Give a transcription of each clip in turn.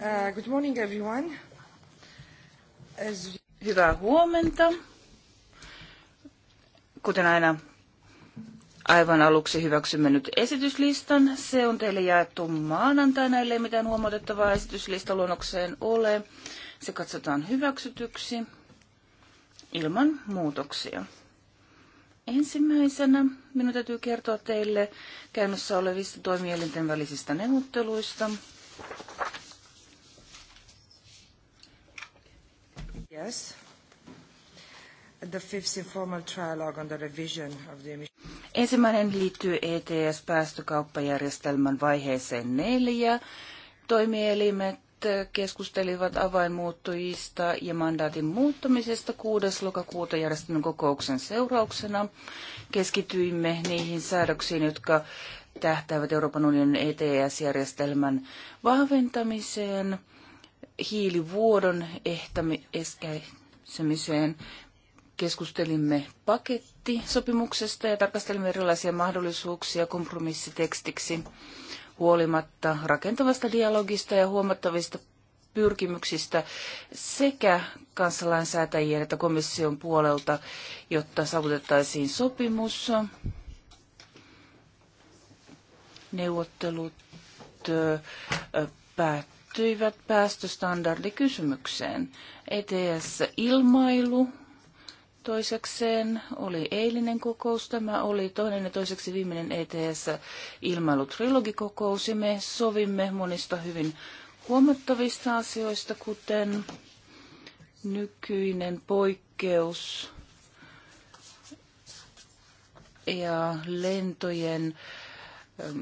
Uh, good morning everyone. Hyvää huomenta. Kuten aina aivan aluksi hyväksymme nyt esityslistan. Se on teille jaettu maanantaina, ellei mitään huomautettavaa luonnokseen ole. Se katsotaan hyväksytyksi ilman muutoksia. Ensimmäisenä minun täytyy kertoa teille käynnissä olevista toimielinten välisistä neuvotteluista. Yes. The fifth informal trilogue on the revision of the Ensimmäinen liittyy ETS-päästökauppajärjestelmän vaiheeseen neljä. Toimielimet Äh, keskustelivat avainmuuttujista ja mandaatin muuttamisesta 6. lokakuuta järjestetyn kokouksen seurauksena. Keskityimme niihin säädöksiin, jotka tähtäävät Euroopan unionin ETS-järjestelmän vahventamiseen, hiilivuodon ehkäisemiseen. Keskustelimme paketti ja tarkastelimme erilaisia mahdollisuuksia kompromissitekstiksi huolimatta rakentavasta dialogista ja huomattavista pyrkimyksistä sekä kansalainsäätäjien että komission puolelta, jotta saavutettaisiin sopimus. Neuvottelut päättyivät päästöstandardikysymykseen. ETS-ilmailu Toisekseen oli eilinen kokous. Tämä oli toinen ja toiseksi viimeinen ETS-ilmailutrilogikokous ja me sovimme monista hyvin huomattavista asioista, kuten nykyinen poikkeus ja lentojen ähm,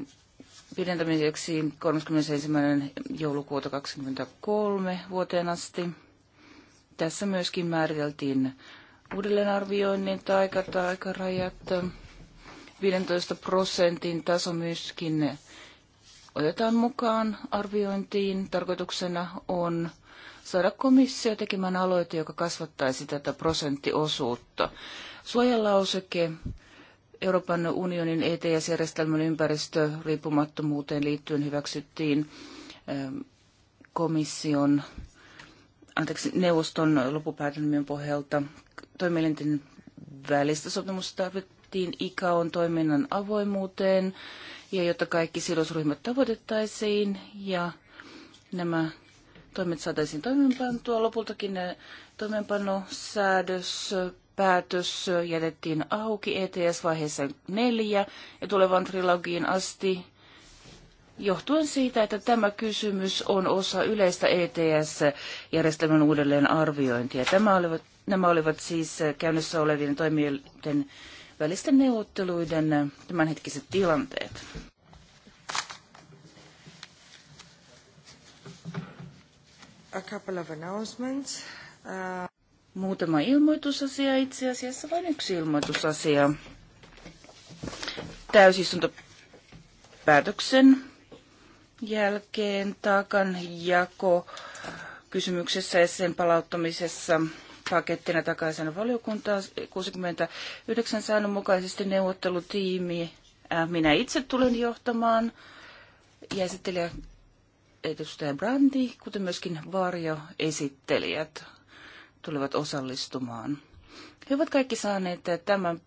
pidentämiseksi 31. joulukuuta 2023 vuoteen asti. Tässä myöskin määriteltiin uudelleenarvioinnin tai aikarajat 15 prosentin taso myöskin otetaan mukaan arviointiin. Tarkoituksena on saada komissio tekemään aloite, joka kasvattaisi tätä prosenttiosuutta. Suojalauseke Euroopan unionin ETS-järjestelmän ympäristöriippumattomuuteen liittyen hyväksyttiin ehm, komission anteeksi, neuvoston lopupäätelmien pohjalta toimielinten välistä sopimusta tarvittiin ICAOn toiminnan avoimuuteen ja jotta kaikki sidosryhmät tavoitettaisiin ja nämä toimet saataisiin toimeenpantua. Lopultakin ne toimeenpanosäädös päätös jätettiin auki ETS-vaiheessa neljä ja tulevan trilogiin asti johtuen siitä, että tämä kysymys on osa yleistä ETS-järjestelmän uudelleen arviointia. Tämä olivat, nämä olivat siis käynnissä olevien toimijoiden välisten neuvotteluiden tämänhetkiset tilanteet. A couple of announcements. Uh... Muutama ilmoitusasia, itse asiassa vain yksi ilmoitusasia. Täysistuntopäätöksen jälkeen taakan jako kysymyksessä ja sen palauttamisessa pakettina takaisin valiokuntaan 69 säännön mukaisesti neuvottelutiimi. Äh, minä itse tulen johtamaan jäsittelijä esittelijä edustaja Brandi, kuten myöskin varjoesittelijät tulevat osallistumaan. He ovat kaikki saaneet tämän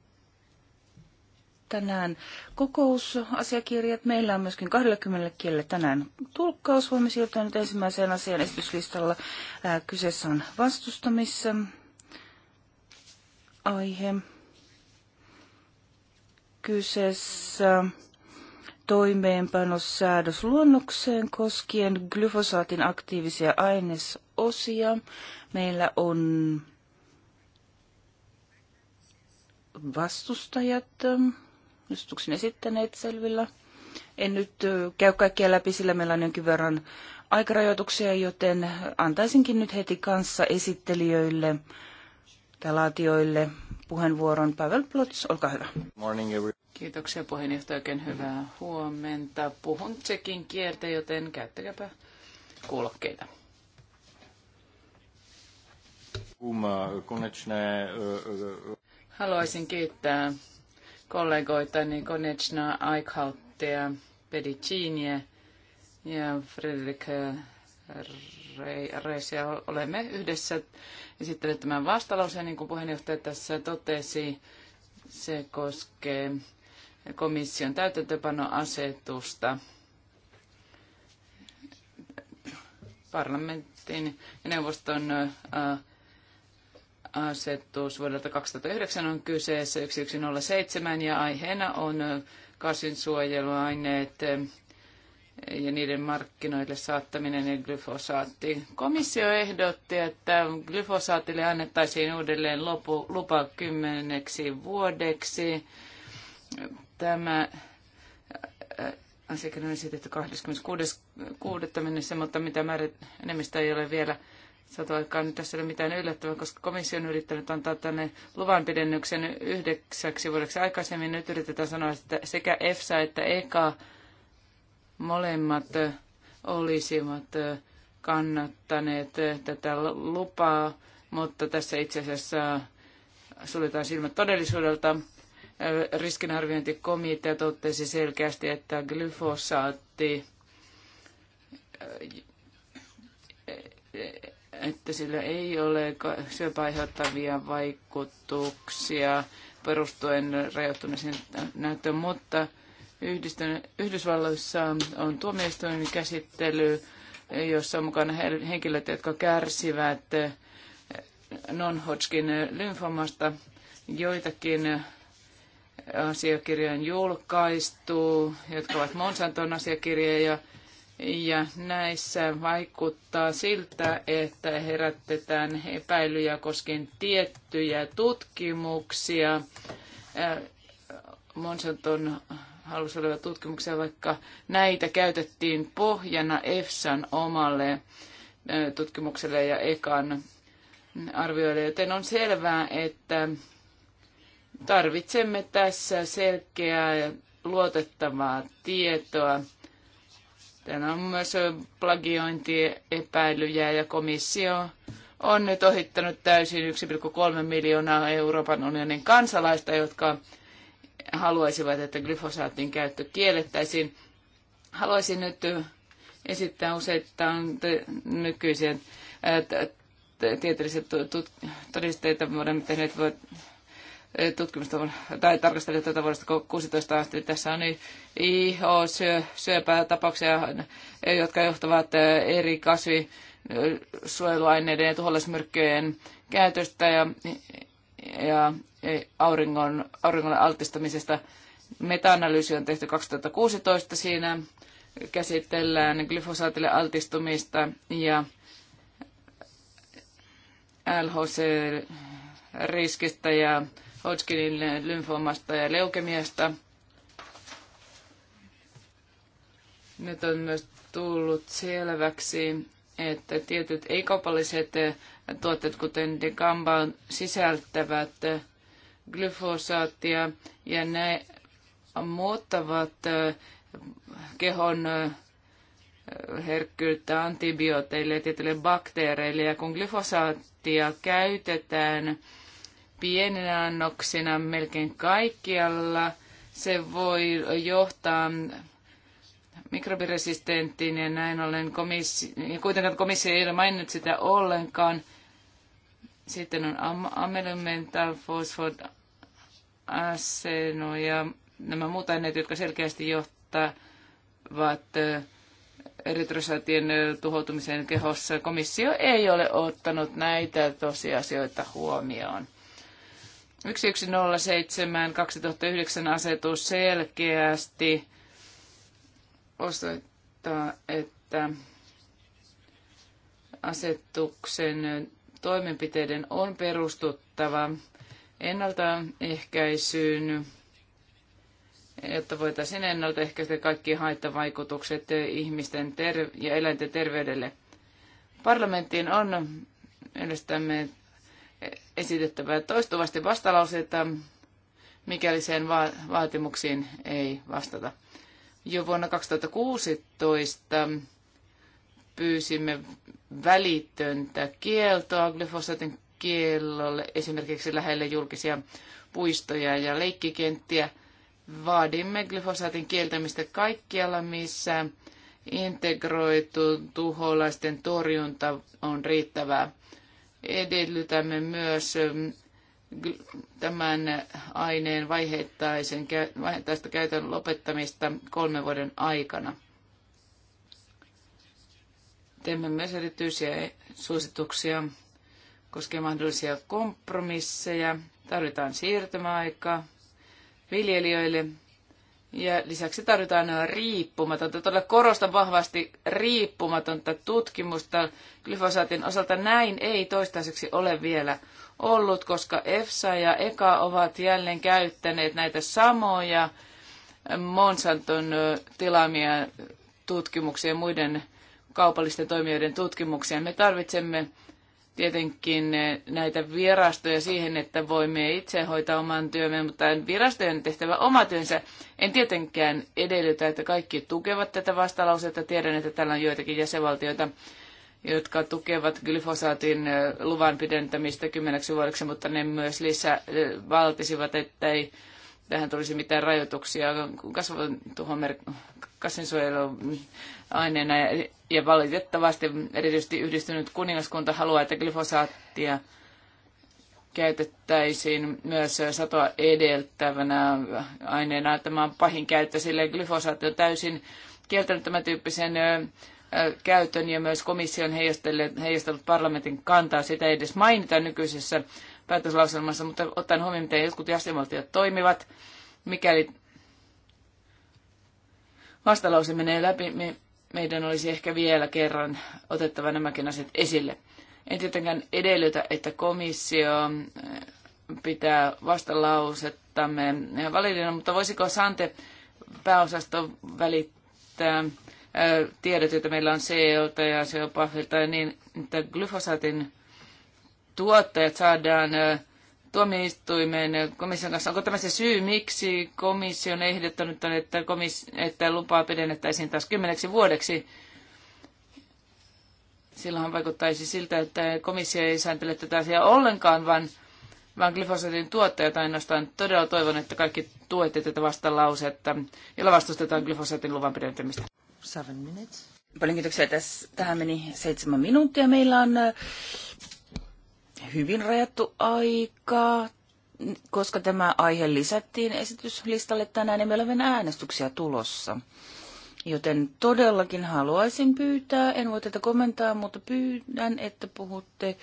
tänään kokousasiakirjat. Meillä on myöskin 20 kielellä tänään tulkkaus. Voimme siirtyä nyt ensimmäiseen asian esityslistalla. Ää, kyseessä on vastustamissa aihe. Kyseessä toimeenpanossäädösluonnokseen koskien glyfosaatin aktiivisia ainesosia. Meillä on vastustajat tarkistuksen esittäneet selvillä. En nyt käy kaikkia läpi, sillä meillä on jonkin verran aikarajoituksia, joten antaisinkin nyt heti kanssa esittelijöille tai laatioille puheenvuoron. Pavel Plots, olkaa hyvä. Morning, Kiitoksia puheenjohtaja, oikein hyvää huomenta. Puhun tsekin kieltä, joten käyttäkääpä kuulokkeita. Haluaisin kiittää kollegoitani niin Konechna, Aikhalttia, Pediciniä ja Fredrik Reisia Olemme yhdessä esittäneet tämän vastalauseen, niin kuin puheenjohtaja tässä totesi. Se koskee komission täytäntöpanoasetusta parlamentin ja neuvoston äh, asetus vuodelta 2009 on kyseessä 1107 ja aiheena on kasvinsuojeluaineet ja niiden markkinoille saattaminen ja glyfosaatti. Komissio ehdotti, että glyfosaatille annettaisiin uudelleen lopu, lupa kymmeneksi vuodeksi. Tämä äh, äh, asiakirja on esitetty 26.6. mennessä, mutta mitä määrät enemmistö ei ole vielä saatu aikaan. Tässä ei ole mitään yllättävää, koska komissio on yrittänyt antaa tänne luvanpidennyksen yhdeksäksi vuodeksi aikaisemmin. Nyt yritetään sanoa, että sekä EFSA että EKA molemmat olisivat kannattaneet tätä lupaa, mutta tässä itse asiassa suljetaan silmät todellisuudelta. Riskinarviointikomitea totesi selkeästi, että glyfosaatti että sillä ei ole syöpää aiheuttavia vaikutuksia perustuen rajoittumisen näyttöön, mutta Yhdysvalloissa on tuomioistuin käsittely, jossa on mukana henkilöt, jotka kärsivät non-Hodgkin lymfomasta. Joitakin asiakirjoja on julkaistu, jotka ovat Monsanton asiakirjoja, ja näissä vaikuttaa siltä, että herätetään epäilyjä koskien tiettyjä tutkimuksia. Monsanton halusi olevia tutkimuksia, vaikka näitä käytettiin pohjana EFSAn omalle tutkimukselle ja EKAN arvioille, joten on selvää, että tarvitsemme tässä selkeää ja luotettavaa tietoa Täällä on myös plagiointiepäilyjä ja komissio on nyt ohittanut täysin 1,3 miljoonaa Euroopan unionin kansalaista, jotka haluaisivat, että glyfosaatin käyttö kiellettäisiin. Haluaisin nyt esittää useita nykyisiä tieteellisiä todisteita. mitä olemme tehneet tutkimusta tai tarkastelleet tätä vuodesta 16 asti. Tässä on IH-syöpätapauksia, jotka johtavat eri kasvisuojeluaineiden ja tuholaismyrkkyjen käytöstä ja, ja auringon, auringon altistamisesta. Meta-analyysi on tehty 2016. Siinä käsitellään glyfosaatille altistumista ja LHC-riskistä ja Hodgkinin lymfoomasta ja leukemiasta. Nyt on myös tullut selväksi, että tietyt ei-kaupalliset tuotteet, kuten Degamba, sisältävät glyfosaattia ja ne muuttavat kehon herkkyyttä antibiooteille ja tietyille bakteereille. Ja kun glyfosaattia käytetään pieninä annoksina melkein kaikkialla. Se voi johtaa mikrobiresistenttiin ja näin ollen komissi, ja kuitenkaan komissio ei ole maininnut sitä ollenkaan. Sitten on am- amelimental phosphod aseno ja nämä muut aineet, jotka selkeästi johtavat eritrosaatien tuhoutumiseen kehossa. Komissio ei ole ottanut näitä tosiasioita huomioon. 1107 2009 asetus selkeästi osoittaa, että asetuksen toimenpiteiden on perustuttava ennaltaehkäisyyn, jotta voitaisiin ennaltaehkäistä kaikki haittavaikutukset ihmisten ter- ja eläinten terveydelle. Parlamenttiin on mielestämme esitettävä toistuvasti vastalauseita, mikäli sen vaatimuksiin ei vastata. Jo vuonna 2016 pyysimme välitöntä kieltoa glyfosaatin kiellolle esimerkiksi lähelle julkisia puistoja ja leikkikenttiä. Vaadimme glyfosaatin kieltämistä kaikkialla, missä integroitu tuholaisten torjunta on riittävää edellytämme myös ähm, tämän aineen vaiheittaisen, vaiheittaista käytön lopettamista kolmen vuoden aikana. Teemme myös erityisiä suosituksia koskien mahdollisia kompromisseja. Tarvitaan siirtymäaikaa viljelijöille ja lisäksi tarvitaan riippumatonta, todella korostan vahvasti riippumatonta tutkimusta glyfosaatin osalta. Näin ei toistaiseksi ole vielä ollut, koska EFSA ja EKA ovat jälleen käyttäneet näitä samoja Monsanton tilaamia tutkimuksia ja muiden kaupallisten toimijoiden tutkimuksia. Me tarvitsemme tietenkin näitä virastoja siihen, että voimme itse hoitaa oman työmme, mutta virastojen tehtävä oma työnsä. En tietenkään edellytä, että kaikki tukevat tätä vastalausetta. Tiedän, että täällä on joitakin jäsenvaltioita, jotka tukevat glyfosaatin luvan pidentämistä kymmeneksi vuodeksi, mutta ne myös lisää valtisivat, että ei tähän tulisi mitään rajoituksia kasvinsuojeluaineena. Ja valitettavasti erityisesti yhdistynyt kuningaskunta haluaa, että glyfosaattia käytettäisiin myös satoa edeltävänä aineena. Tämä on pahin käyttö, sillä glyfosaatti on täysin kieltänyt tämän tyyppisen käytön ja myös komission heijastellut parlamentin kantaa. Sitä ei edes mainita nykyisessä päätöslauselmassa, mutta ottaen huomioon, miten jotkut jäsenvaltiot toimivat, mikäli vastalause menee läpi, me, meidän olisi ehkä vielä kerran otettava nämäkin asiat esille. En tietenkään edellytä, että komissio eh, pitää vastalausettamme validina, mutta voisiko Sante pääosasto välittää eh, tiedot, joita meillä on CEOlta ja CEOPAFilta, niin että glyfosaatin tuottajat saadaan tuomioistuimeen komission kanssa. Onko tämä se syy, miksi komissio on ehdottanut, että, komis- että lupaa pidennettäisiin taas kymmeneksi vuodeksi? Silloin vaikuttaisi siltä, että komissio ei sääntele tätä asiaa ollenkaan, vaan, vaan glyfosatin tuottajat ainoastaan. Todella toivon, että kaikki tuette tätä vastalausetta, jolla vastustetaan glyfosatin luvan pidentämistä. Seven minutes. Paljon kiitoksia. tähän meni seitsemän minuuttia. Meillä on hyvin rajattu aika, koska tämä aihe lisättiin esityslistalle tänään ja meillä on vielä äänestyksiä tulossa. Joten todellakin haluaisin pyytää, en voi tätä kommentaa, mutta pyydän, että puhutte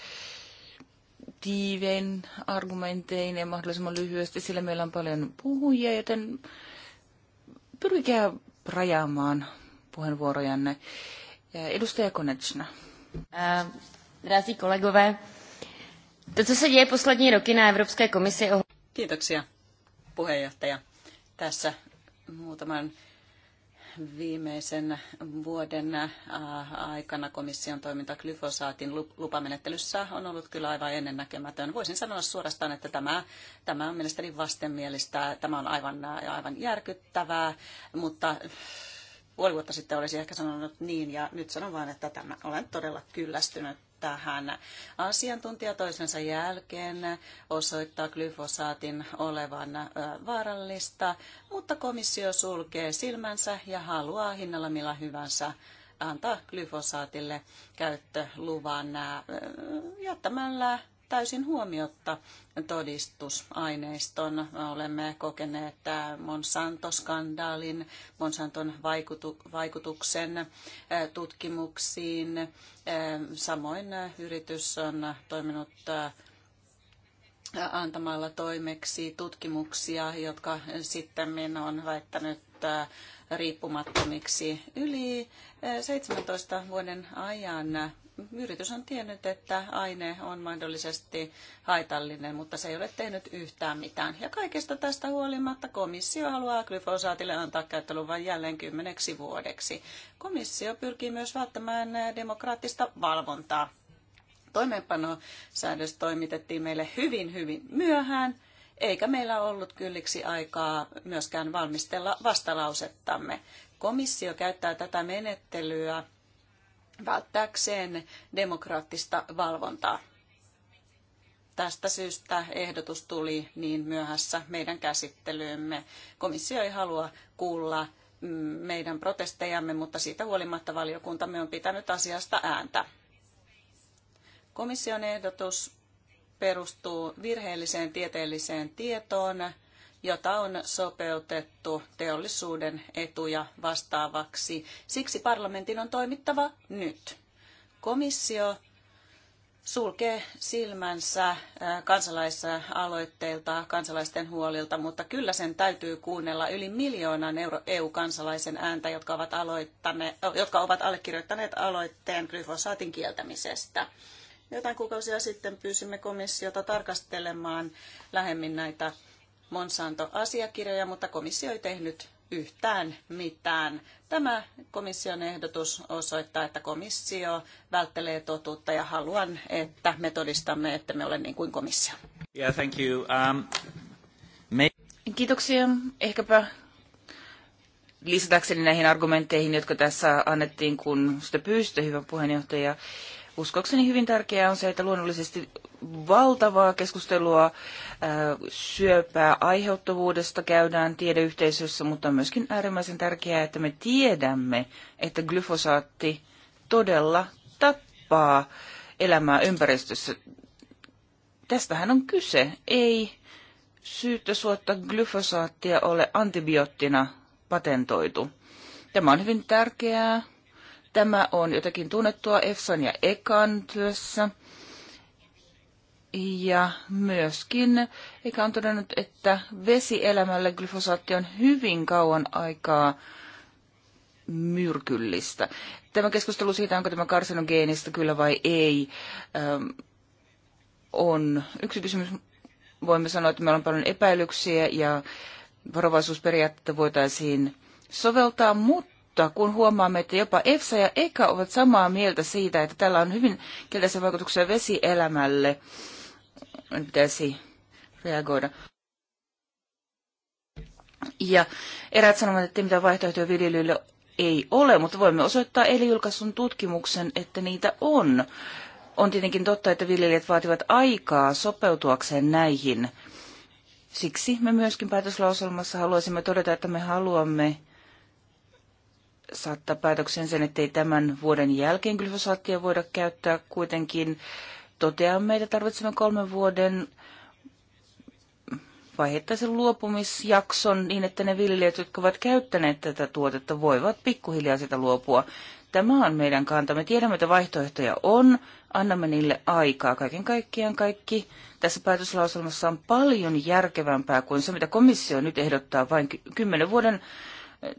tiivein argumentein ja mahdollisimman lyhyesti, sillä meillä on paljon puhujia, joten pyrkikää rajaamaan puheenvuorojanne. Edustaja Äh, Rasi kollegove, To, co se děje poslední roky na Evropské komisi... Oh- Kiitoksia, puheenjohtaja. Tässä muutaman viimeisen vuoden aikana komission toiminta glyfosaatin lupamenettelyssä on ollut kyllä aivan ennennäkemätön. Voisin sanoa suorastaan, että tämä, tämä on mielestäni vastenmielistä, tämä on aivan, aivan järkyttävää, mutta puoli vuotta sitten olisi ehkä sanonut niin ja nyt sanon vain, että tämä, olen todella kyllästynyt tähän. Asiantuntija toisensa jälkeen osoittaa glyfosaatin olevan vaarallista, mutta komissio sulkee silmänsä ja haluaa hinnalla millä hyvänsä antaa glyfosaatille käyttöluvan jättämällä täysin huomiotta todistusaineiston. Olemme kokeneet äh, Monsanto-skandaalin, Monsanton vaikutu- vaikutuksen äh, tutkimuksiin. Äh, samoin yritys on toiminut antamalla toimeksi tutkimuksia, jotka sitten on väittänyt riippumattomiksi. Yli 17 vuoden ajan yritys on tiennyt, että aine on mahdollisesti haitallinen, mutta se ei ole tehnyt yhtään mitään. Ja kaikesta tästä huolimatta komissio haluaa glyfosaatille antaa käyttöluvan jälleen kymmeneksi vuodeksi. Komissio pyrkii myös välttämään demokraattista valvontaa. Toimeenpanosäädös toimitettiin meille hyvin, hyvin myöhään, eikä meillä ollut kylliksi aikaa myöskään valmistella vastalausettamme. Komissio käyttää tätä menettelyä välttääkseen demokraattista valvontaa. Tästä syystä ehdotus tuli niin myöhässä meidän käsittelyymme. Komissio ei halua kuulla mm, meidän protestejamme, mutta siitä huolimatta valiokuntamme on pitänyt asiasta ääntä. Komission ehdotus perustuu virheelliseen tieteelliseen tietoon jota on sopeutettu teollisuuden etuja vastaavaksi. Siksi parlamentin on toimittava nyt. Komissio sulkee silmänsä äh, kansalaisaloitteilta, kansalaisten huolilta, mutta kyllä sen täytyy kuunnella yli miljoonan EU-kansalaisen ääntä, jotka ovat, jotka ovat allekirjoittaneet aloitteen glyfosaatin kieltämisestä. Jotain kuukausia sitten pyysimme komissiota tarkastelemaan lähemmin näitä Monsanto-asiakirjoja, mutta komissio ei tehnyt yhtään mitään. Tämä komission ehdotus osoittaa, että komissio välttelee totuutta ja haluan, että me todistamme, että me olemme niin kuin komissio. Yeah, thank you. Um, me... Kiitoksia. Ehkäpä lisätäkseni näihin argumentteihin, jotka tässä annettiin, kun sitä pyysitte, hyvä puheenjohtaja. Uskokseni hyvin tärkeää on se, että luonnollisesti valtavaa keskustelua äh, syöpää aiheuttavuudesta käydään tiedeyhteisössä, mutta on myöskin äärimmäisen tärkeää, että me tiedämme, että glyfosaatti todella tappaa elämää ympäristössä. Tästähän on kyse. Ei syyttä suotta glyfosaattia ole antibioottina patentoitu. Tämä on hyvin tärkeää. Tämä on jotakin tunnettua EFSAn ja EKAN työssä. Ja myöskin, eikä on todennut, että vesielämälle glyfosaatti on hyvin kauan aikaa myrkyllistä. Tämä keskustelu siitä, onko tämä karsinogeenista kyllä vai ei, ähm, on yksi kysymys. Voimme sanoa, että meillä on paljon epäilyksiä ja varovaisuusperiaatteita voitaisiin soveltaa, mutta kun huomaamme, että jopa EFSA ja EKA ovat samaa mieltä siitä, että tällä on hyvin kielteisiä vaikutuksia vesielämälle, pitäisi reagoida. Ja eräät sanovat, että mitä vaihtoehtoja viljelijöille ei ole, mutta voimme osoittaa eli julkaisun tutkimuksen, että niitä on. On tietenkin totta, että viljelijät vaativat aikaa sopeutuakseen näihin. Siksi me myöskin päätöslauselmassa haluaisimme todeta, että me haluamme saattaa päätöksen sen, ettei tämän vuoden jälkeen glyfosaattia voida käyttää kuitenkin toteamme, että tarvitsemme kolmen vuoden vaihettaisen luopumisjakson niin, että ne viljelijät, jotka ovat käyttäneet tätä tuotetta, voivat pikkuhiljaa sitä luopua. Tämä on meidän Me Tiedämme, että vaihtoehtoja on. Annamme niille aikaa. Kaiken kaikkiaan kaikki tässä päätöslauselmassa on paljon järkevämpää kuin se, mitä komissio nyt ehdottaa vain kymmenen vuoden eh,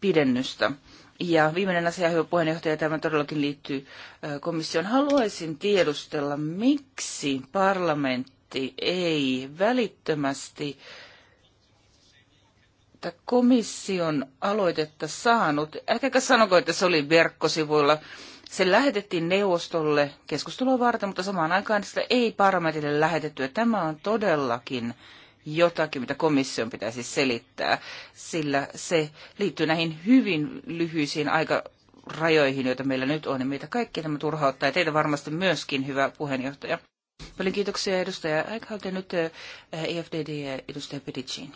pidennystä. Ja viimeinen asia, hyvä puheenjohtaja, tämä todellakin liittyy komission. Haluaisin tiedustella, miksi parlamentti ei välittömästi että komission aloitetta saanut, älkääkä sanoko, että se oli verkkosivuilla, se lähetettiin neuvostolle keskustelua varten, mutta samaan aikaan sitä ei parlamentille lähetetty. Ja tämä on todellakin jotakin, mitä komission pitäisi selittää, sillä se liittyy näihin hyvin lyhyisiin aikarajoihin, joita meillä nyt on, ja meitä kaikki tämä turhauttaa, ja teitä varmasti myöskin, hyvä puheenjohtaja. Paljon kiitoksia edustaja Eichhout ja nyt EFDD eh, e edustaja Pedicini.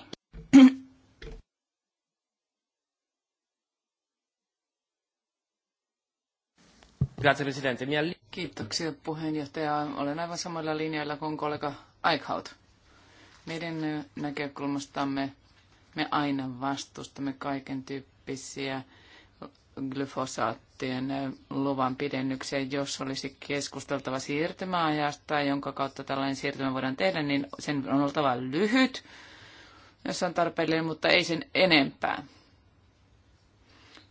Kiitoksia puheenjohtaja. Olen aivan samalla linjalla kuin kollega Eichhout. Meidän näkökulmastamme me aina vastustamme kaiken tyyppisiä glyfosaattien luvan pidennyksiä, jos olisi keskusteltava siirtymäajasta, jonka kautta tällainen siirtymä voidaan tehdä, niin sen on oltava lyhyt, jos on tarpeellinen, mutta ei sen enempää.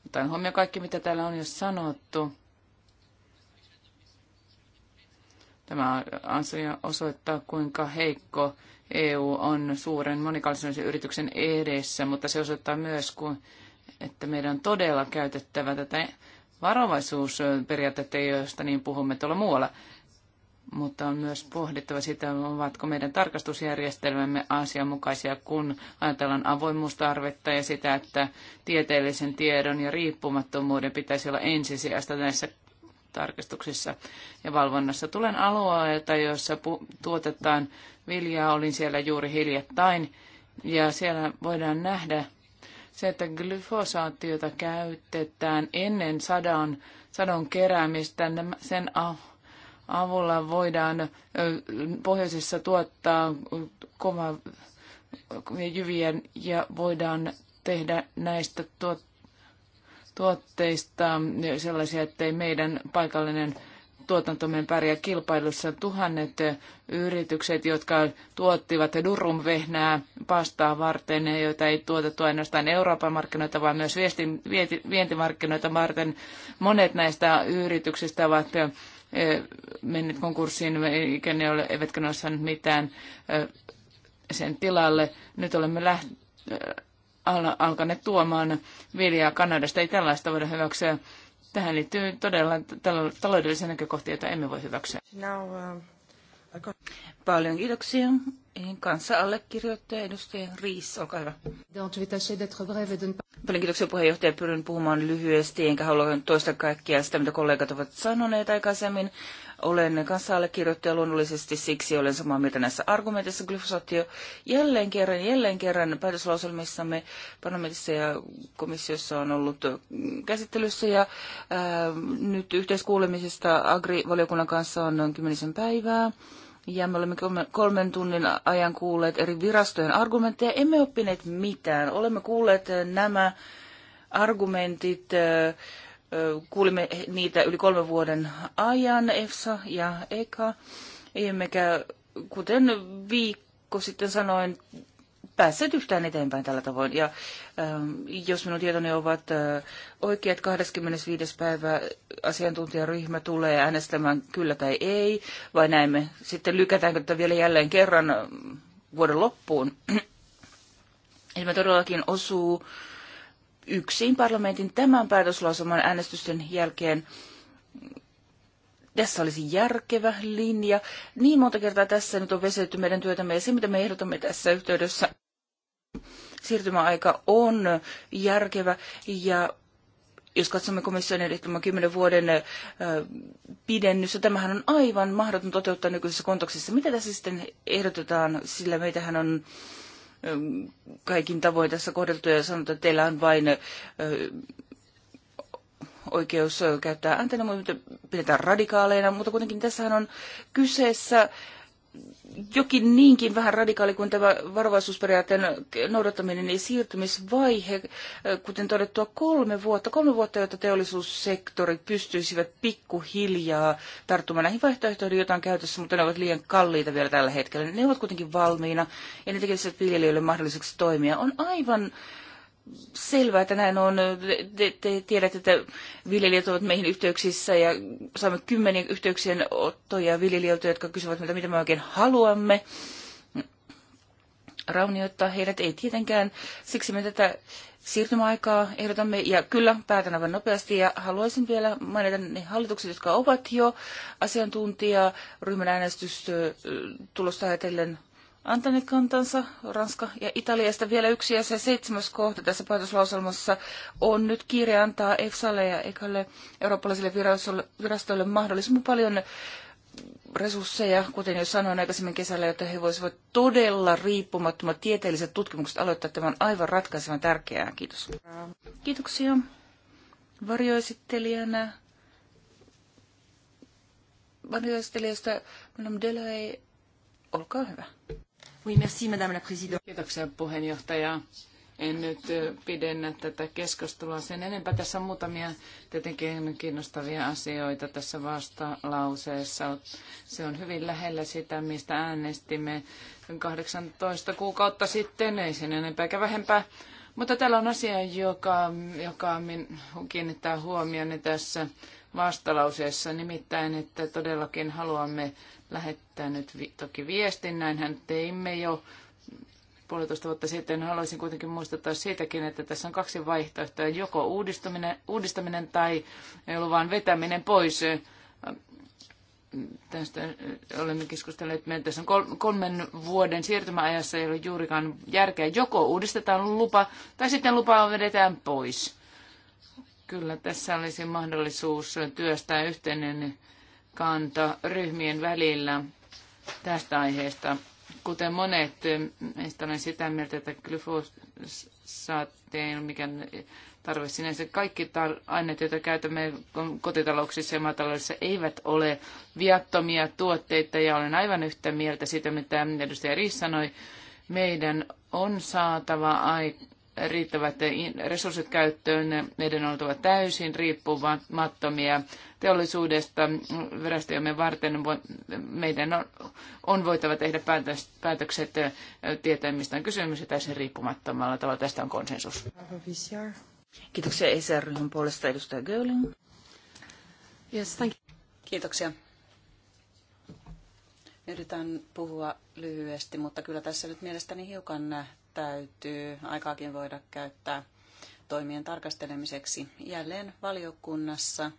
Otan huomioon kaikki, mitä täällä on jo sanottu. Tämä ansio osoittaa, kuinka heikko EU on suuren monikansallisen yrityksen edessä, mutta se osoittaa myös, kun, että meidän on todella käytettävä tätä varovaisuusperiaatteita, joista niin puhumme tuolla muualla. Mutta on myös pohdittava sitä, ovatko meidän tarkastusjärjestelmämme asianmukaisia, kun ajatellaan avoimuustarvetta ja sitä, että tieteellisen tiedon ja riippumattomuuden pitäisi olla ensisijasta näissä tarkastuksissa ja valvonnassa. Tulen alueelta, jossa tuotetaan viljaa, olin siellä juuri hiljattain, ja siellä voidaan nähdä se, että glyfosaatiota käytetään ennen sadon, sadon keräämistä, sen avulla voidaan pohjoisessa tuottaa kova jyviä ja voidaan tehdä näistä tuotteista tuotteista sellaisia, ei meidän paikallinen tuotantomme pärjää kilpailussa. Tuhannet eh, yritykset, jotka tuottivat durumvehnää pastaa varten, eh, joita ei tuotettu ainoastaan Euroopan markkinoita, vaan myös vientimarkkinoita varten. Monet näistä yrityksistä ovat eh, menneet konkurssiin, eikä ne ole, eivätkä ne ole saaneet mitään sen tilalle. Nyt olemme lähteneet alkaneet tuomaan viljaa Kanadasta. Ei tällaista voida hyväksyä. Tähän liittyy todella taloudellisia näkökohtia, joita emme voi hyväksyä. Now, uh, Paljon kiitoksia. Kanssa allekirjoittaja edustaja Riis, olkaa hyvä. Paljon kiitoksia puheenjohtaja. Pyrin puhumaan lyhyesti, enkä halua toista kaikkia sitä, mitä kollegat ovat sanoneet aikaisemmin. Olen kanssa allekirjoittaja luonnollisesti, siksi olen samaa mieltä näissä argumenteissa. on jälleen kerran, jälleen kerran päätöslauselmissamme parlamentissa ja komissiossa on ollut käsittelyssä ja ää, äh, nyt yhteiskuulemisesta Agri-valiokunnan kanssa on noin kymmenisen päivää. Ja me olemme kolmen tunnin ajan kuulleet eri virastojen argumentteja. Emme oppineet mitään. Olemme kuulleet nämä argumentit äh, Kuulimme niitä yli kolmen vuoden ajan, EFSA ja EKA, emmekä, kuten viikko sitten sanoin, päässeet yhtään eteenpäin tällä tavoin. Ja ähm, jos minun tietoni ovat äh, oikeat, 25. päivä asiantuntijaryhmä tulee äänestämään kyllä tai ei, vai näemme sitten lykätäänkö tätä vielä jälleen kerran vuoden loppuun. Eli me todellakin osuu äh, yksin parlamentin tämän päätöslauselman äänestysten jälkeen tässä olisi järkevä linja. Niin monta kertaa tässä nyt on vesetty meidän työtämme ja se, mitä me ehdotamme tässä yhteydessä, siirtymäaika on järkevä ja jos katsomme komission ehdottaman 10 vuoden pidennystä, tämähän on aivan mahdoton toteuttaa nykyisessä kontekstissa. Mitä tässä sitten ehdotetaan, sillä meitähän on kaikin tavoin tässä kohdeltu ja sanotaan, että teillä on vain oikeus käyttää ääntä, mutta pidetään radikaaleina, mutta kuitenkin tässähän on kyseessä jokin niinkin vähän radikaali kuin tämä varovaisuusperiaatteen noudattaminen, niin siirtymisvaihe, kuten todettua, kolme vuotta, kolme vuotta, jotta teollisuussektorit pystyisivät pikkuhiljaa tarttumaan näihin vaihtoehtoihin, joita on käytössä, mutta ne ovat liian kalliita vielä tällä hetkellä. Ne ovat kuitenkin valmiina ja ne tekevät viljelijöille mahdolliseksi toimia. On aivan selvää, että näin on. Te, te tiedätte, että viljelijät ovat meihin yhteyksissä ja saamme kymmeniä yhteyksien ottoja viljelijöiltä, jotka kysyvät meiltä, mitä me oikein haluamme. Raunioita heidät ei tietenkään. Siksi me tätä siirtymäaikaa ehdotamme. Ja kyllä, päätän aivan nopeasti. Ja haluaisin vielä mainita ne hallitukset, jotka ovat jo asiantuntija ryhmän äänestystulosta ajatellen antaneet kantansa, Ranska ja Italiasta. Vielä yksi se seitsemäs kohta tässä päätöslauselmassa on nyt kiire antaa EFSAlle ja EKAlle eurooppalaisille virastoille, virastoille mahdollisimman paljon resursseja, kuten jo sanoin aikaisemmin kesällä, jotta he voisivat todella riippumattomat tieteelliset tutkimukset aloittaa. tämän aivan ratkaisevan tärkeää. Kiitos. Kiitoksia varjoesittelijänä. Varjoesittelijästä Madame Delay, olkaa hyvä. Oui, merci, madame la présidente. Kiitoksia puheenjohtaja. En nyt pidennä tätä keskustelua sen enempää. Tässä on muutamia tietenkin kiinnostavia asioita tässä vastalauseessa. Se on hyvin lähellä sitä, mistä äänestimme 18 kuukautta sitten, ei sen enempää eikä vähempää. Mutta täällä on asia, joka, joka kiinnittää huomioni tässä vastalauseessa, nimittäin, että todellakin haluamme lähettää nyt vi- toki viestin, näinhän teimme jo puolitoista vuotta sitten. Haluaisin kuitenkin muistuttaa siitäkin, että tässä on kaksi vaihtoehtoa, joko uudistaminen, uudistaminen tai luvan vetäminen pois. Tästä olemme keskustelleet, että tässä on kolmen vuoden siirtymäajassa ei ole juurikaan järkeä. Joko uudistetaan lupa tai sitten lupa vedetään pois Kyllä tässä olisi mahdollisuus työstää yhteinen kanta ryhmien välillä tästä aiheesta. Kuten monet, meistä olen sitä mieltä, että glyfosaatti ei ole mikään tarve sinänsä. Kaikki tar- aineet, joita käytämme kotitalouksissa ja maataloudessa, eivät ole viattomia tuotteita ja olen aivan yhtä mieltä siitä, mitä edustaja Riis sanoi. Meidän on saatava aikaa riittävät resurssit käyttöön. Meidän on oltava täysin riippumattomia teollisuudesta Verastojamme varten. Meidän on, on voitava tehdä päätökset tietää, mistä on kysymys, ja täysin riippumattomalla tavalla. Tästä on konsensus. Kiitoksia ECR-ryhmän puolesta edustaja Göling. Yes, thank you. Kiitoksia. Yritän puhua lyhyesti, mutta kyllä tässä nyt mielestäni hiukan täytyy aikaakin voida käyttää toimien tarkastelemiseksi. Jälleen valiokunnassa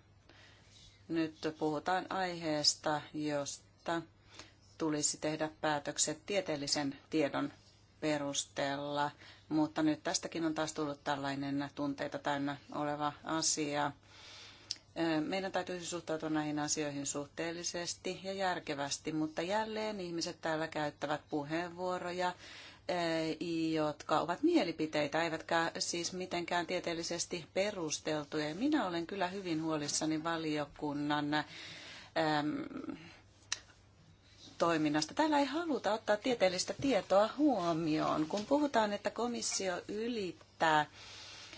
nyt puhutaan aiheesta, josta tulisi tehdä päätökset tieteellisen tiedon perusteella, mutta nyt tästäkin on taas tullut tällainen tunteita täynnä oleva asia. Meidän täytyisi suhtautua näihin asioihin suhteellisesti ja järkevästi, mutta jälleen ihmiset täällä käyttävät puheenvuoroja, jotka ovat mielipiteitä, eivätkä siis mitenkään tieteellisesti perusteltuja. Minä olen kyllä hyvin huolissani valiokunnan äm, toiminnasta. Täällä ei haluta ottaa tieteellistä tietoa huomioon. Kun puhutaan, että komissio ylittää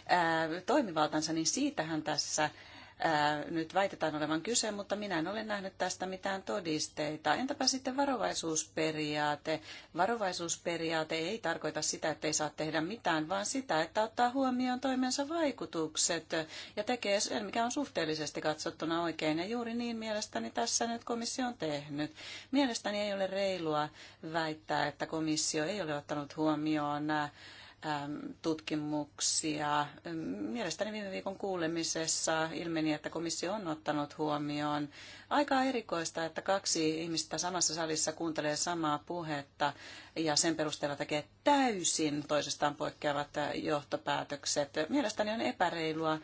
ää, toimivaltansa, niin siitähän tässä nyt väitetään olevan kyse, mutta minä en ole nähnyt tästä mitään todisteita. Entäpä sitten varovaisuusperiaate? Varovaisuusperiaate ei tarkoita sitä, että ei saa tehdä mitään, vaan sitä, että ottaa huomioon toimensa vaikutukset ja tekee sen, mikä on suhteellisesti katsottuna oikein. Ja juuri niin mielestäni tässä nyt komissio on tehnyt. Mielestäni ei ole reilua väittää, että komissio ei ole ottanut huomioon nämä tutkimuksia. Mielestäni viime viikon kuulemisessa ilmeni, että komissio on ottanut huomioon. Aika erikoista, että kaksi ihmistä samassa salissa kuuntelee samaa puhetta ja sen perusteella tekee täysin toisestaan poikkeavat johtopäätökset. Mielestäni on epäreilua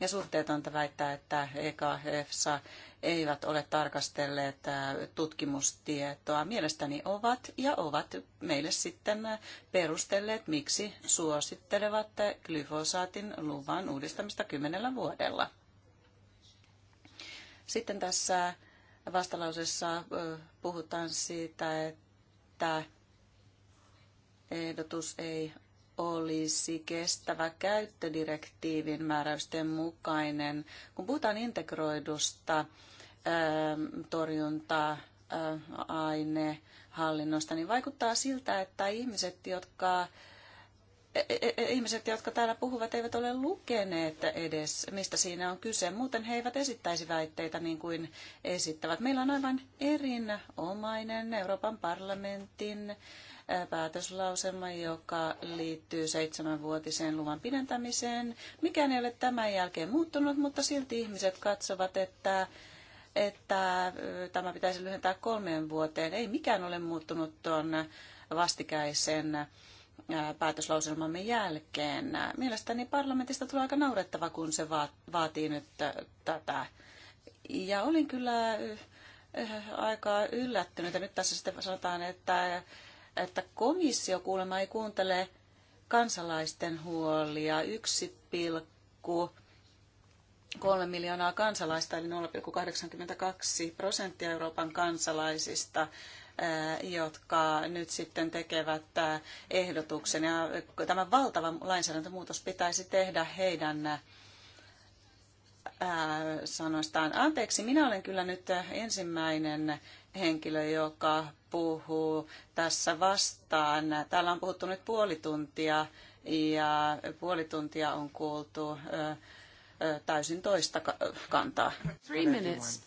ja suhteetonta väittää, että EKFSA eivät ole tarkastelleet tutkimustietoa, mielestäni ovat ja ovat meille sitten perustelleet, miksi suosittelevat glyfosaatin luvan uudistamista kymmenellä vuodella. Sitten tässä vastalauseessa puhutaan siitä, että ehdotus ei olisi kestävä käyttödirektiivin määräysten mukainen. Kun puhutaan integroidusta Ähm, torjuntaa äh, ainehallinnosta, niin vaikuttaa siltä, että ihmiset, jotka e, e, e, ihmiset, jotka täällä puhuvat, eivät ole lukeneet edes, mistä siinä on kyse. Muuten he eivät esittäisi väitteitä niin kuin esittävät. Meillä on aivan erinomainen Euroopan parlamentin äh, päätöslauselma, joka liittyy seitsemänvuotiseen luvan pidentämiseen. Mikään ei ole tämän jälkeen muuttunut, mutta silti ihmiset katsovat, että että tämä pitäisi lyhentää kolmeen vuoteen. Ei mikään ole muuttunut tuon vastikäisen päätöslauselmamme jälkeen. Mielestäni parlamentista tulee aika naurettava, kun se vaatii nyt tätä. Ja olin kyllä aika yllättynyt. Ja nyt tässä sitten sanotaan, että, että komissio kuulemma ei kuuntele kansalaisten huolia. 1,5 Kolme miljoonaa kansalaista, eli 0,82 prosenttia Euroopan kansalaisista, jotka nyt sitten tekevät ehdotuksen. Ja tämä valtava lainsäädäntömuutos pitäisi tehdä heidän sanoistaan. Anteeksi, minä olen kyllä nyt ensimmäinen henkilö, joka puhuu tässä vastaan. Täällä on puhuttu nyt puoli tuntia ja puoli tuntia on kuultu täysin toista kantaa. Three minutes.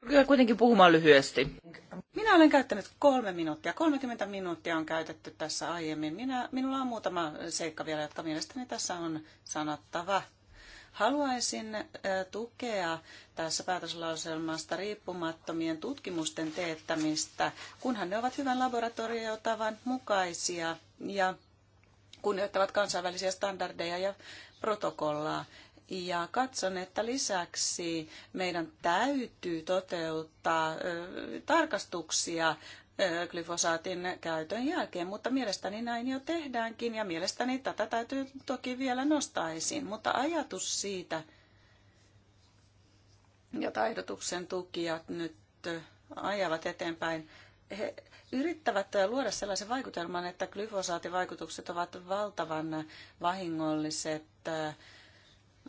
Kyllä kuitenkin puhumaan lyhyesti. Minä olen käyttänyt kolme minuuttia. 30 minuuttia on käytetty tässä aiemmin. Minä, minulla on muutama seikka vielä, jotka mielestäni tässä on sanottava. Haluaisin tukea tässä päätöslauselmasta riippumattomien tutkimusten teettämistä, kunhan ne ovat hyvän laboratoriotavan mukaisia ja kunnioittavat kansainvälisiä standardeja ja protokollaa ja katson, että lisäksi meidän täytyy toteuttaa tarkastuksia glyfosaatin käytön jälkeen, mutta mielestäni näin jo tehdäänkin ja mielestäni tätä täytyy toki vielä nostaa esiin, mutta ajatus siitä, jota ehdotuksen tukijat nyt ajavat eteenpäin, he yrittävät luoda sellaisen vaikutelman, että glyfosaatin vaikutukset ovat valtavan vahingolliset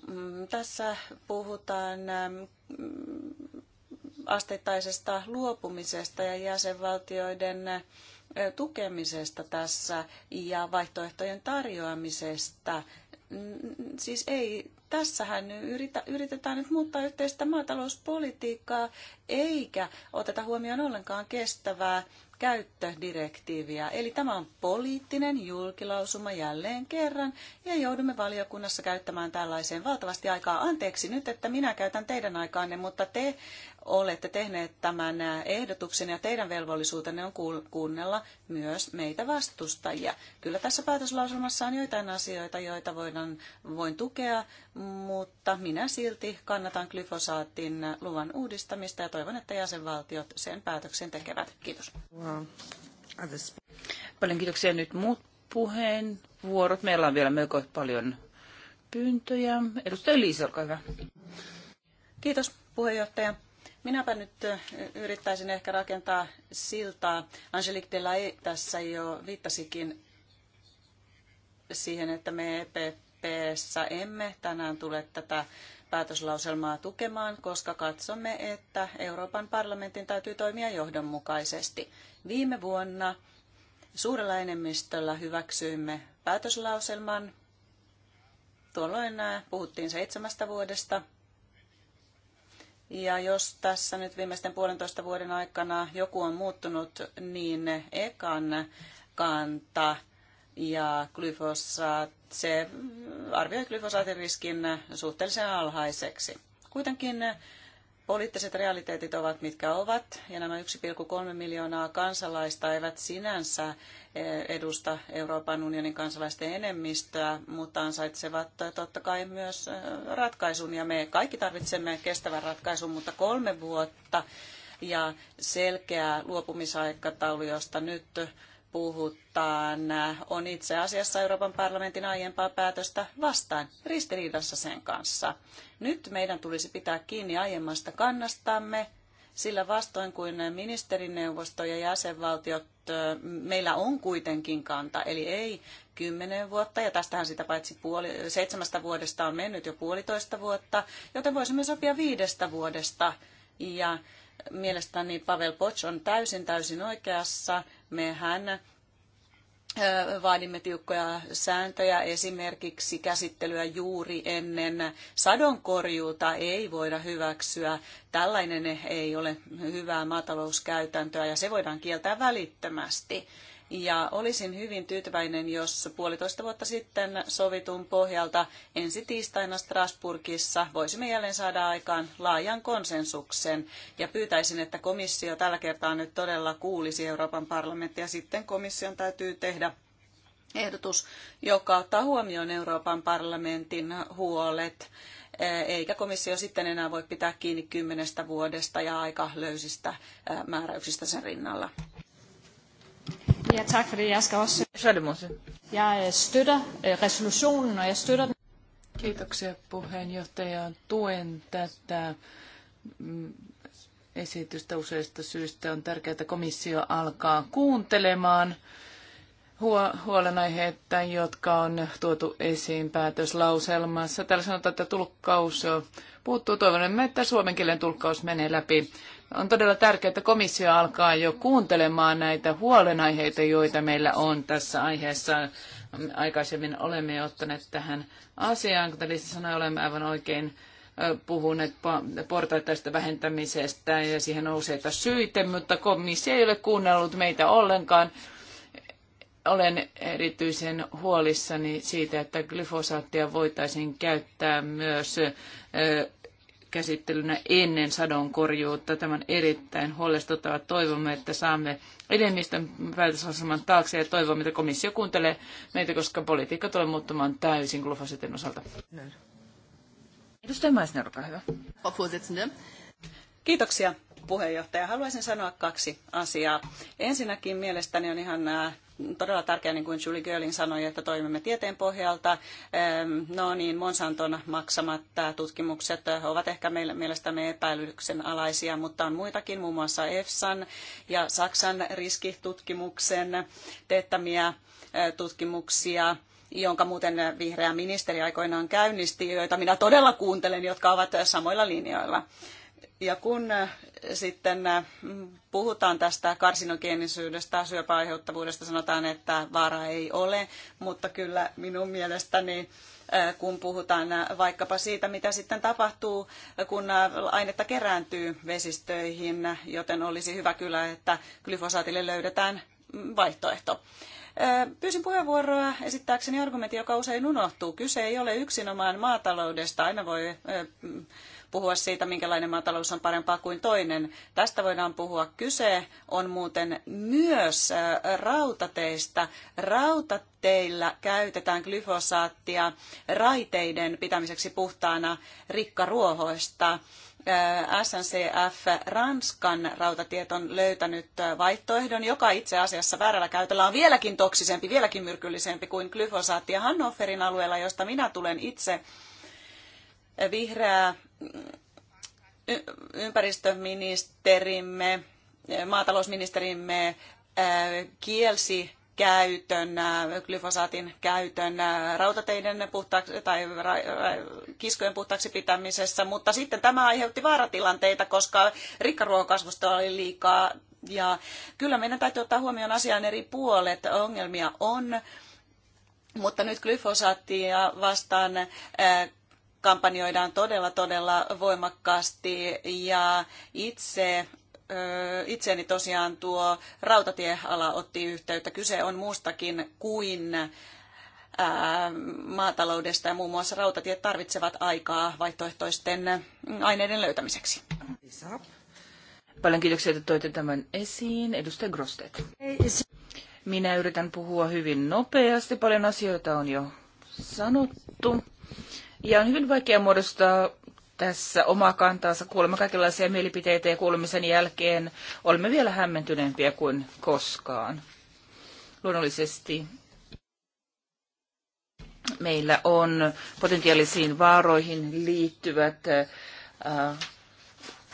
Mm, tässä puhutaan ähm, asteittaisesta luopumisesta ja jäsenvaltioiden äh, tukemisesta tässä ja vaihtoehtojen tarjoamisesta. Mm, siis ei, tässähän yritä, yritetään nyt muuttaa yhteistä maatalouspolitiikkaa eikä oteta huomioon ollenkaan kestävää käyttödirektiiviä. Eli tämä on poliittinen julkilausuma jälleen kerran ja joudumme valiokunnassa käyttämään tällaiseen valtavasti aikaa. Anteeksi nyt, että minä käytän teidän aikaanne, mutta te olette tehneet tämän ehdotuksen ja teidän velvollisuutenne on kuunnella myös meitä vastustajia. Kyllä tässä päätöslauselmassa on joitain asioita, joita voidaan, voin tukea, mutta minä silti kannatan glyfosaatin luvan uudistamista ja toivon, että jäsenvaltiot sen päätöksen tekevät. Kiitos. Paljon kiitoksia nyt muut puheenvuorot. Meillä on vielä melko paljon pyyntöjä. Edustaja Liisa, olkaa hyvä. Kiitos puheenjohtaja. Minäpä nyt yrittäisin ehkä rakentaa siltaa. Angelique Delay tässä jo viittasikin siihen, että me EPPssä emme tänään tule tätä päätöslauselmaa tukemaan, koska katsomme, että Euroopan parlamentin täytyy toimia johdonmukaisesti. Viime vuonna suurella enemmistöllä hyväksyimme päätöslauselman. Tuolloin puhuttiin seitsemästä vuodesta – ja jos tässä nyt viimeisten puolentoista vuoden aikana joku on muuttunut, niin ekan kanta ja glyfosaat, se arvioi glyfosaatin riskin suhteellisen alhaiseksi. Kuitenkin poliittiset realiteetit ovat mitkä ovat, ja nämä 1,3 miljoonaa kansalaista eivät sinänsä eh, edusta Euroopan unionin kansalaisten enemmistöä, mutta ansaitsevat eh, totta kai myös eh, ratkaisun, ja me kaikki tarvitsemme kestävän ratkaisun, mutta kolme vuotta ja selkeä luopumisaikataulu, josta nyt puhutaan, on itse asiassa Euroopan parlamentin aiempaa päätöstä vastaan ristiriidassa sen kanssa. Nyt meidän tulisi pitää kiinni aiemmasta kannastamme, sillä vastoin kuin ministerineuvosto ja jäsenvaltiot, meillä on kuitenkin kanta, eli ei kymmenen vuotta, ja tästähän sitä paitsi puoli, seitsemästä vuodesta on mennyt jo puolitoista vuotta, joten voisimme sopia viidestä vuodesta, ja mielestäni Pavel Poch on täysin täysin oikeassa. Mehän vaadimme tiukkoja sääntöjä, esimerkiksi käsittelyä juuri ennen sadonkorjuuta ei voida hyväksyä. Tällainen ei ole hyvää maatalouskäytäntöä ja se voidaan kieltää välittömästi. Ja olisin hyvin tyytyväinen, jos puolitoista vuotta sitten sovitun pohjalta ensi tiistaina Strasburgissa voisimme jälleen saada aikaan laajan konsensuksen. Ja pyytäisin, että komissio tällä kertaa nyt todella kuulisi Euroopan parlamenttia. Sitten komission täytyy tehdä ehdotus, joka ottaa huomioon Euroopan parlamentin huolet, eikä komissio sitten enää voi pitää kiinni kymmenestä vuodesta ja aika löysistä määräyksistä sen rinnalla. Ja, tak for det. Jeg skal også... Så er det Morten. Jeg øh, støtter øh, resolutionen, og jeg støtter den. Kiitoksia puheenjohtaja. Tuen tätä mm, esitystä useista syistä. On tärkeää, että komissio alkaa kuuntelemaan huolenaiheita, jotka on tuotu esiin päätöslauselmassa. Täällä sanotaan, että tulkkaus puuttuu. Toivon, että suomen kielen tulkkaus menee läpi. On todella tärkeää, että komissio alkaa jo kuuntelemaan näitä huolenaiheita, joita meillä on tässä aiheessa. Aikaisemmin olemme ottaneet tähän asiaan, kuten Liisa sanoi, olemme aivan oikein puhuneet portaittaista vähentämisestä ja siihen on useita syitä, mutta komissio ei ole kuunnellut meitä ollenkaan. Olen erityisen huolissani siitä, että glyfosaattia voitaisiin käyttää myös käsittelynä ennen sadonkorjuutta. Tämä on erittäin huolestuttava. Toivomme, että saamme enemmistön päätösaseman taakse ja toivomme, että komissio kuuntelee meitä, koska politiikka tulee muuttumaan täysin glufositin osalta. Edustaja Maisner, olkaa hyvä. Kiitoksia puheenjohtaja. Haluaisin sanoa kaksi asiaa. Ensinnäkin mielestäni on ihan äh, todella tärkeää, niin kuin Julie Görlin sanoi, että toimimme tieteen pohjalta. Ähm, no niin, Monsanton maksamat äh, tutkimukset äh, ovat ehkä mielestämme epäilyksen alaisia, mutta on muitakin, muun muassa EFSAn ja Saksan riskitutkimuksen teettämiä tutkimuksia jonka muuten vihreä ministeri aikoinaan käynnisti, joita minä todella kuuntelen, jotka ovat samoilla linjoilla. Ja kun sitten puhutaan tästä karsinogeenisyydestä, syöpäaiheuttavuudesta, sanotaan, että vaara ei ole, mutta kyllä minun mielestäni kun puhutaan vaikkapa siitä, mitä sitten tapahtuu, kun ainetta kerääntyy vesistöihin, joten olisi hyvä kyllä, että glyfosaatille löydetään vaihtoehto. Pyysin puheenvuoroa esittääkseni argumentin, joka usein unohtuu. Kyse ei ole yksinomaan maataloudesta. Aina voi puhua siitä, minkälainen maatalous on parempaa kuin toinen. Tästä voidaan puhua. Kyse on muuten myös rautateistä. Rautateillä käytetään glyfosaattia raiteiden pitämiseksi puhtaana rikkaruohoista. SNCF Ranskan rautatiet on löytänyt vaihtoehdon, joka itse asiassa väärällä käytöllä on vieläkin toksisempi, vieläkin myrkyllisempi kuin glyfosaatti. Hannoverin alueella, josta minä tulen itse, vihreää ympäristöministerimme, maatalousministerimme äh, kielsi käytön, äh, glyfosaatin käytön äh, rautateiden puhtaaksi, tai kiskojen puhtaaksi pitämisessä, mutta sitten tämä aiheutti vaaratilanteita, koska rikkaruokakasvusta oli liikaa. Ja kyllä meidän täytyy ottaa huomioon asian eri puolet. Ongelmia on, mutta nyt glyfosaattia vastaan kampanjoidaan todella, todella voimakkaasti ja itse itseeni tosiaan tuo rautatieala otti yhteyttä. Kyse on muustakin kuin maataloudesta ja muun muassa rautatiet tarvitsevat aikaa vaihtoehtoisten aineiden löytämiseksi. Paljon kiitoksia, että toitte tämän esiin. Edustaja Grostet. Minä yritän puhua hyvin nopeasti. Paljon asioita on jo sanottu. Ja on hyvin vaikea muodostaa tässä omaa kantaansa. kuulemma kaikenlaisia mielipiteitä ja kuulemisen jälkeen olemme vielä hämmentyneempiä kuin koskaan. Luonnollisesti meillä on potentiaalisiin vaaroihin liittyvät äh,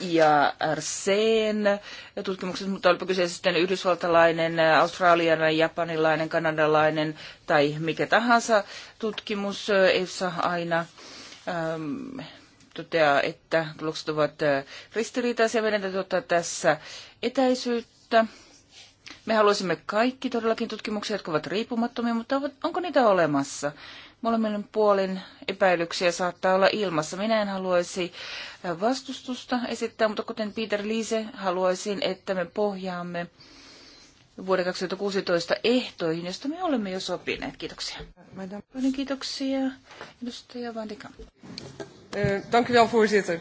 IARCn tutkimukset, mutta olipa kyseessä sitten yhdysvaltalainen, australialainen, japanilainen, kanadalainen tai mikä tahansa tutkimus, EFSA aina äm, toteaa, että tulokset ovat äh, ristiriitaisia. Meidän täytyy ottaa tässä etäisyyttä. Me haluaisimme kaikki todellakin tutkimuksia, jotka ovat riippumattomia, mutta onko niitä olemassa? Molemmin puolin epäilyksiä saattaa olla ilmassa. Minä en haluaisi vastustusta esittää, mutta kuten Peter Liise, haluaisin, että me pohjaamme vuoden 2016 ehtoihin, josta me olemme jo sopineet. Kiitoksia. kiitoksia. Edustaja Vandika. Eh, dank u wel, voorzitter.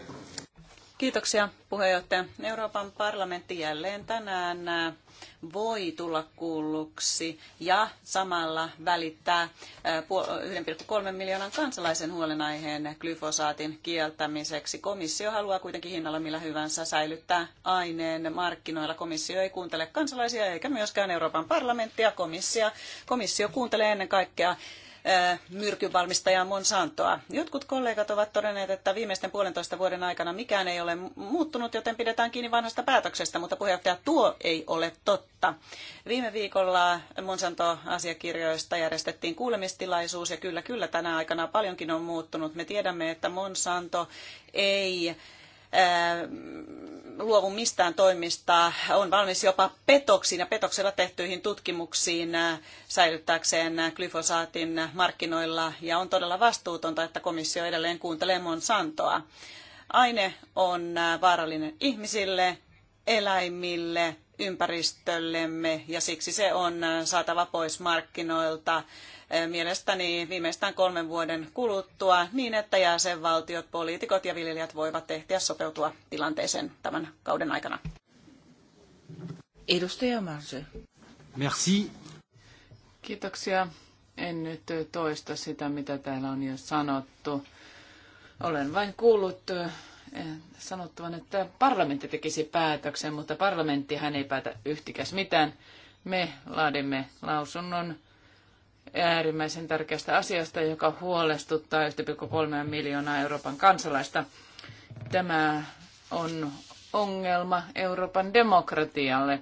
Kiitoksia puheenjohtaja. Euroopan parlamentti jälleen tänään äh, voi tulla kuulluksi ja samalla välittää 1,3 äh, miljoonan kansalaisen huolenaiheen glyfosaatin kieltämiseksi. Komissio haluaa kuitenkin hinnalla millä hyvänsä säilyttää aineen markkinoilla. Komissio ei kuuntele kansalaisia eikä myöskään Euroopan parlamenttia. Komissio, komissio kuuntelee ennen kaikkea myrkynvalmistajaa Monsantoa. Jotkut kollegat ovat todenneet, että viimeisten puolentoista vuoden aikana mikään ei ole muuttunut, joten pidetään kiinni vanhasta päätöksestä, mutta puheenjohtaja, tuo ei ole totta. Viime viikolla Monsanto-asiakirjoista järjestettiin kuulemistilaisuus ja kyllä, kyllä tänä aikana paljonkin on muuttunut. Me tiedämme, että Monsanto ei luovu mistään toimista, on valmis jopa petoksiin ja petoksella tehtyihin tutkimuksiin säilyttääkseen glyfosaatin markkinoilla ja on todella vastuutonta, että komissio edelleen kuuntelee Monsantoa. Aine on vaarallinen ihmisille, eläimille, ympäristöllemme ja siksi se on saatava pois markkinoilta eh, mielestäni viimeistään kolmen vuoden kuluttua niin, että jäsenvaltiot, poliitikot ja viljelijät voivat ehtiä sopeutua tilanteeseen tämän kauden aikana. Edustaja Marse. Merci. Kiitoksia. En nyt toista sitä, mitä täällä on jo sanottu. Olen vain kuullut eh, sanottavan, että parlamentti tekisi päätöksen, mutta parlamenttihan ei päätä yhtikäs mitään. Me laadimme lausunnon äärimmäisen tärkeästä asiasta, joka huolestuttaa 1,3 miljoonaa Euroopan kansalaista. Tämä on ongelma Euroopan demokratialle.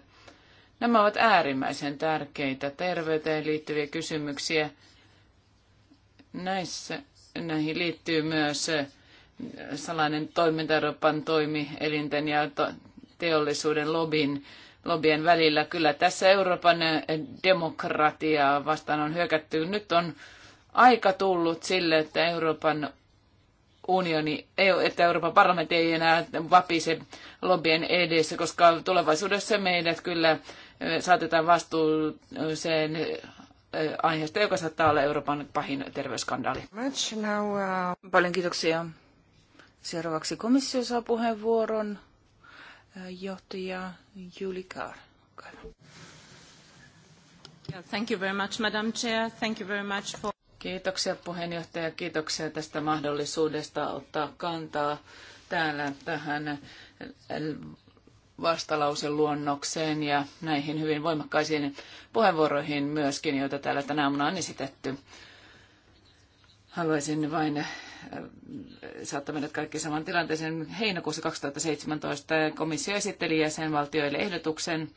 Nämä ovat äärimmäisen tärkeitä terveyteen liittyviä kysymyksiä. Näissä, näihin liittyy myös salainen toiminta Euroopan toimielinten ja teollisuuden lobin, lobien välillä. Kyllä tässä Euroopan eh, demokratiaa vastaan on hyökätty. Nyt on aika tullut sille, että Euroopan unioni, e että Euroopan parlamentti ei enää vapise lobien edessä, koska tulevaisuudessa meidät kyllä eh, saatetaan vastuuseen eh, aiheesta, joka saattaa olla Euroopan pahin terveysskandaali. Paljon kiitoksia. Seuraavaksi komissio saa puheenvuoron. Johtaja Julie Carr. Thank you very much, Madam Chair. Thank you very much for... Kiitoksia puheenjohtaja, kiitoksia tästä mahdollisuudesta ottaa kantaa täällä tähän luonnokseen ja näihin hyvin voimakkaisiin puheenvuoroihin myöskin, joita täällä tänä aamuna on esitetty. Haluaisin vain saattamme nyt kaikki saman tilanteeseen. Heinäkuussa 2017 komissio esitteli jäsenvaltioille ehdotuksen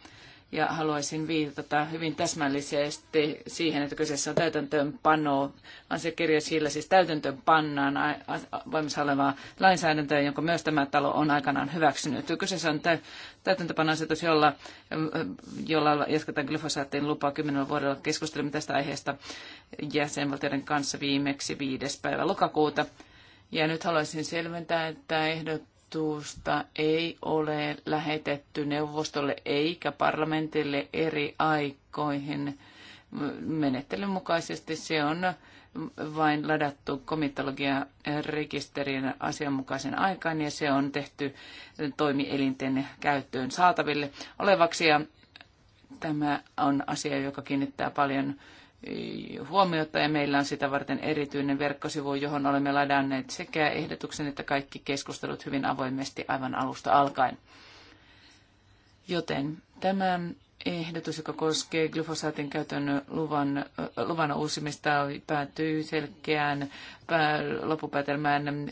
ja haluaisin viitata hyvin täsmällisesti siihen, että kyseessä on täytäntöönpano. Asiakirja sillä siis täytäntöönpannaan voimassa olevaa lainsäädäntöä, jonka myös tämä talo on aikanaan hyväksynyt. Kyseessä on täytäntöönpanoasetus, jolla, jolla jatketaan glyfosaattiin lupaa kymmenellä vuodella. Keskustelimme tästä aiheesta jäsenvaltioiden kanssa viimeksi viides päivä lokakuuta. Ja nyt haluaisin selventää, että ehdot ehdotusta ei ole lähetetty neuvostolle eikä parlamentille eri aikoihin. Menettelyn mukaisesti se on vain ladattu rekisterin asianmukaisen aikaan ja se on tehty toimielinten käyttöön saataville olevaksi ja tämä on asia, joka kiinnittää paljon huomiota ja meillä on sitä varten erityinen verkkosivu, johon olemme ladanneet sekä ehdotuksen että kaikki keskustelut hyvin avoimesti aivan alusta alkaen. Joten tämä ehdotus, joka koskee glyfosaatin käytön luvan, luvan uusimista, päätyy selkeään loppupäätelmään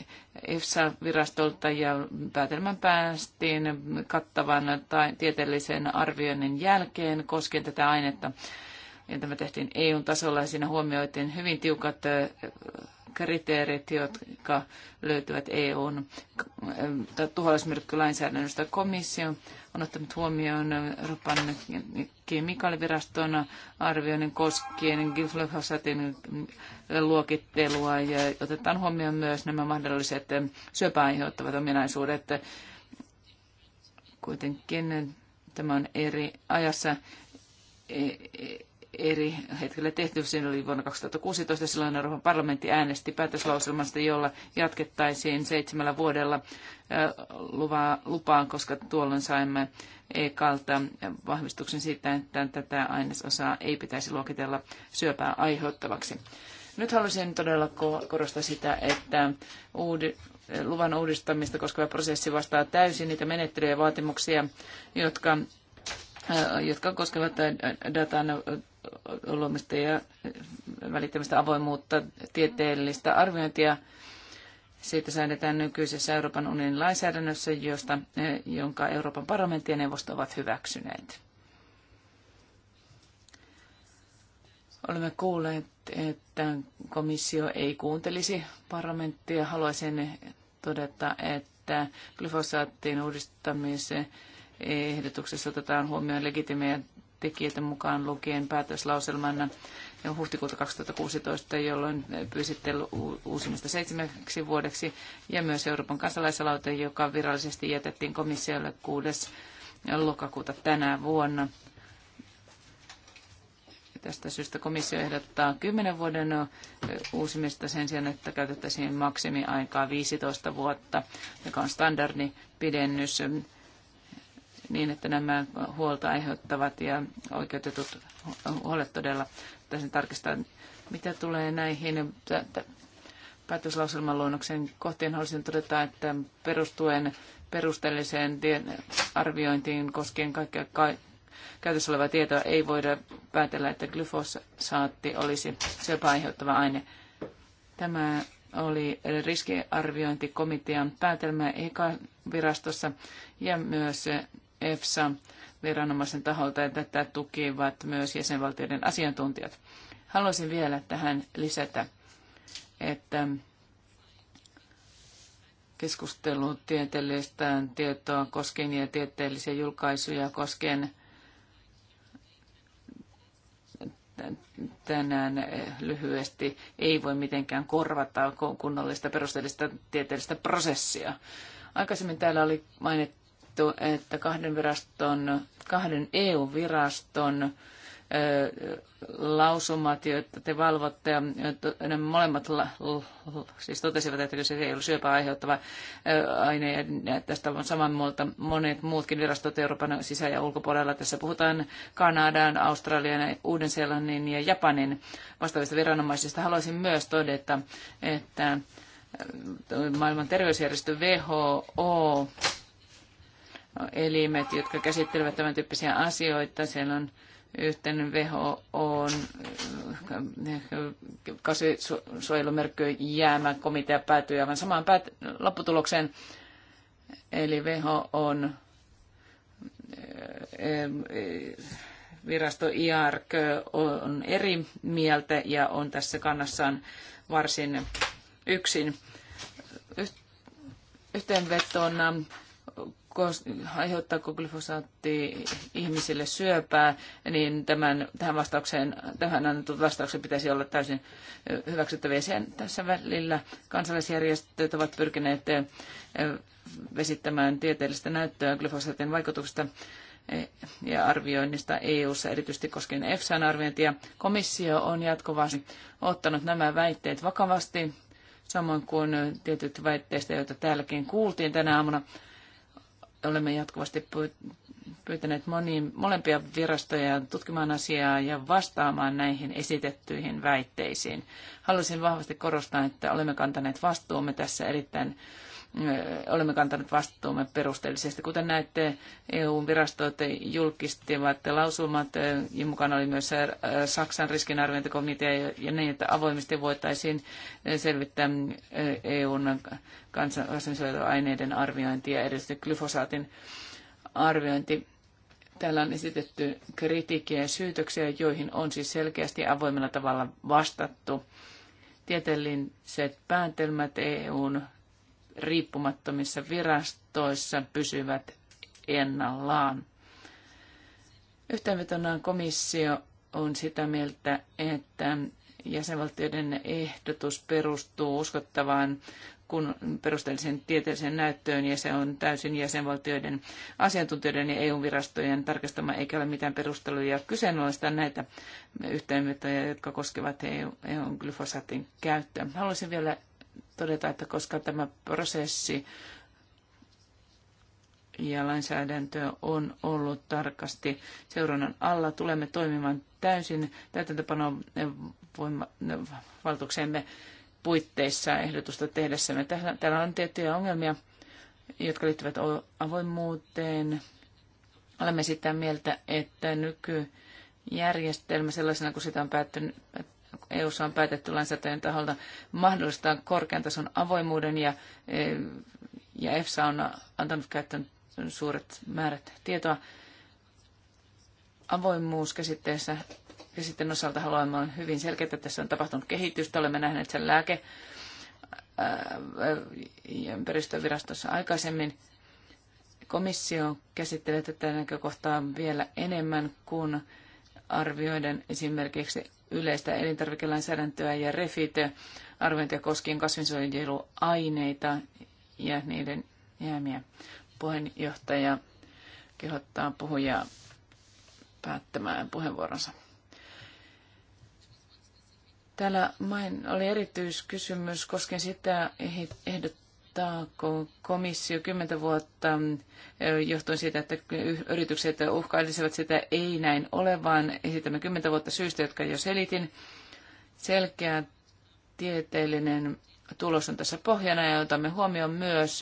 EFSA-virastolta ja päätelmän päästiin kattavan tieteellisen arvioinnin jälkeen koskien tätä ainetta ja tämä tehtiin EU-tasolla ja siinä huomioitiin hyvin tiukat kriteerit, jotka löytyvät EUn tuholaismyrkkylainsäädännöstä. Komissio on ottanut huomioon Euroopan kemikaaliviraston arvioinnin koskien glyphosatin luokittelua ja otetaan huomioon myös nämä mahdolliset syöpää aiheuttavat ominaisuudet. Kuitenkin tämä on eri ajassa e, e, eri hetkellä tehty. Siinä oli vuonna 2016 silloin Euroopan parlamentti äänesti päätöslauselmasta, jolla jatkettaisiin seitsemällä vuodella lupaa, lupaan koska tuolloin saimme EKalta vahvistuksen siitä, että tätä ainesosaa ei pitäisi luokitella syöpää aiheuttavaksi. Nyt haluaisin todella korostaa sitä, että uudi, luvan uudistamista koskeva prosessi vastaa täysin niitä menettelyjä ja vaatimuksia, jotka jotka koskevat datan luomista ja välittämistä avoimuutta, tieteellistä arviointia. Siitä säädetään nykyisessä Euroopan unionin lainsäädännössä, josta, jonka Euroopan parlamentti ja neuvosto ovat hyväksyneet. Olemme kuulleet, että komissio ei kuuntelisi parlamenttia. Haluaisin todeta, että glyfosaattiin uudistamiseen ehdotuksessa otetaan huomioon legitimejä tekijöitä mukaan lukien päätöslauselmana huhtikuuta 2016, jolloin pyysitte uusimista seitsemäksi vuodeksi, ja myös Euroopan kansalaisaloite, joka virallisesti jätettiin komissiolle 6. lokakuuta tänä vuonna. Tästä syystä komissio ehdottaa 10 vuoden uusimista sen sijaan, että käytettäisiin maksimiaikaa 15 vuotta, joka on standardi pidennys niin, että nämä huolta aiheuttavat ja oikeutetut huolet todella pitäisi tarkistaa. Mitä tulee näihin päätöslauselman luonnoksen kohtien, haluaisin todeta, että perustuen perusteelliseen arviointiin koskien kaikkea ka- käytössä olevaa tietoa ei voida päätellä, että glyfosaatti olisi syöpää aiheuttava aine. Tämä oli riskiarviointikomitean päätelmä EKA-virastossa ja myös EFSA viranomaisen taholta ja tätä tukivat myös jäsenvaltioiden asiantuntijat. Haluaisin vielä tähän lisätä, että keskustelu tieteellistä tietoa koskien ja tieteellisiä julkaisuja koskien tänään lyhyesti ei voi mitenkään korvata kunnollista perusteellista tieteellistä prosessia. Aikaisemmin täällä oli mainittu todettu, että kahden, viraston, kahden EU-viraston lausumat, joita te valvotte, ne molemmat la, siis totesivat, että se ei ole syöpää aiheuttava aine, ja tästä on saman muolta monet muutkin virastot Euroopan sisä- ja ulkopuolella. Tässä puhutaan Kanadan, Australian, Uuden-Seelannin ja Japanin vastaavista viranomaisista. Haluaisin myös todeta, että maailman terveysjärjestö WHO elimet, jotka käsittelevät tämän tyyppisiä asioita. Siellä on yhteinen WHO on eh, kasvisuojelumerkky jäämä komitea päätyy aivan samaan päät- lopputulokseen. Eli WHO on eh, virasto IARC on eri mieltä ja on tässä kannassaan varsin yksin. Yhteenvetona aiheuttaako glyfosaatti ihmisille syöpää, niin tämän, tähän, vastaukseen, tähän annetun vastauksen pitäisi olla täysin hyväksyttäviä. Sen, tässä välillä kansalaisjärjestöt ovat pyrkineet vesittämään tieteellistä näyttöä glyfosaatin vaikutuksesta ja arvioinnista EU-ssa, erityisesti koskien EFSAn arviointia. Komissio on jatkuvasti ottanut nämä väitteet vakavasti, samoin kuin tietyt väitteistä, joita täälläkin kuultiin tänä aamuna. Olemme jatkuvasti pyytäneet moniin, molempia virastoja tutkimaan asiaa ja vastaamaan näihin esitettyihin väitteisiin. Haluaisin vahvasti korostaa, että olemme kantaneet vastuumme tässä erittäin olemme kantaneet vastuumme perusteellisesti. Kuten näette, EU-virastot julkistivat lausumat ja mukana oli myös Saksan riskinarviointikomitea ja niin, että avoimesti voitaisiin selvittää EUn kansallisuusaineiden arviointi ja erityisesti glyfosaatin arviointi. Täällä on esitetty kritiikkiä ja syytöksiä, joihin on siis selkeästi avoimella tavalla vastattu. Tieteelliset päätelmät EUn riippumattomissa virastoissa pysyvät ennallaan. Yhteenvetona komissio on sitä mieltä, että jäsenvaltioiden ehdotus perustuu uskottavaan kun perusteellisen tieteelliseen näyttöön ja se on täysin jäsenvaltioiden asiantuntijoiden ja EU-virastojen tarkastama eikä ole mitään perusteluja kyseenalaistaa näitä yhteenvetoja, jotka koskevat eu e glyfosaatin käyttöä. Haluaisin vielä todeta, että koska tämä prosessi ja lainsäädäntö on ollut tarkasti seurannan alla. Tulemme toimimaan täysin täytäntöpanon valtuuksemme puitteissa ehdotusta tehdessämme. Täällä on tiettyjä ongelmia, jotka liittyvät avoimuuteen. Olemme sitä mieltä, että nykyjärjestelmä sellaisena kuin sitä on päättynyt, EU on päätetty lainsäätäjän taholta mahdollistaa korkean tason avoimuuden ja, e, ja EFSA on antanut käyttöön suuret määrät tietoa. Avoimuus käsitteessä käsitteen osalta haluamme olla hyvin selkeää, että tässä on tapahtunut kehitystä. Olemme nähneet sen lääke ja ympäristövirastossa aikaisemmin. Komissio käsittelee tätä näkökohtaa vielä enemmän, kun arvioiden esimerkiksi yleistä elintarvikelainsäädäntöä ja refite, arviointia koskien kasvinsuojeluaineita ja niiden jäämiä. Puheenjohtaja kehottaa puhujaa päättämään puheenvuoronsa. Täällä main oli erityiskysymys koskien sitä, ehdot, Vastaako komissio kymmentä vuotta johtuen siitä, että yritykset uhkailisivat sitä? Ei näin ole, vaan esitämme kymmentä vuotta syystä, jotka jo selitin. Selkeä tieteellinen tulos on tässä pohjana ja otamme huomioon myös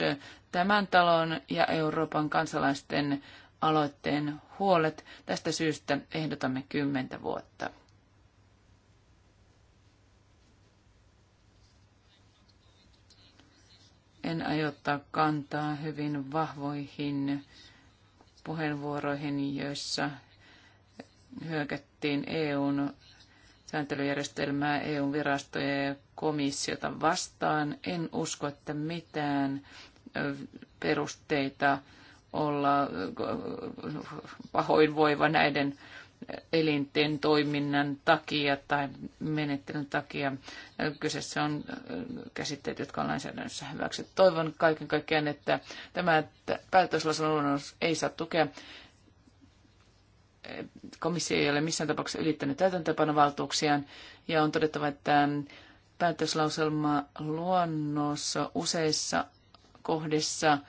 tämän talon ja Euroopan kansalaisten aloitteen huolet. Tästä syystä ehdotamme kymmentä vuotta. En aio ottaa kantaa hyvin vahvoihin puheenvuoroihin, joissa hyökättiin EUn sääntelyjärjestelmää, EUn virastoja ja komissiota vastaan. En usko, että mitään perusteita olla pahoinvoiva näiden elinten toiminnan takia tai menettelyn takia. Kyseessä on äh, käsitteet, jotka on lainsäädännössä hyväksytty. Toivon kaiken kaikkiaan, että tämä luonnos ei saa tukea. Komissio ei ole missään tapauksessa ylittänyt täytäntöpanovaltuuksiaan ja on todettava, että päätöslauselma luonnossa useissa kohdissa –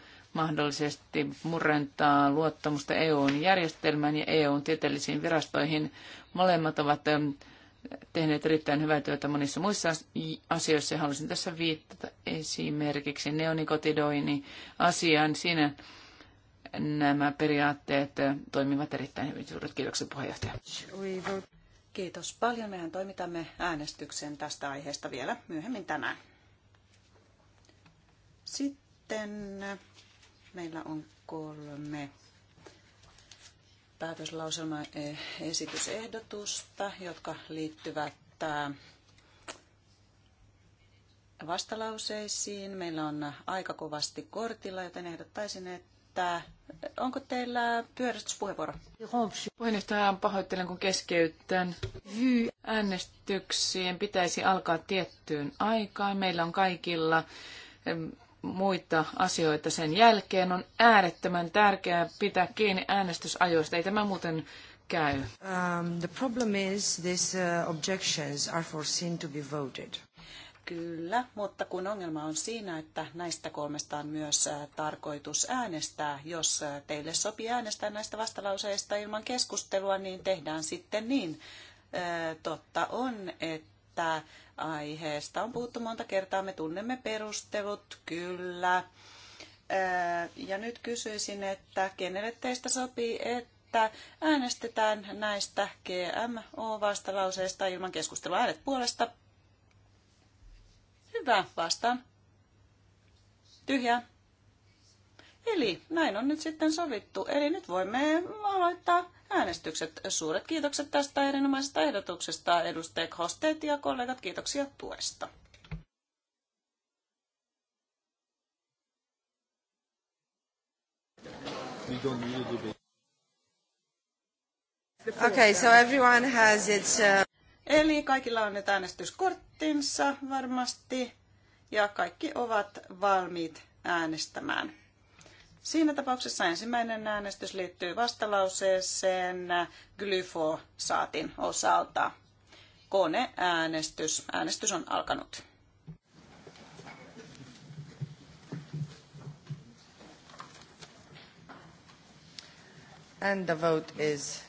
mahdollisesti murentaa luottamusta EUn järjestelmään ja EUn tieteellisiin virastoihin. Molemmat ovat tehneet erittäin hyvää työtä monissa muissa asioissa haluaisin tässä viittata esimerkiksi neonikotidoini asiaan. Siinä nämä periaatteet toimivat erittäin hyvin. Suuret kiitokset puheenjohtaja. Kiitos paljon. Mehän toimitamme äänestyksen tästä aiheesta vielä myöhemmin tänään. Sitten Meillä on kolme e- esitysehdotusta, jotka liittyvät vastalauseisiin. Meillä on aika kovasti kortilla, joten ehdottaisin, että onko teillä pyöristyspuheenvuoro? Puheenjohtaja, pahoittelen kun keskeytän. Äänestyksien pitäisi alkaa tiettyyn aikaan. Meillä on kaikilla muita asioita sen jälkeen. On äärettömän tärkeää pitää kiinni äänestysajoista. Ei tämä muuten käy. Um, the problem is uh, objections are foreseen to be voted. Kyllä, mutta kun ongelma on siinä, että näistä kolmesta on myös äh, tarkoitus äänestää. Jos äh, teille sopii äänestää näistä vastalauseista ilman keskustelua, niin tehdään sitten niin. Äh, totta on, että aiheesta on puhuttu monta kertaa, me tunnemme perustelut, kyllä. Ja nyt kysyisin, että kenelle teistä sopii, että äänestetään näistä GMO-vastalauseista ilman keskustelua äänet puolesta. Hyvä, vastaan. Tyhjä. Eli näin on nyt sitten sovittu. Eli nyt voimme aloittaa äänestykset. Suuret kiitokset tästä erinomaisesta ehdotuksesta, edustajat Hosteet ja kollegat, kiitoksia tuesta. Okay, so everyone has its, uh... Eli kaikilla on nyt äänestyskorttinsa varmasti ja kaikki ovat valmiit äänestämään. Siinä tapauksessa ensimmäinen äänestys liittyy vastalauseeseen glyfosaatin osalta. Koneäänestys. Äänestys on alkanut. And the vote is...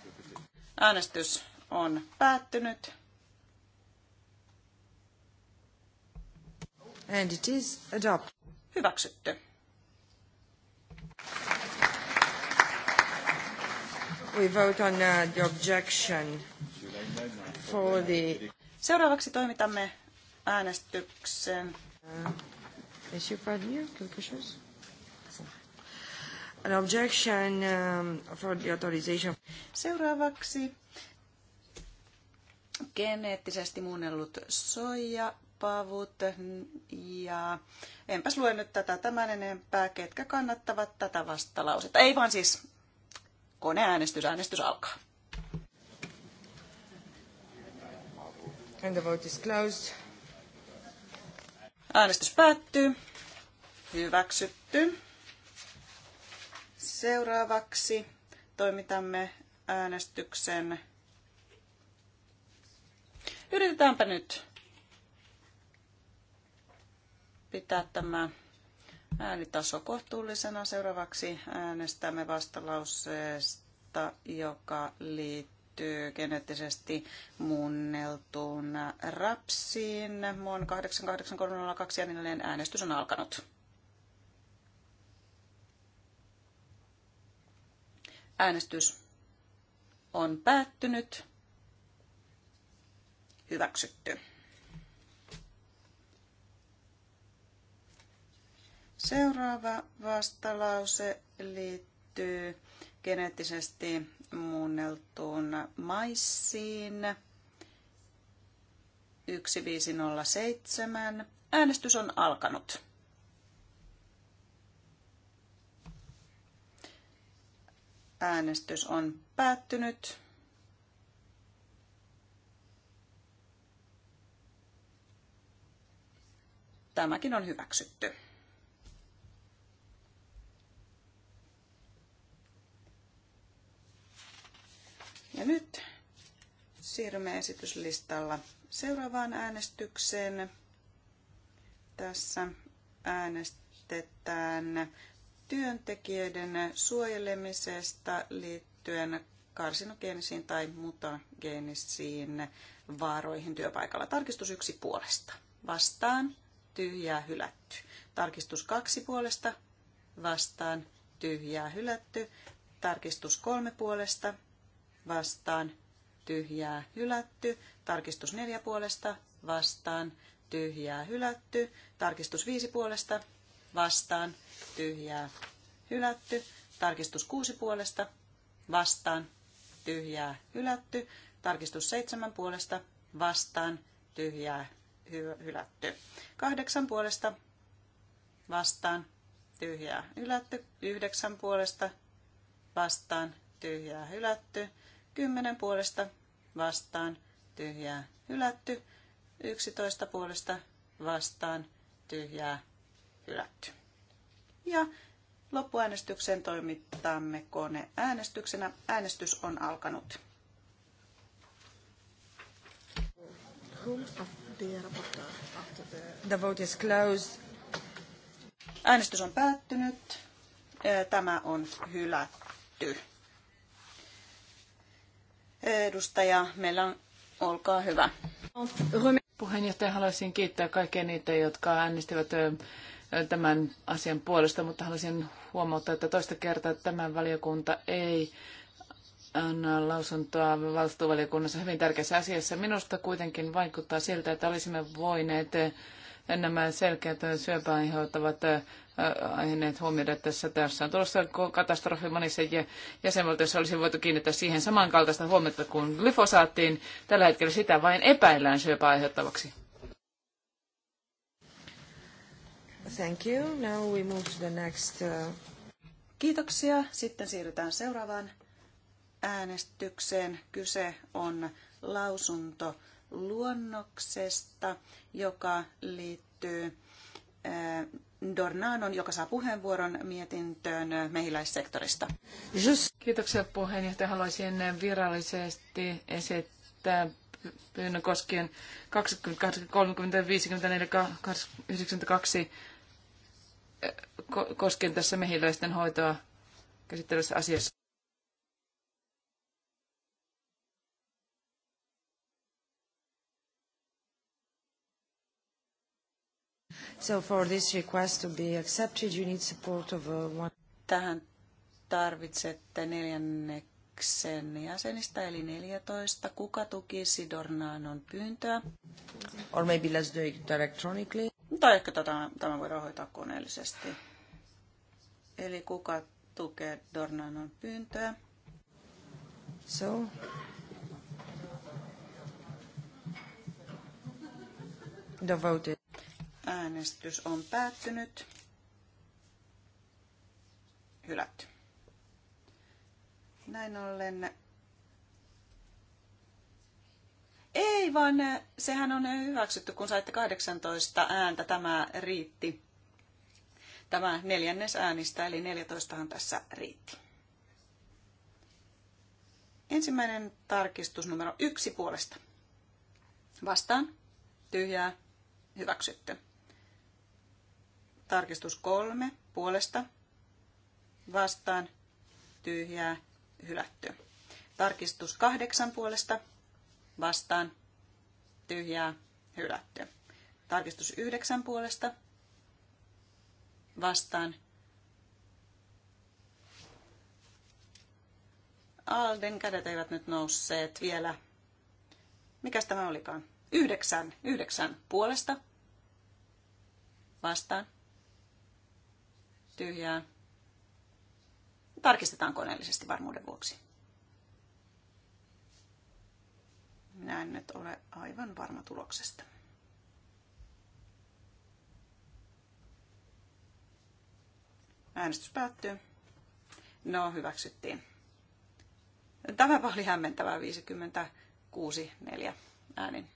Äänestys on päättynyt. And it is adopted. Hyväksytty. We vote on uh, the objection for the... Seuraavaksi toimitamme äänestyksen. Monsieur uh, Pardieu, An objection um, for the authorization. Seuraavaksi geneettisesti muunnellut soija pavut. Ja enpäs lue nyt tätä tämän enempää, ketkä kannattavat tätä vastalausetta. Ei vaan siis koneäänestys, äänestys alkaa. And the vote is closed. Äänestys päättyy. Hyväksytty. Seuraavaksi toimitamme äänestyksen. Yritetäänpä nyt pitää tämä äänitaso kohtuullisena. Seuraavaksi äänestämme vastalauseesta, joka liittyy geneettisesti muunneltuun rapsiin. Mon 88302 ja niin äänestys on alkanut. Äänestys on päättynyt. Hyväksytty. Seuraava vastalause liittyy geneettisesti muunneltuun maissiin. 1507. Äänestys on alkanut. Äänestys on päättynyt. Tämäkin on hyväksytty. Ja nyt siirrymme esityslistalla seuraavaan äänestykseen. Tässä äänestetään työntekijöiden suojelemisesta liittyen karsinogeenisiin tai mutageenisiin vaaroihin työpaikalla. Tarkistus yksi puolesta. Vastaan tyhjää hylätty. Tarkistus kaksi puolesta. Vastaan tyhjää hylätty. Tarkistus kolme puolesta vastaan tyhjää hylätty. Tarkistus neljä puolesta vastaan tyhjää hylätty. Tarkistus viisi puolesta vastaan tyhjää hylätty. Tarkistus kuusi puolesta vastaan tyhjää hylätty. Tarkistus seitsemän puolesta vastaan tyhjää hylätty. Kahdeksan puolesta vastaan tyhjää hylätty. Yhdeksän puolesta vastaan tyhjää hylätty. 10 puolesta vastaan tyhjää hylätty. 11 puolesta vastaan tyhjää hylätty. Ja loppuäänestykseen toimittamme kone äänestyksenä. Äänestys on alkanut. The vote is closed. Äänestys on päättynyt. Tämä on hylätty edustaja. Meillä on, olkaa hyvä. Puheenjohtaja, haluaisin kiittää kaikkia niitä, jotka äänestivät tämän asian puolesta, mutta haluaisin huomauttaa, että toista kertaa tämä valiokunta ei anna lausuntoa valtuustovaliokunnassa hyvin tärkeässä asiassa. Minusta kuitenkin vaikuttaa siltä, että olisimme voineet nämä selkeät syöpää aiheuttavat äh, aiheet huomioida tässä. Tässä on tulossa katastrofi monissa jäsenvaltioissa olisi voitu kiinnittää siihen samankaltaista huomiota kuin glyfosaattiin. Tällä hetkellä sitä vain epäillään syöpää aiheuttavaksi. Thank you. Now we move to the next, uh... Kiitoksia. Sitten siirrytään seuraavaan äänestykseen. Kyse on lausunto luonnoksesta, joka liittyy eh, Dornanon, joka saa puheenvuoron mietintöön eh, mehiläissektorista. Just. Kiitoksia puheenjohtaja. Haluaisin eh, virallisesti esittää pyynnön koskien 28, 54, 92 koskien tässä mehiläisten hoitoa käsittelyssä asiassa. So for this request to be accepted, you need support of uh, one... Tähän tarvitsette neljänneksen jäsenistä, eli 14. Kuka tukisi Dornaanon pyyntöä? Or maybe let's do it electronically. Tai ehkä tätä, tämä voi hoitaa koneellisesti. Eli kuka tukee Dornanon pyyntöä? So, The vote Äänestys on päättynyt. Hylätty. Näin ollen ei, vaan äh, sehän on äh, hyväksytty, kun saitte 18 ääntä. Tämä riitti. Tämä neljännes äänistä, eli 14 on tässä riitti. Ensimmäinen tarkistus numero yksi puolesta. Vastaan. Tyhjää. Hyväksytty. Tarkistus kolme puolesta vastaan tyhjää hylätty. Tarkistus kahdeksan puolesta vastaan tyhjää hylätty. Tarkistus yhdeksän puolesta vastaan Alden kädet eivät nyt nousseet vielä. Mikäs tämä olikaan? Yhdeksän, yhdeksän puolesta. Vastaan tyhjää. Tarkistetaan koneellisesti varmuuden vuoksi. Minä en nyt ole aivan varma tuloksesta. Äänestys päättyy. No, hyväksyttiin. Tämä oli hämmentävää 56-4 äänin.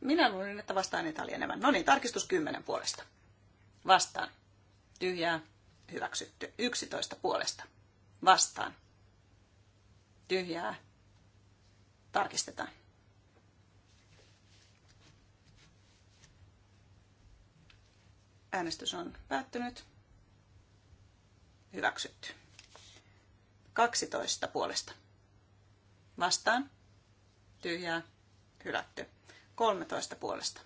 Minä luulin, että vastaan niitä enemmän. No niin, tarkistus kymmenen puolesta. Vastaan. Tyhjää. Hyväksytty. Yksitoista puolesta. Vastaan. Tyhjää. Tarkistetaan. Äänestys on päättynyt. Hyväksytty. 12 puolesta. Vastaan. Tyhjää. Hylätty. 13 puolesta.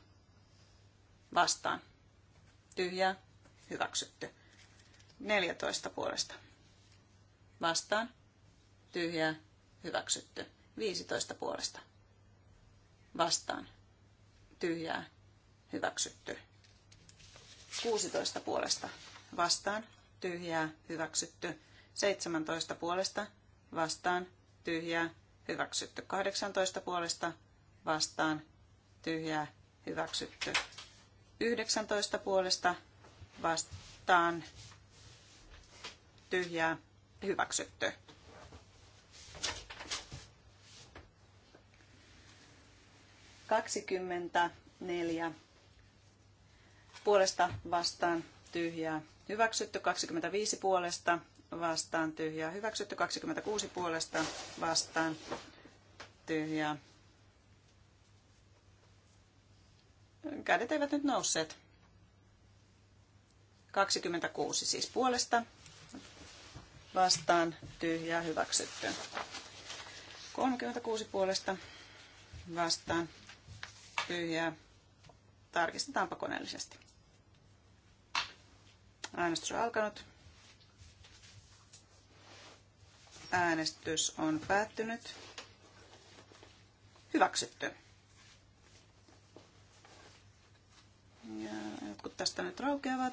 Vastaan. Tyhjää. Hyväksytty. 14 puolesta. Vastaan. Tyhjää. Hyväksytty. 15 puolesta. Vastaan. Tyhjää. Hyväksytty. 16 puolesta. Vastaan. Tyhjää. Hyväksytty. 17 puolesta. Vastaan. Tyhjää. Hyväksytty. 18 puolesta. Vastaan tyhjää hyväksytty. 19 puolesta vastaan tyhjää hyväksytty. Kaksikymmentä neljä puolesta vastaan tyhjää hyväksytty. 25 puolesta vastaan tyhjää hyväksytty. 26 puolesta vastaan tyhjää Kädet eivät nyt nousseet. 26 siis puolesta. Vastaan tyhjää hyväksytty. 36 puolesta vastaan tyhjää. Tarkistetaanpa koneellisesti. Äänestys on alkanut. Äänestys on päättynyt. Hyväksytty. Jotkut tästä nyt raukeavat.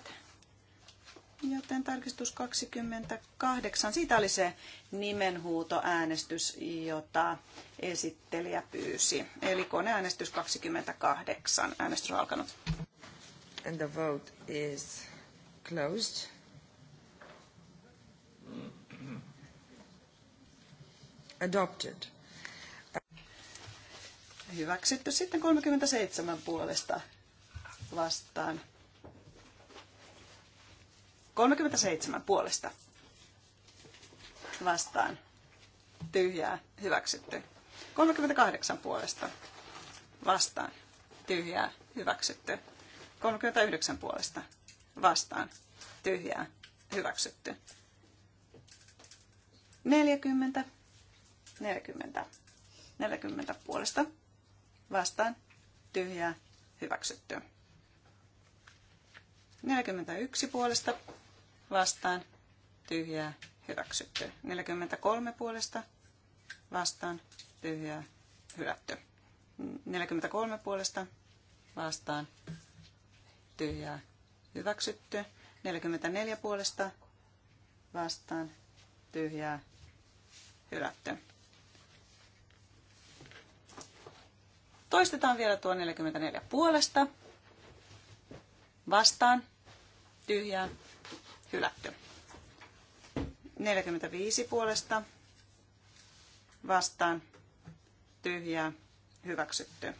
Joten tarkistus 28. Siitä oli se nimenhuutoäänestys, jota esittelijä pyysi. Eli koneäänestys 28. Äänestys on alkanut. And the vote is closed. Adopted. Hyväksytty sitten 37 puolesta vastaan. 37 puolesta vastaan. Tyhjää hyväksytty. 38 puolesta vastaan. Tyhjää hyväksytty. 39 puolesta vastaan. Tyhjää hyväksytty. 40. 40. 40 puolesta vastaan. Tyhjää hyväksytty. 41 puolesta vastaan tyhjää hyväksytty. 43 puolesta vastaan tyhjää hylätty. 43 puolesta vastaan tyhjää hyväksytty. 44 puolesta vastaan tyhjää hylätty. Toistetaan vielä tuo 44 puolesta Vastaan. Tyhjää. Hylätty. 45 puolesta. Vastaan. Tyhjää. Hyväksytty.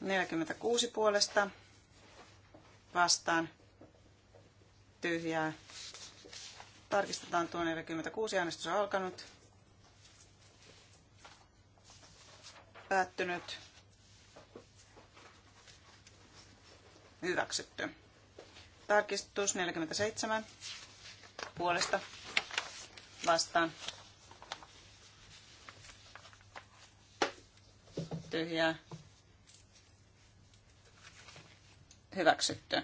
46 puolesta. Vastaan. Tyhjää. Tarkistetaan tuo 46. Äänestys on alkanut. Päättynyt hyväksytty. Tarkistus 47 puolesta vastaan. Tyhjää. Hyväksytty.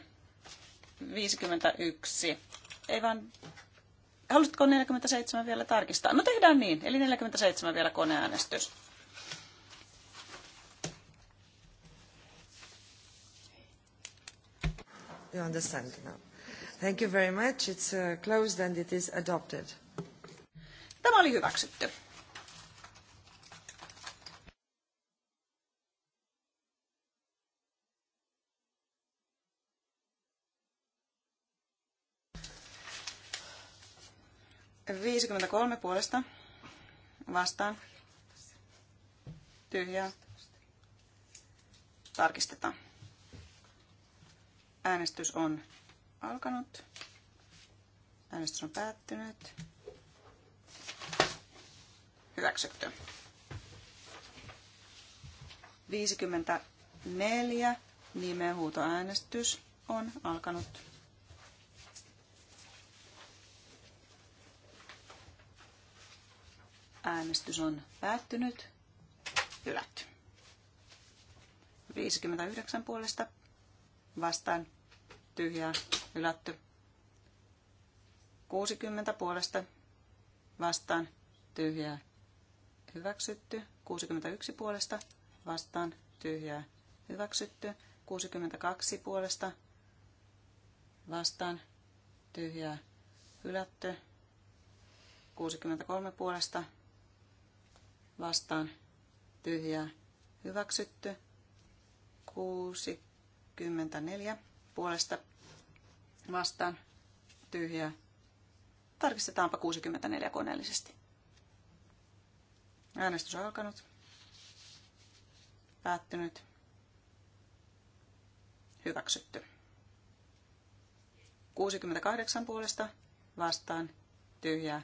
51. Ei vaan... Haluaisitko 47 vielä tarkistaa? No tehdään niin. Eli 47 vielä koneäänestys. you understand now. Thank you very much. It's uh, closed and it is adopted. Tämä oli hyväksytty. puolesta vastaan. Tyhjää. Tarkistetaan. Äänestys on alkanut. Äänestys on päättynyt. Hyväksytty. 54 nimenhuutoäänestys on alkanut. Äänestys on päättynyt. Hylätty. 59 puolesta vastaan tyhjää hylätty. 60 puolesta vastaan tyhjää hyväksytty. 61 puolesta vastaan tyhjää hyväksytty. 62 puolesta vastaan tyhjää hylätty. 63 puolesta vastaan tyhjää hyväksytty. 6 24 puolesta vastaan tyhjää. Tarkistetaanpa 64 koneellisesti. Äänestys alkanut. Päättynyt. Hyväksytty. 68 puolesta vastaan tyhjää.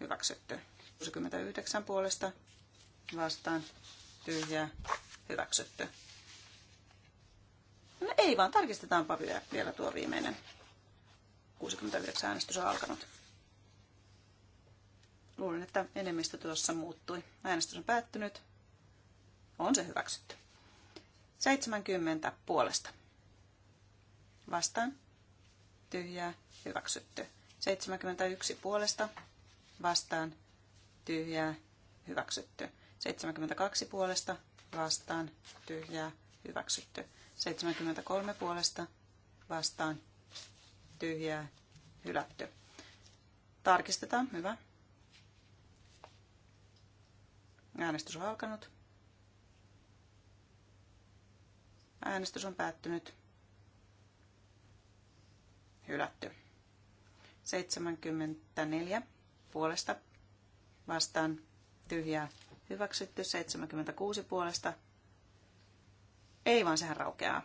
Hyväksytty. 69 puolesta vastaan tyhjää. Hyväksytty. No ei vaan, tarkistetaanpa vielä, vielä tuo viimeinen. 69 äänestys on alkanut. Luulen, että enemmistö tuossa muuttui. Äänestys on päättynyt. On se hyväksytty. 70 puolesta. Vastaan. Tyhjää. Hyväksytty. 71 puolesta. Vastaan. Tyhjää. Hyväksytty. 72 puolesta. Vastaan. Tyhjää. Hyväksytty. 73 puolesta vastaan tyhjää hylätty. Tarkistetaan, hyvä. Äänestys on alkanut. Äänestys on päättynyt. Hylätty. 74 puolesta vastaan tyhjää hyväksytty. 76 puolesta ei vaan sehän raukeaa.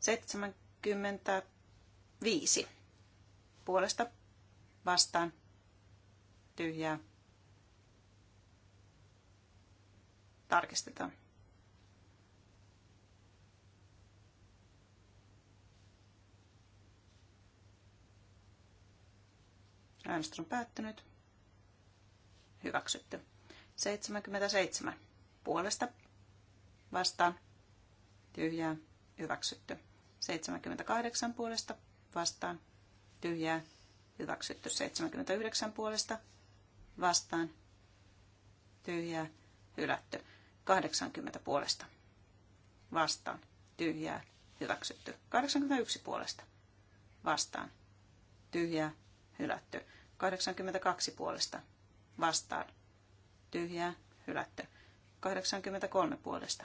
75 puolesta vastaan tyhjää. Tarkistetaan. Äänestys on päättynyt. Hyväksytty. 77 puolesta vastaan tyhjää, hyväksytty. 78 puolesta vastaan, tyhjää, hyväksytty. 79 puolesta vastaan, tyhjää, hylätty. 80 puolesta vastaan, tyhjää, hyväksytty. 81 puolesta vastaan, tyhjää, hylätty. 82 puolesta vastaan, tyhjää, hylätty. 83 puolesta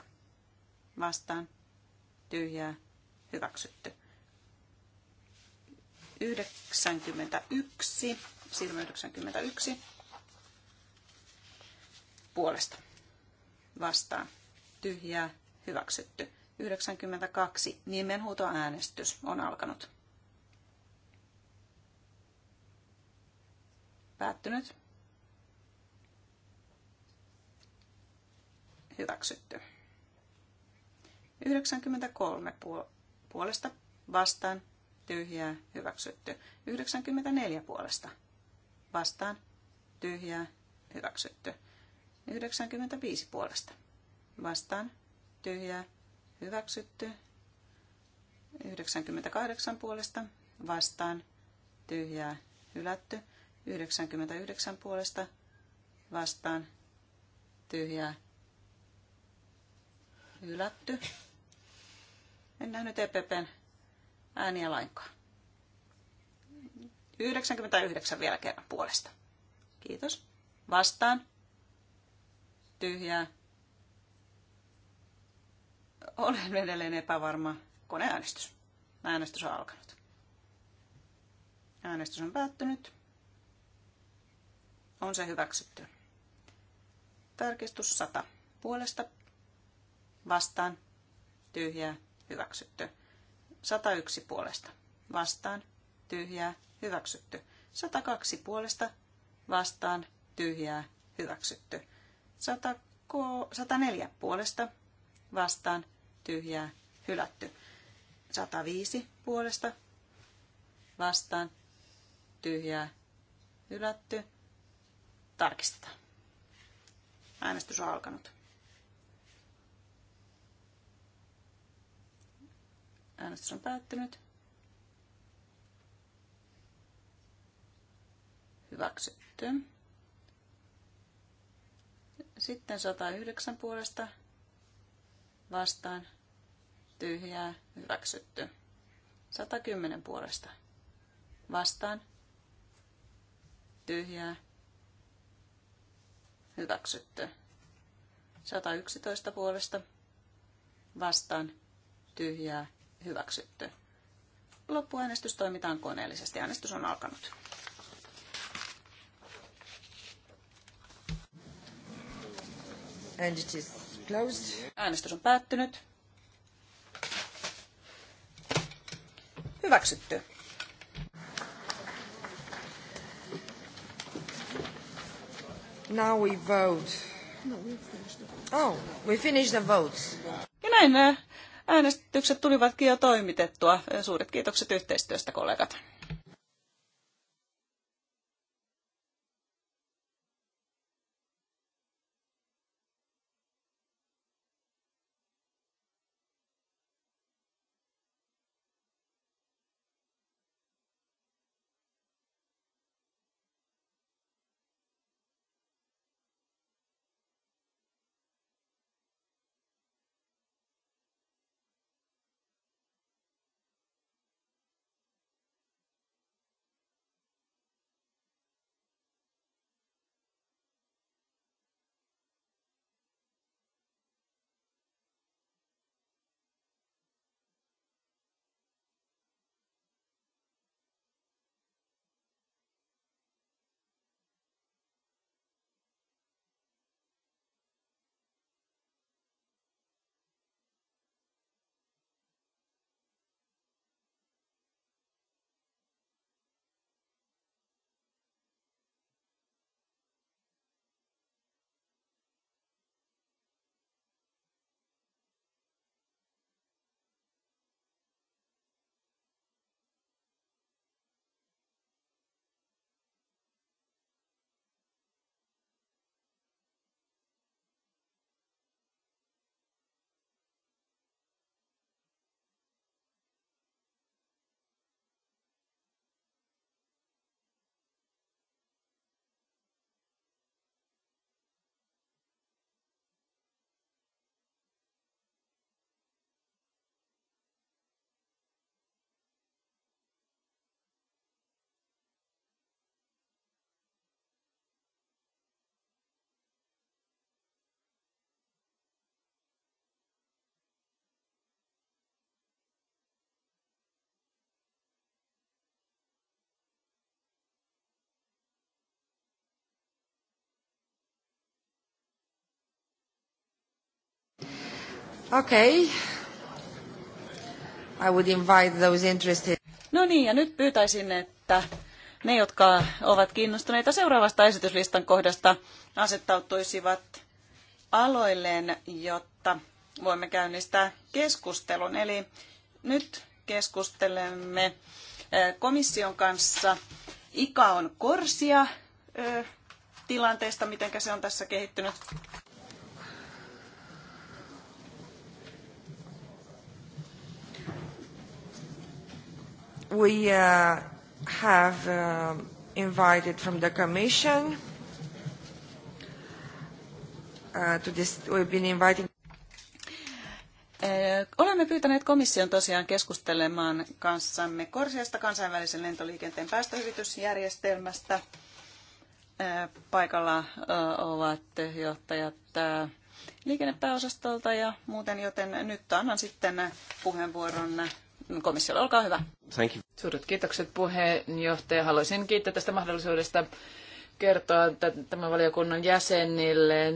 vastaan, tyhjää, hyväksytty. 91, silmä 91 puolesta vastaan, tyhjää, hyväksytty. 92, nimenhuutoäänestys on alkanut. Päättynyt. Hyväksytty. 93 puolesta vastaan tyhjää hyväksytty. 94 puolesta vastaan tyhjää hyväksytty. 95 puolesta vastaan tyhjää hyväksytty. 98 puolesta vastaan tyhjää hylätty. 99 puolesta vastaan tyhjää hylätty. En nähnyt EPPn ääniä lainkaan. 99 vielä kerran puolesta. Kiitos. Vastaan. Tyhjää. Olen edelleen epävarma. Koneäänestys. Äänestys on alkanut. Äänestys on päättynyt. On se hyväksytty. Tarkistus 100. Puolesta. Vastaan. Tyhjää hyväksytty. 101 puolesta, vastaan, tyhjää, hyväksytty. 102 puolesta, vastaan, tyhjää, hyväksytty. 104 puolesta, vastaan, tyhjää, hylätty. 105 puolesta, vastaan, tyhjää, hylätty. Tarkistetaan. Äänestys on alkanut. Äänestys on päättynyt. Hyväksytty. Sitten 109 puolesta vastaan tyhjää hyväksytty. 110 puolesta vastaan tyhjää hyväksytty. 111 puolesta vastaan tyhjää hyväksytty. Loppuäänestys toimitaan koneellisesti. Äänestys on alkanut. And it is closed. Äänestys on päättynyt. Hyväksytty. Now we vote. No, we finished the Oh, we finished the votes. Ja näin äh, Äänestykset tulivatkin jo toimitettua. Suuret kiitokset yhteistyöstä, kollegat. Okay. I would invite those interested. No niin, ja nyt pyytäisin, että ne, jotka ovat kiinnostuneita seuraavasta esityslistan kohdasta, asettautuisivat aloilleen, jotta voimme käynnistää keskustelun. Eli nyt keskustelemme eh, komission kanssa ICAON Korsia eh, tilanteesta, miten se on tässä kehittynyt we uh, have uh, invited from the Commission uh, to this, we've been inviting eh, Olemme pyytäneet komission tosiaan keskustelemaan kanssamme Korsiasta kansainvälisen lentoliikenteen päästöhyvitysjärjestelmästä. Eh, paikalla eh, ovat johtajat liikennepääosastolta ja muuten, joten nyt annan sitten puheenvuoron komissiolle. Olkaa hyvä. Thank you. Suuret kiitokset puheenjohtaja. Haluaisin kiittää tästä mahdollisuudesta kertoa tämän valiokunnan jäsenille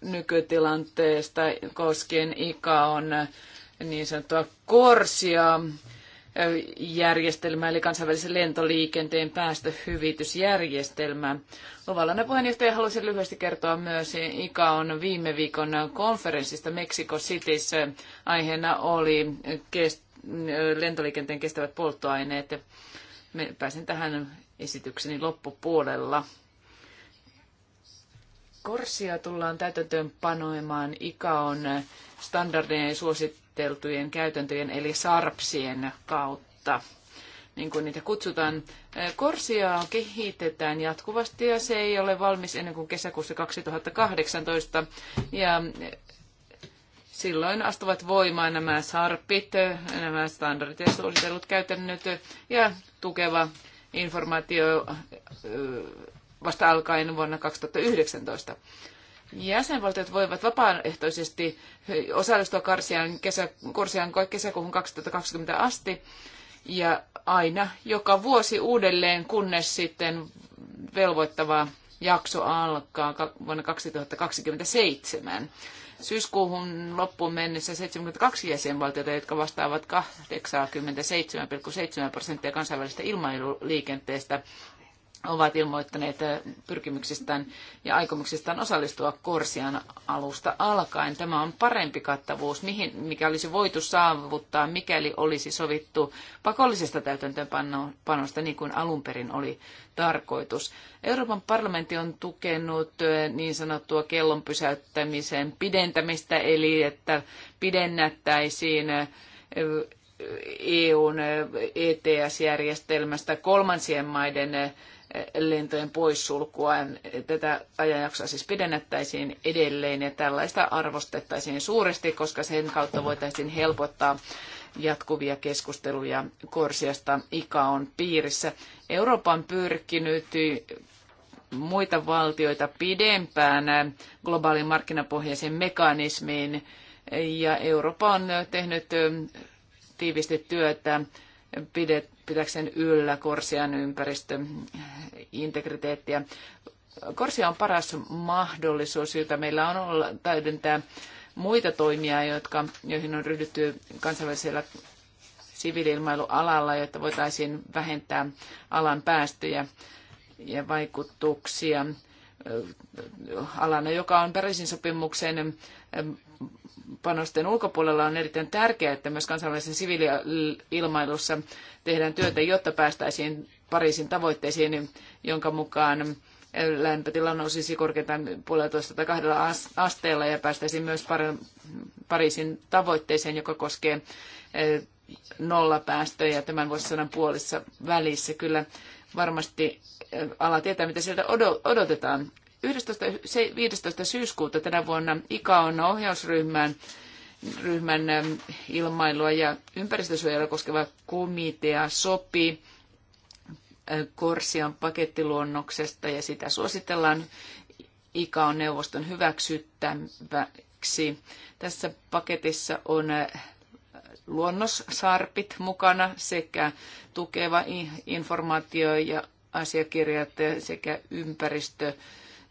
nykytilanteesta koskien ICAon niin sanottua korsia järjestelmää, eli kansainvälisen lentoliikenteen päästöhyvitysjärjestelmää. Ovallana puheenjohtaja halusin lyhyesti kertoa myös ICA on viime viikon konferenssista Mexico Cityssä. Aiheena oli lentoliikenteen kestävät polttoaineet. Pääsen tähän esitykseni loppupuolella. Korsia tullaan täytäntöön panoimaan ICAON standardeja ja suosituksia suunniteltujen käytäntöjen eli SARPSien kautta niin kuin niitä kutsutaan. Korsiaa kehitetään jatkuvasti ja se ei ole valmis ennen kuin kesäkuussa 2018. Ja silloin astuvat voimaan nämä sarpit, nämä standardit ja suositellut käytännöt ja tukeva informaatio vasta alkaen vuonna 2019. Jäsenvaltiot voivat vapaaehtoisesti osallistua Karsian kesä, Korsian kesäkuuhun 2020 asti ja aina joka vuosi uudelleen, kunnes sitten velvoittava jakso alkaa vuonna 2027. Syyskuuhun loppuun mennessä 72 jäsenvaltiota, jotka vastaavat 87,7 prosenttia kansainvälisestä ilmailuliikenteestä, ovat ilmoittaneet pyrkimyksistään ja aikomuksistaan osallistua Korsian alusta alkaen. Tämä on parempi kattavuus, mihin, mikä olisi voitu saavuttaa, mikäli olisi sovittu pakollisesta täytäntöönpanosta, niin kuin alun perin oli tarkoitus. Euroopan parlamentti on tukenut niin sanottua kellon pysäyttämisen pidentämistä, eli että pidennettäisiin EUn ETS-järjestelmästä kolmansien maiden lentojen poissulkua. Tätä ajanjaksoa siis pidennettäisiin edelleen ja tällaista arvostettaisiin suuresti, koska sen kautta voitaisiin helpottaa jatkuvia keskusteluja Korsiasta ICAON piirissä. Eurooppa on pyrkinyt muita valtioita pidempään globaalin markkinapohjaisen mekanismiin ja Eurooppa on tehnyt tiivisti työtä pidet, pitäkseen yllä Korsian ympäristöintegriteettiä. Korsia on paras mahdollisuus, jota meillä on olla, täydentää muita toimia, jotka, joihin on ryhdytty kansainvälisellä siviiliilmailualalla, jotta voitaisiin vähentää alan päästöjä ja vaikutuksia alana, joka on Pariisin sopimuksen panosten ulkopuolella on erittäin tärkeää, että myös kansainvälisessä siviili-ilmailussa tehdään työtä, jotta päästäisiin Pariisin tavoitteisiin, jonka mukaan lämpötila nousisi korkeintaan puolitoista tai kahdella asteella ja päästäisiin myös Pariisin tavoitteeseen, joka koskee e, nollapäästöjä tämän vuosisadan puolissa välissä. Kyllä varmasti e, ala tietää, mitä sieltä odotetaan. 11, 15. syyskuuta tänä vuonna ICAON ohjausryhmän ryhmän ilmailua ja ympäristösuojelua koskeva komitea sopi Korsian pakettiluonnoksesta ja sitä suositellaan ICAON neuvoston hyväksyttäväksi. Tässä paketissa on luonnossarpit mukana sekä tukeva informaatio ja asiakirjat sekä ympäristö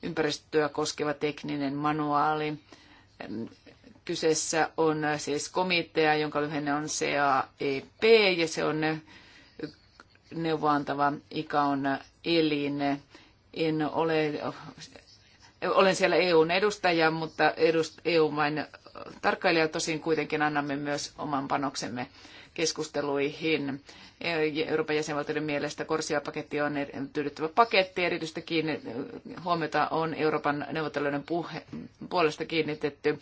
ympäristöä koskeva tekninen manuaali. Kyseessä on siis komitea, jonka lyhenne on CAEP, ja se on neuvoantava ikaon elin. En ole, olen siellä EUn edustaja, mutta edust, EU-main tarkkailija tosin kuitenkin annamme myös oman panoksemme keskusteluihin. E, Euroopan jäsenvaltioiden mielestä Korsia-paketti on tyydyttävä paketti. Erityisesti huomiota on Euroopan neuvotteluiden puolesta kiinnitetty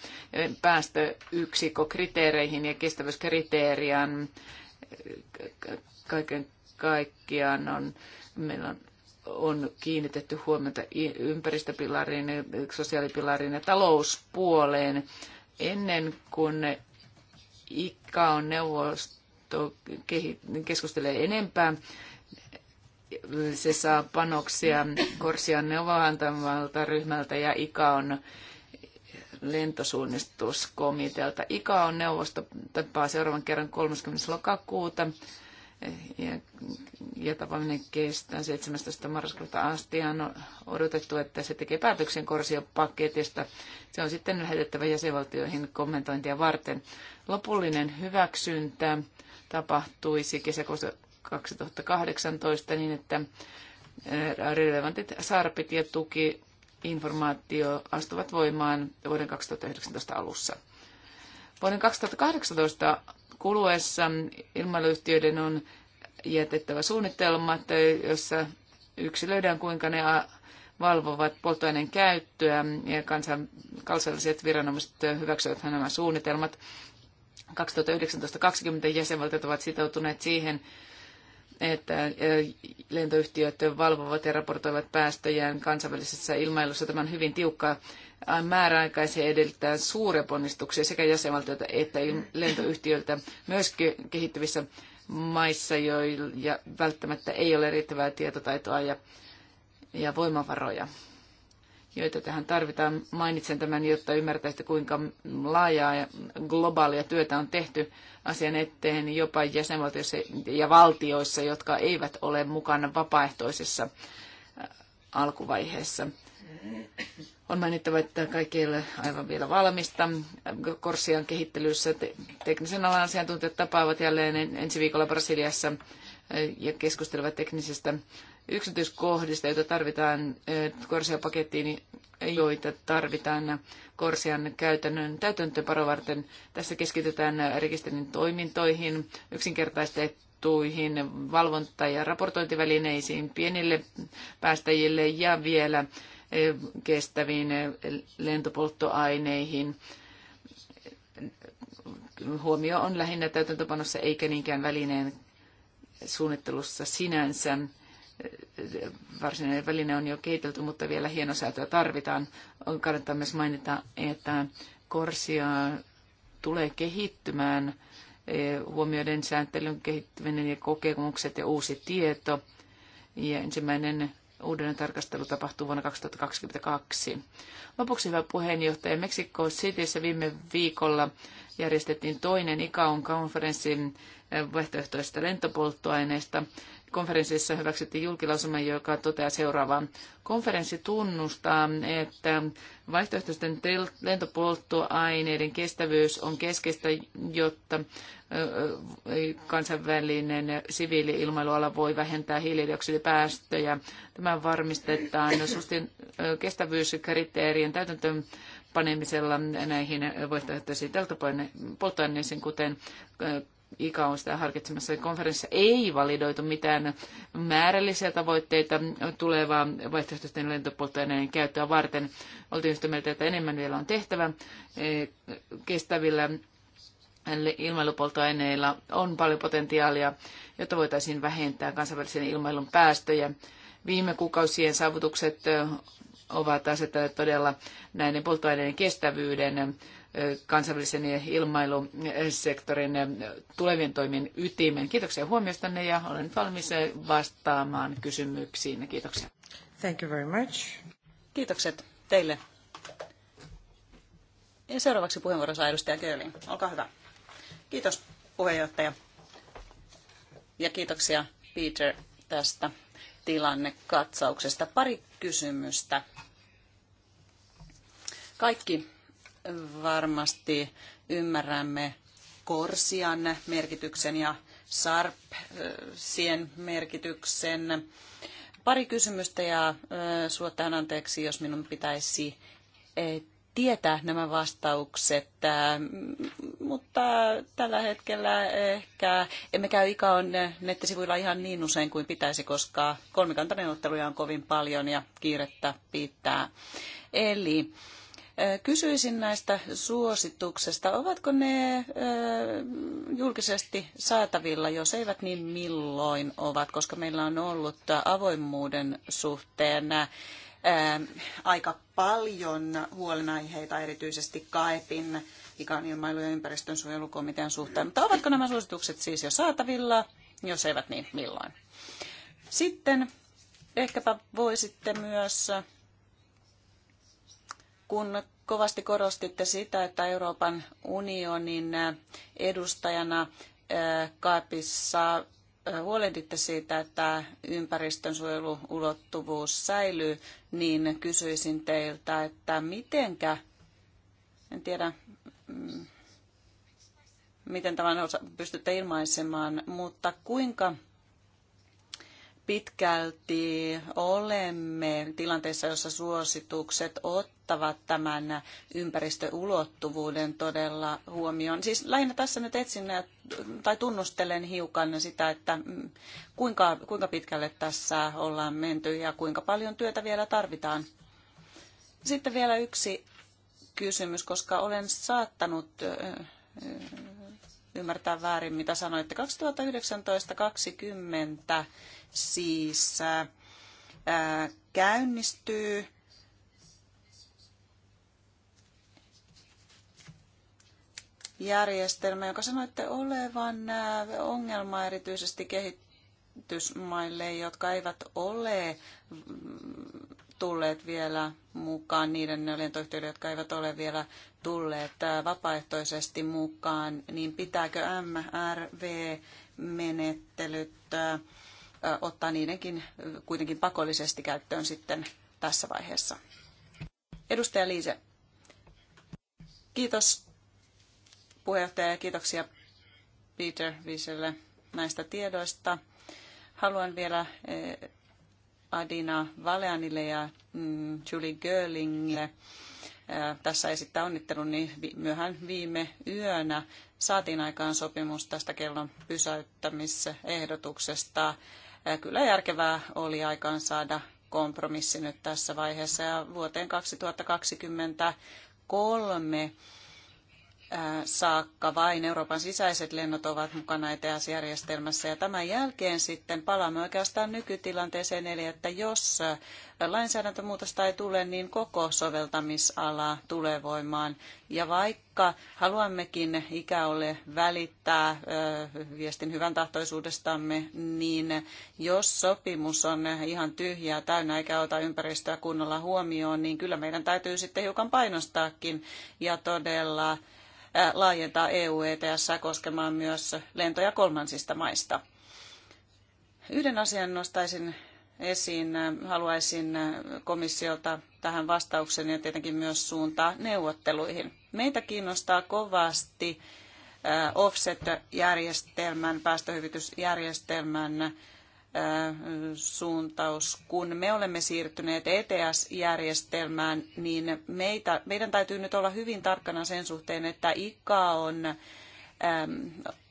kriteereihin ja kestävyyskriteerian kaiken kaikkiaan on, meillä on on kiinnitetty huomiota ympäristöpilariin, sosiaalipilariin ja talouspuoleen. Ennen kuin IKA on neuvosto neuvosto keskustelee enempää. Se saa panoksia Korsian neuvoantamalta ryhmältä ja IKA on lentosuunnistuskomitealta. IKA on neuvosto tapaa seuraavan kerran 30. lokakuuta ja, ja tapaaminen kestää 17. marraskuuta asti. On odotettu, että se tekee päätöksen korsiopaketista. Se on sitten lähetettävä jäsenvaltioihin kommentointia varten. Lopullinen hyväksyntä tapahtuisi kesäkuussa 2018 niin, että relevantit sarpit ja tuki informaatio astuvat voimaan vuoden 2019 alussa. Vuoden 2018 kuluessa ilmailuyhtiöiden on jätettävä suunnitelmat, jossa yksilöidään kuinka ne valvovat polttoaineen käyttöä ja kansalliset viranomaiset hyväksyvät nämä suunnitelmat. 2019-2020 jäsenvaltiot ovat sitoutuneet siihen, että lentoyhtiöt valvovat ja raportoivat päästöjään kansainvälisessä ilmailussa. Tämä on hyvin tiukkaa määräaikaisia edellyttää suuria ponnistuksia sekä jäsenvaltioilta että lentoyhtiöiltä myös kehittyvissä maissa, joilla välttämättä ei ole riittävää tietotaitoa ja, ja voimavaroja joita tähän tarvitaan. Mainitsen tämän, jotta ymmärtäisitte, kuinka laajaa ja globaalia työtä on tehty asian eteen jopa jäsenvaltioissa ja valtioissa, jotka eivät ole mukana vapaaehtoisessa äh, alkuvaiheessa. On mainittava, että kaikki ei ole aivan vielä valmista. Korsian kehittelyssä teknisen alan asiantuntijat tapaavat jälleen ensi viikolla Brasiliassa äh, ja keskustelevat teknisestä yksityiskohdista, joita tarvitaan eh, Korsia-pakettiin, joita tarvitaan Korsian käytännön täytäntöparo varten. Tässä keskitytään rekisterin toimintoihin, yksinkertaistettuihin valvonta- ja raportointivälineisiin pienille päästäjille ja vielä eh, kestäviin eh, lentopolttoaineihin. Huomio on lähinnä täytäntöpanossa eikä niinkään välineen suunnittelussa sinänsä varsinainen väline on jo kehitelty, mutta vielä hienosäätöä tarvitaan. Kannattaa myös mainita, että korsia tulee kehittymään e, huomioiden sääntelyn kehittyminen ja kokemukset ja uusi tieto. Ja ensimmäinen uuden tarkastelu tapahtuu vuonna 2022. Lopuksi hyvä puheenjohtaja, Mexico Cityssä viime viikolla järjestettiin toinen icao konferenssin e, vaihtoehtoisista lentopolttoaineista konferenssissa hyväksyttiin julkilausuma, joka toteaa seuraavaa. Konferenssi tunnustaa, että vaihtoehtoisten lentopolttoaineiden kestävyys on keskeistä, jotta kansainvälinen siviili-ilmailuala voi vähentää hiilidioksidipäästöjä. Tämä varmistetaan sustin kestävyyskriteerien täytäntöön panemisella näihin vaihtoehtoisiin polttoaineisiin, kuten ICAO on sitä harkitsemassa. Konferenssissa ei validoitu mitään määrällisiä tavoitteita tulevaa vaihtoehtoisten lentopolttoaineiden käyttöä varten. Oltiin yhtä mieltä, että enemmän vielä on tehtävä eh, kestävillä ilmailupolttoaineilla on paljon potentiaalia, jotta voitaisiin vähentää kansainvälisen ilmailun päästöjä. Viime kuukausien saavutukset eh, ovat asettaneet todella näiden polttoaineiden kestävyyden kansainvälisen ilmailusektorin tulevien toimien ytimen. Kiitoksia huomiostanne ja olen valmis vastaamaan kysymyksiin. Kiitoksia. Thank you very much. Kiitokset teille. Ja seuraavaksi puheenvuoro saa edustaja Köölin. Olkaa hyvä. Kiitos puheenjohtaja. Ja kiitoksia Peter tästä tilannekatsauksesta. Pari kysymystä. Kaikki varmasti ymmärrämme korsian merkityksen ja sarpsien merkityksen. Pari kysymystä ja suotaan anteeksi, jos minun pitäisi tietää nämä vastaukset, mutta tällä hetkellä ehkä emme käy ICAon nettisivuilla ihan niin usein kuin pitäisi, koska kolmikantaneuvotteluja on kovin paljon ja kiirettä pitää. Eli Kysyisin näistä suosituksesta. Ovatko ne julkisesti saatavilla? Jos eivät, niin milloin ovat? Koska meillä on ollut avoimuuden suhteen aika paljon huolenaiheita, erityisesti KAEPin, mikä ilmailu- ja ympäristönsuojelukomitean suhteen. Mutta ovatko nämä suositukset siis jo saatavilla? Jos eivät, niin milloin? Sitten ehkäpä voisitte myös kun kovasti korostitte sitä, että Euroopan unionin edustajana Kaapissa huolehditte siitä, että ympäristönsuojeluulottuvuus säilyy, niin kysyisin teiltä, että mitenkä, en tiedä mm, miten tämän pystytte ilmaisemaan, mutta kuinka pitkälti olemme tilanteessa, jossa suositukset ottavat tämän ympäristöulottuvuuden todella huomioon. Siis lähinnä tässä nyt etsin tai tunnustelen hiukan sitä, että mm, kuinka, kuinka pitkälle tässä ollaan menty ja kuinka paljon työtä vielä tarvitaan. Sitten vielä yksi kysymys, koska olen saattanut ymmärtää väärin, mitä sanoitte. 2019-2020 siis äh, käynnistyy järjestelmä, joka sanoitte olevan äh, ongelma erityisesti kehitysmaille, jotka eivät ole mm, tulleet vielä mukaan, niiden lentoyhtiöiden, jotka eivät ole vielä tulleet äh, vapaaehtoisesti mukaan, niin pitääkö MRV-menettelyt ottaa niidenkin kuitenkin pakollisesti käyttöön sitten tässä vaiheessa. Edustaja Liise, kiitos puheenjohtaja ja kiitoksia Peter Wieselle näistä tiedoista. Haluan vielä Adina Valeanille ja mm, Julie Görlingille tässä esittää onnittelun, niin myöhään viime yönä saatiin aikaan sopimus tästä kellon pysäyttämisehdotuksesta kyllä järkevää oli aikaan saada kompromissi nyt tässä vaiheessa ja vuoteen 2023 saakka vain Euroopan sisäiset lennot ovat mukana ETS-järjestelmässä. Ja tämän jälkeen sitten palaamme oikeastaan nykytilanteeseen, eli että jos lainsäädäntömuutosta ei tule, niin koko soveltamisala tulee voimaan. Ja vaikka haluammekin ikäolle välittää viestin hyvän tahtoisuudestamme, niin jos sopimus on ihan tyhjä täynnä eikä ota ympäristöä kunnolla huomioon, niin kyllä meidän täytyy sitten hiukan painostaakin ja todella laajentaa EU-ETS koskemaan myös lentoja kolmansista maista. Yhden asian nostaisin esiin. Haluaisin komissiolta tähän vastauksen ja tietenkin myös suuntaa neuvotteluihin. Meitä kiinnostaa kovasti offset-järjestelmän, päästöhyvitysjärjestelmän suuntaus. Kun me olemme siirtyneet ETS-järjestelmään, niin meitä, meidän täytyy nyt olla hyvin tarkkana sen suhteen, että ICA on äm,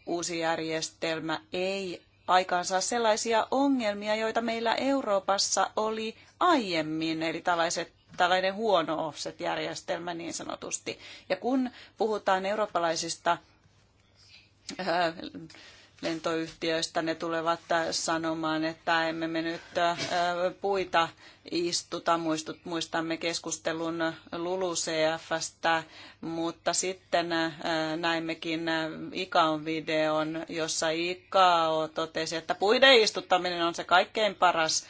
uusi järjestelmä, ei aikaansaa sellaisia ongelmia, joita meillä Euroopassa oli aiemmin, eli tällaiset tällainen huono offset-järjestelmä niin sanotusti. Ja kun puhutaan eurooppalaisista äh, lentoyhtiöistä. Ne tulevat äh, sanomaan, että emme me nyt äh, puita istuta. Muistamme keskustelun LULUCFstä, mutta sitten äh, näimmekin ICAon videon, jossa ICAO totesi, että puiden istuttaminen on se kaikkein paras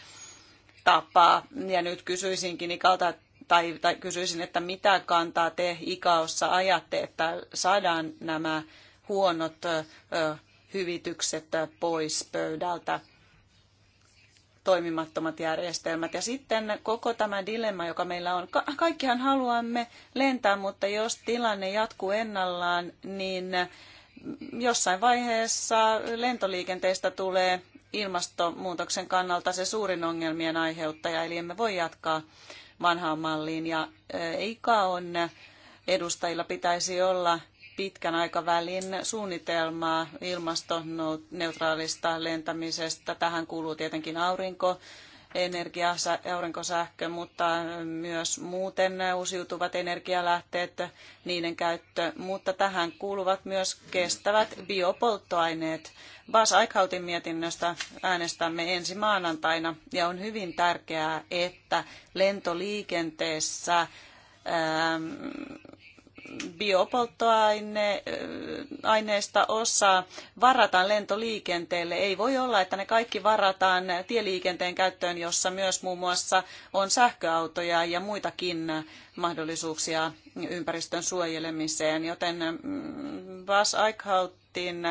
tapa. Ja nyt kysyisinkin ICAlta, tai, tai kysyisin, että mitä kantaa te ICAossa ajatte, että saadaan nämä huonot hyvitykset pois pöydältä toimimattomat järjestelmät. Ja sitten koko tämä dilemma, joka meillä on. Ka- kaikkihan haluamme lentää, mutta jos tilanne jatkuu ennallaan, niin jossain vaiheessa lentoliikenteestä tulee ilmastonmuutoksen kannalta se suurin ongelmien aiheuttaja, eli emme voi jatkaa vanhaan malliin. Ja ikä on edustajilla pitäisi olla pitkän aikavälin suunnitelmaa ilmastoneutraalista lentämisestä. Tähän kuuluu tietenkin aurinko, energia, aurinkosähkö, mutta myös muuten uusiutuvat energialähteet, niiden käyttö, mutta tähän kuuluvat myös kestävät biopolttoaineet. Bas Aikhautin mietinnöstä äänestämme ensi maanantaina ja on hyvin tärkeää, että lentoliikenteessä ähm, biopolttoaineista osa varataan lentoliikenteelle. Ei voi olla, että ne kaikki varataan tieliikenteen käyttöön, jossa myös muun muassa on sähköautoja ja muitakin mahdollisuuksia ympäristön suojelemiseen. Joten mm, Bas Eichhauttin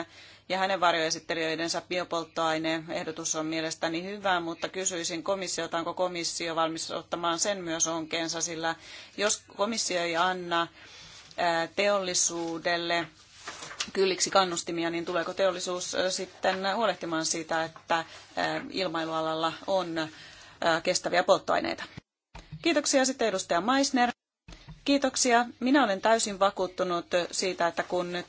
ja hänen varjoesittelijöidensä biopolttoaineen ehdotus on mielestäni hyvä, mutta kysyisin komissiota, onko komissio valmis ottamaan sen myös onkeensa, sillä jos komissio ei anna teollisuudelle kylliksi kannustimia, niin tuleeko teollisuus sitten huolehtimaan siitä, että ilmailualalla on kestäviä polttoaineita? Kiitoksia sitten edustaja Meissner. Kiitoksia. Minä olen täysin vakuuttunut siitä, että kun nyt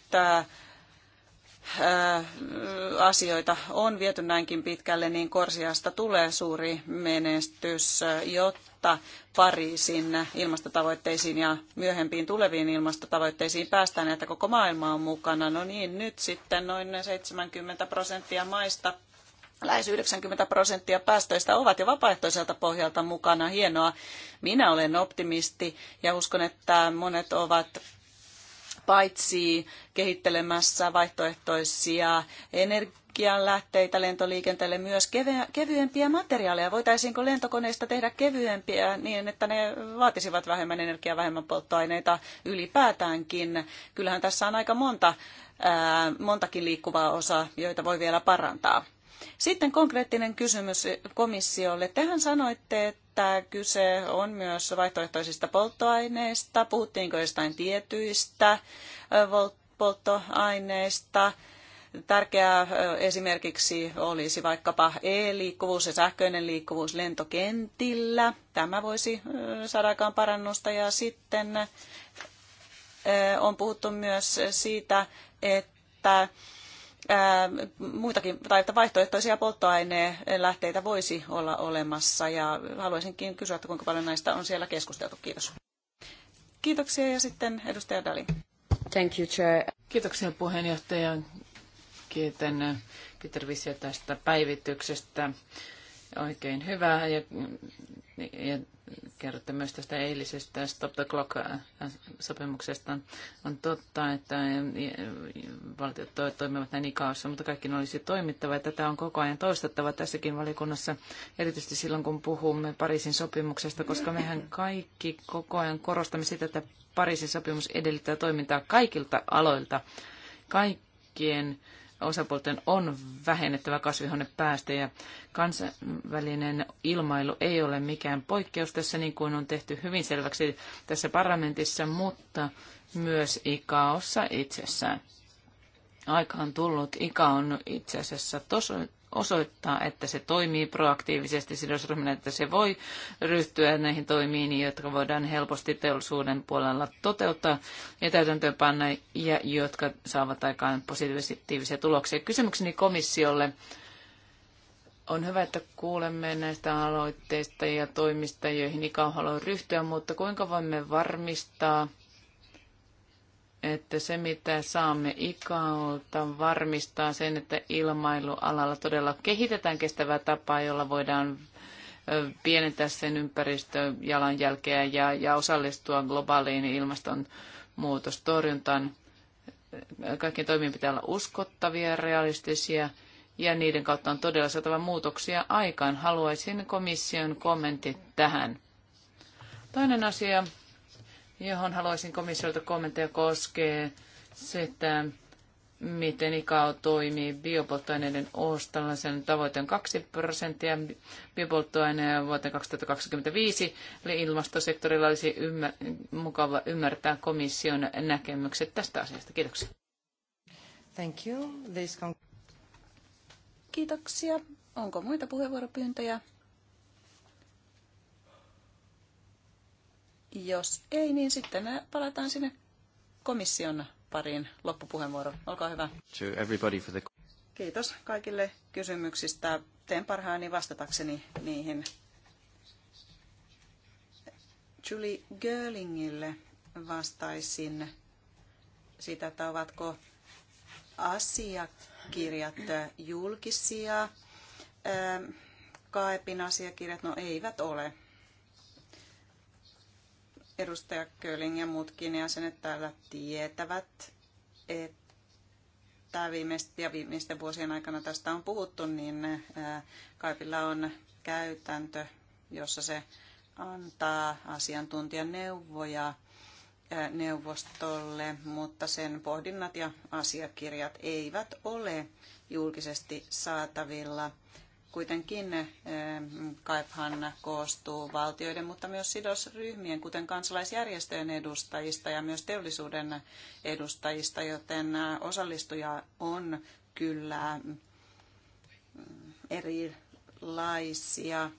asioita on viety näinkin pitkälle, niin Korsiasta tulee suuri menestys, jotta jotta Pariisin ilmastotavoitteisiin ja myöhempiin tuleviin ilmastotavoitteisiin päästään, että koko maailma on mukana. No niin, nyt sitten noin 70 prosenttia maista lähes 90 prosenttia päästöistä ovat jo vapaaehtoiselta pohjalta mukana. Hienoa. Minä olen optimisti ja uskon, että monet ovat paitsi kehittelemässä vaihtoehtoisia energi- kaikkia lähteitä lentoliikenteelle, myös kevyempiä materiaaleja. Voitaisiinko lentokoneista tehdä kevyempiä niin, että ne vaatisivat vähemmän energiaa, vähemmän polttoaineita ylipäätäänkin? Kyllähän tässä on aika monta, ää, montakin liikkuvaa osaa, joita voi vielä parantaa. Sitten konkreettinen kysymys komissiolle. Tehän sanoitte, että kyse on myös vaihtoehtoisista polttoaineista. Puhuttiinko jostain tietyistä polttoaineista? Tärkeää esimerkiksi olisi vaikkapa e-liikkuvuus ja sähköinen liikkuvuus lentokentillä. Tämä voisi saada aikaan parannusta ja sitten on puhuttu myös siitä, että muitakin tai että vaihtoehtoisia polttoainelähteitä voisi olla olemassa ja haluaisinkin kysyä, että kuinka paljon näistä on siellä keskusteltu. Kiitos. Kiitoksia ja sitten edustaja Dali. Thank you, Chair. Kiitoksia puheenjohtaja. Kiitän Peter Visio tästä päivityksestä. Oikein hyvää ja, ja kerrotte myös tästä eilisestä Stop the Clock-sopimuksesta. Äh, on totta, että äh, valtiot toimivat näin ikaossa, mutta kaikki olisi toimittava. Tätä on koko ajan toistettava tässäkin valikunnassa, erityisesti silloin kun puhumme Pariisin sopimuksesta, koska mehän kaikki koko ajan korostamme sitä, että Pariisin sopimus edellyttää toimintaa kaikilta aloilta, kaikkien osapuolten on vähennettävä kasvihuonepäästöjä. Kansainvälinen ilmailu ei ole mikään poikkeus tässä, niin kuin on tehty hyvin selväksi tässä parlamentissa, mutta myös ICAOssa itsessään. Aika on tullut, ICA on itse asiassa tosi, osoittaa, että se toimii proaktiivisesti sidosryhmänä, että se voi ryhtyä näihin toimiin, jotka voidaan helposti teollisuuden puolella toteuttaa ja täytäntöönpanna ja jotka saavat aikaan positiivisia tuloksia. Kysymykseni komissiolle. On hyvä, että kuulemme näistä aloitteista ja toimista, joihin ICAO haluaa ryhtyä, mutta kuinka voimme varmistaa, että se mitä saamme ikaolta varmistaa sen, että ilmailualalla todella kehitetään kestävää tapaa, jolla voidaan pienentää sen ympäristöjalanjälkeä ja, ja osallistua globaaliin ilmastonmuutostorjuntaan. Kaikkien toimien pitää olla uskottavia ja realistisia ja niiden kautta on todella saatava muutoksia aikaan. Haluaisin komission kommentit tähän. Toinen asia, johon haluaisin komissiolta kommentteja koskee sitä, miten ICAO toimii biopolttoaineiden ostolla. Sen tavoite on 2 prosenttia biopolttoaineja vuoteen 2025. Eli ilmastosektorilla olisi ymmär- mukava ymmärtää komission näkemykset tästä asiasta. Kiitoksia. Thank you. This con- Kiitoksia. Onko muita puheenvuoropyyntöjä? Jos ei, niin sitten palataan sinne komission pariin loppupuheenvuoro. Olkaa hyvä. Kiitos kaikille kysymyksistä. Teen parhaani vastatakseni niihin. Julie Görlingille vastaisin sitä, että ovatko asiakirjat julkisia. Kaepin asiakirjat, no eivät ole edustaja Köling ja muutkin jäsenet täällä tietävät, että viimeisten, ja viimeisten vuosien aikana tästä on puhuttu, niin Kaipilla on käytäntö, jossa se antaa asiantuntijan neuvoja neuvostolle, mutta sen pohdinnat ja asiakirjat eivät ole julkisesti saatavilla. Kuitenkin eh, Kaiphan koostuu valtioiden, mutta myös sidosryhmien, kuten kansalaisjärjestöjen edustajista ja myös teollisuuden edustajista, joten eh, osallistuja on kyllä mm, erilaisia.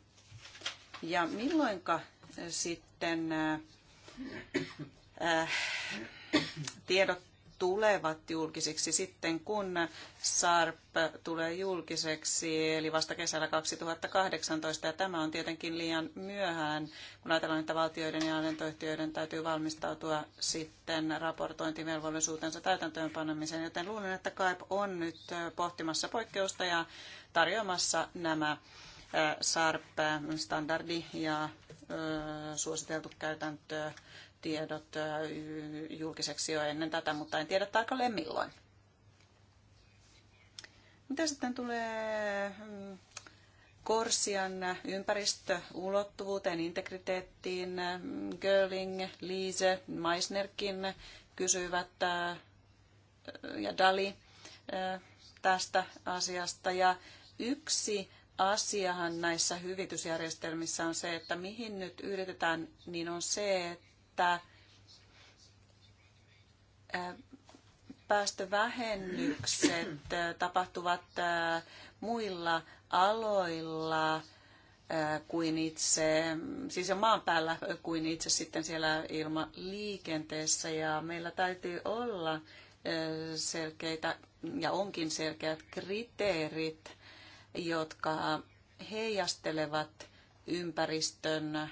Ja milloinka sitten eh, tiedot tulevat julkisiksi sitten, kun SARP tulee julkiseksi, eli vasta kesällä 2018. Ja tämä on tietenkin liian myöhään, kun ajatellaan, että valtioiden ja alentoyhtiöiden täytyy valmistautua sitten raportointivelvollisuutensa täytäntöönpanemiseen. Joten luulen, että KAIP on nyt pohtimassa poikkeusta ja tarjoamassa nämä SARP-standardi ja suositeltu käytäntö tiedot julkiseksi jo ennen tätä, mutta en tiedä tarkalleen milloin. Mitä sitten tulee mm, Korsian ympäristöulottuvuuteen, integriteettiin, mm, Görling, Liise, Meissnerkin kysyivät ja Dali tästä asiasta. Ja yksi asiahan näissä hyvitysjärjestelmissä on se, että mihin nyt yritetään, niin on se, että että päästövähennykset tapahtuvat muilla aloilla kuin itse, siis jo maan päällä kuin itse sitten siellä ilmaliikenteessä ja meillä täytyy olla selkeitä ja onkin selkeät kriteerit, jotka heijastelevat ympäristön,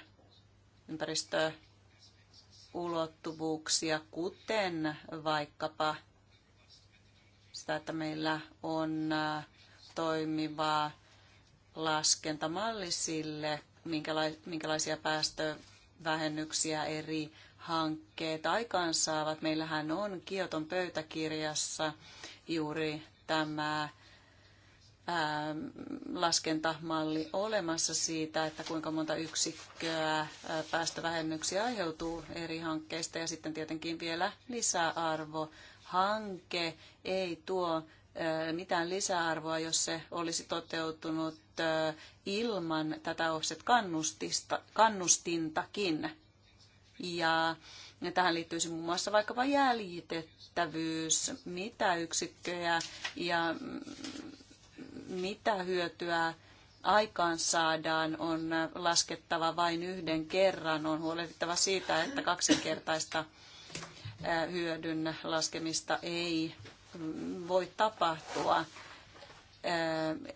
ympäristöä ulottuvuuksia, kuten vaikkapa sitä, että meillä on toimiva laskentamalli sille, minkälaisia päästövähennyksiä eri hankkeet aikaansaavat. Meillähän on Kioton pöytäkirjassa juuri tämä Ähm, laskentamalli olemassa siitä, että kuinka monta yksikköä äh, päästövähennyksiä aiheutuu eri hankkeista ja sitten tietenkin vielä lisäarvo. Hanke ei tuo äh, mitään lisäarvoa, jos se olisi toteutunut äh, ilman tätä offset kannustintakin. Ja tähän liittyisi muun muassa vaikkapa jäljitettävyys, mitä yksikköjä ja mm, mitä hyötyä aikaan saadaan, on laskettava vain yhden kerran. On huolehdittava siitä, että kaksinkertaista hyödyn laskemista ei voi tapahtua.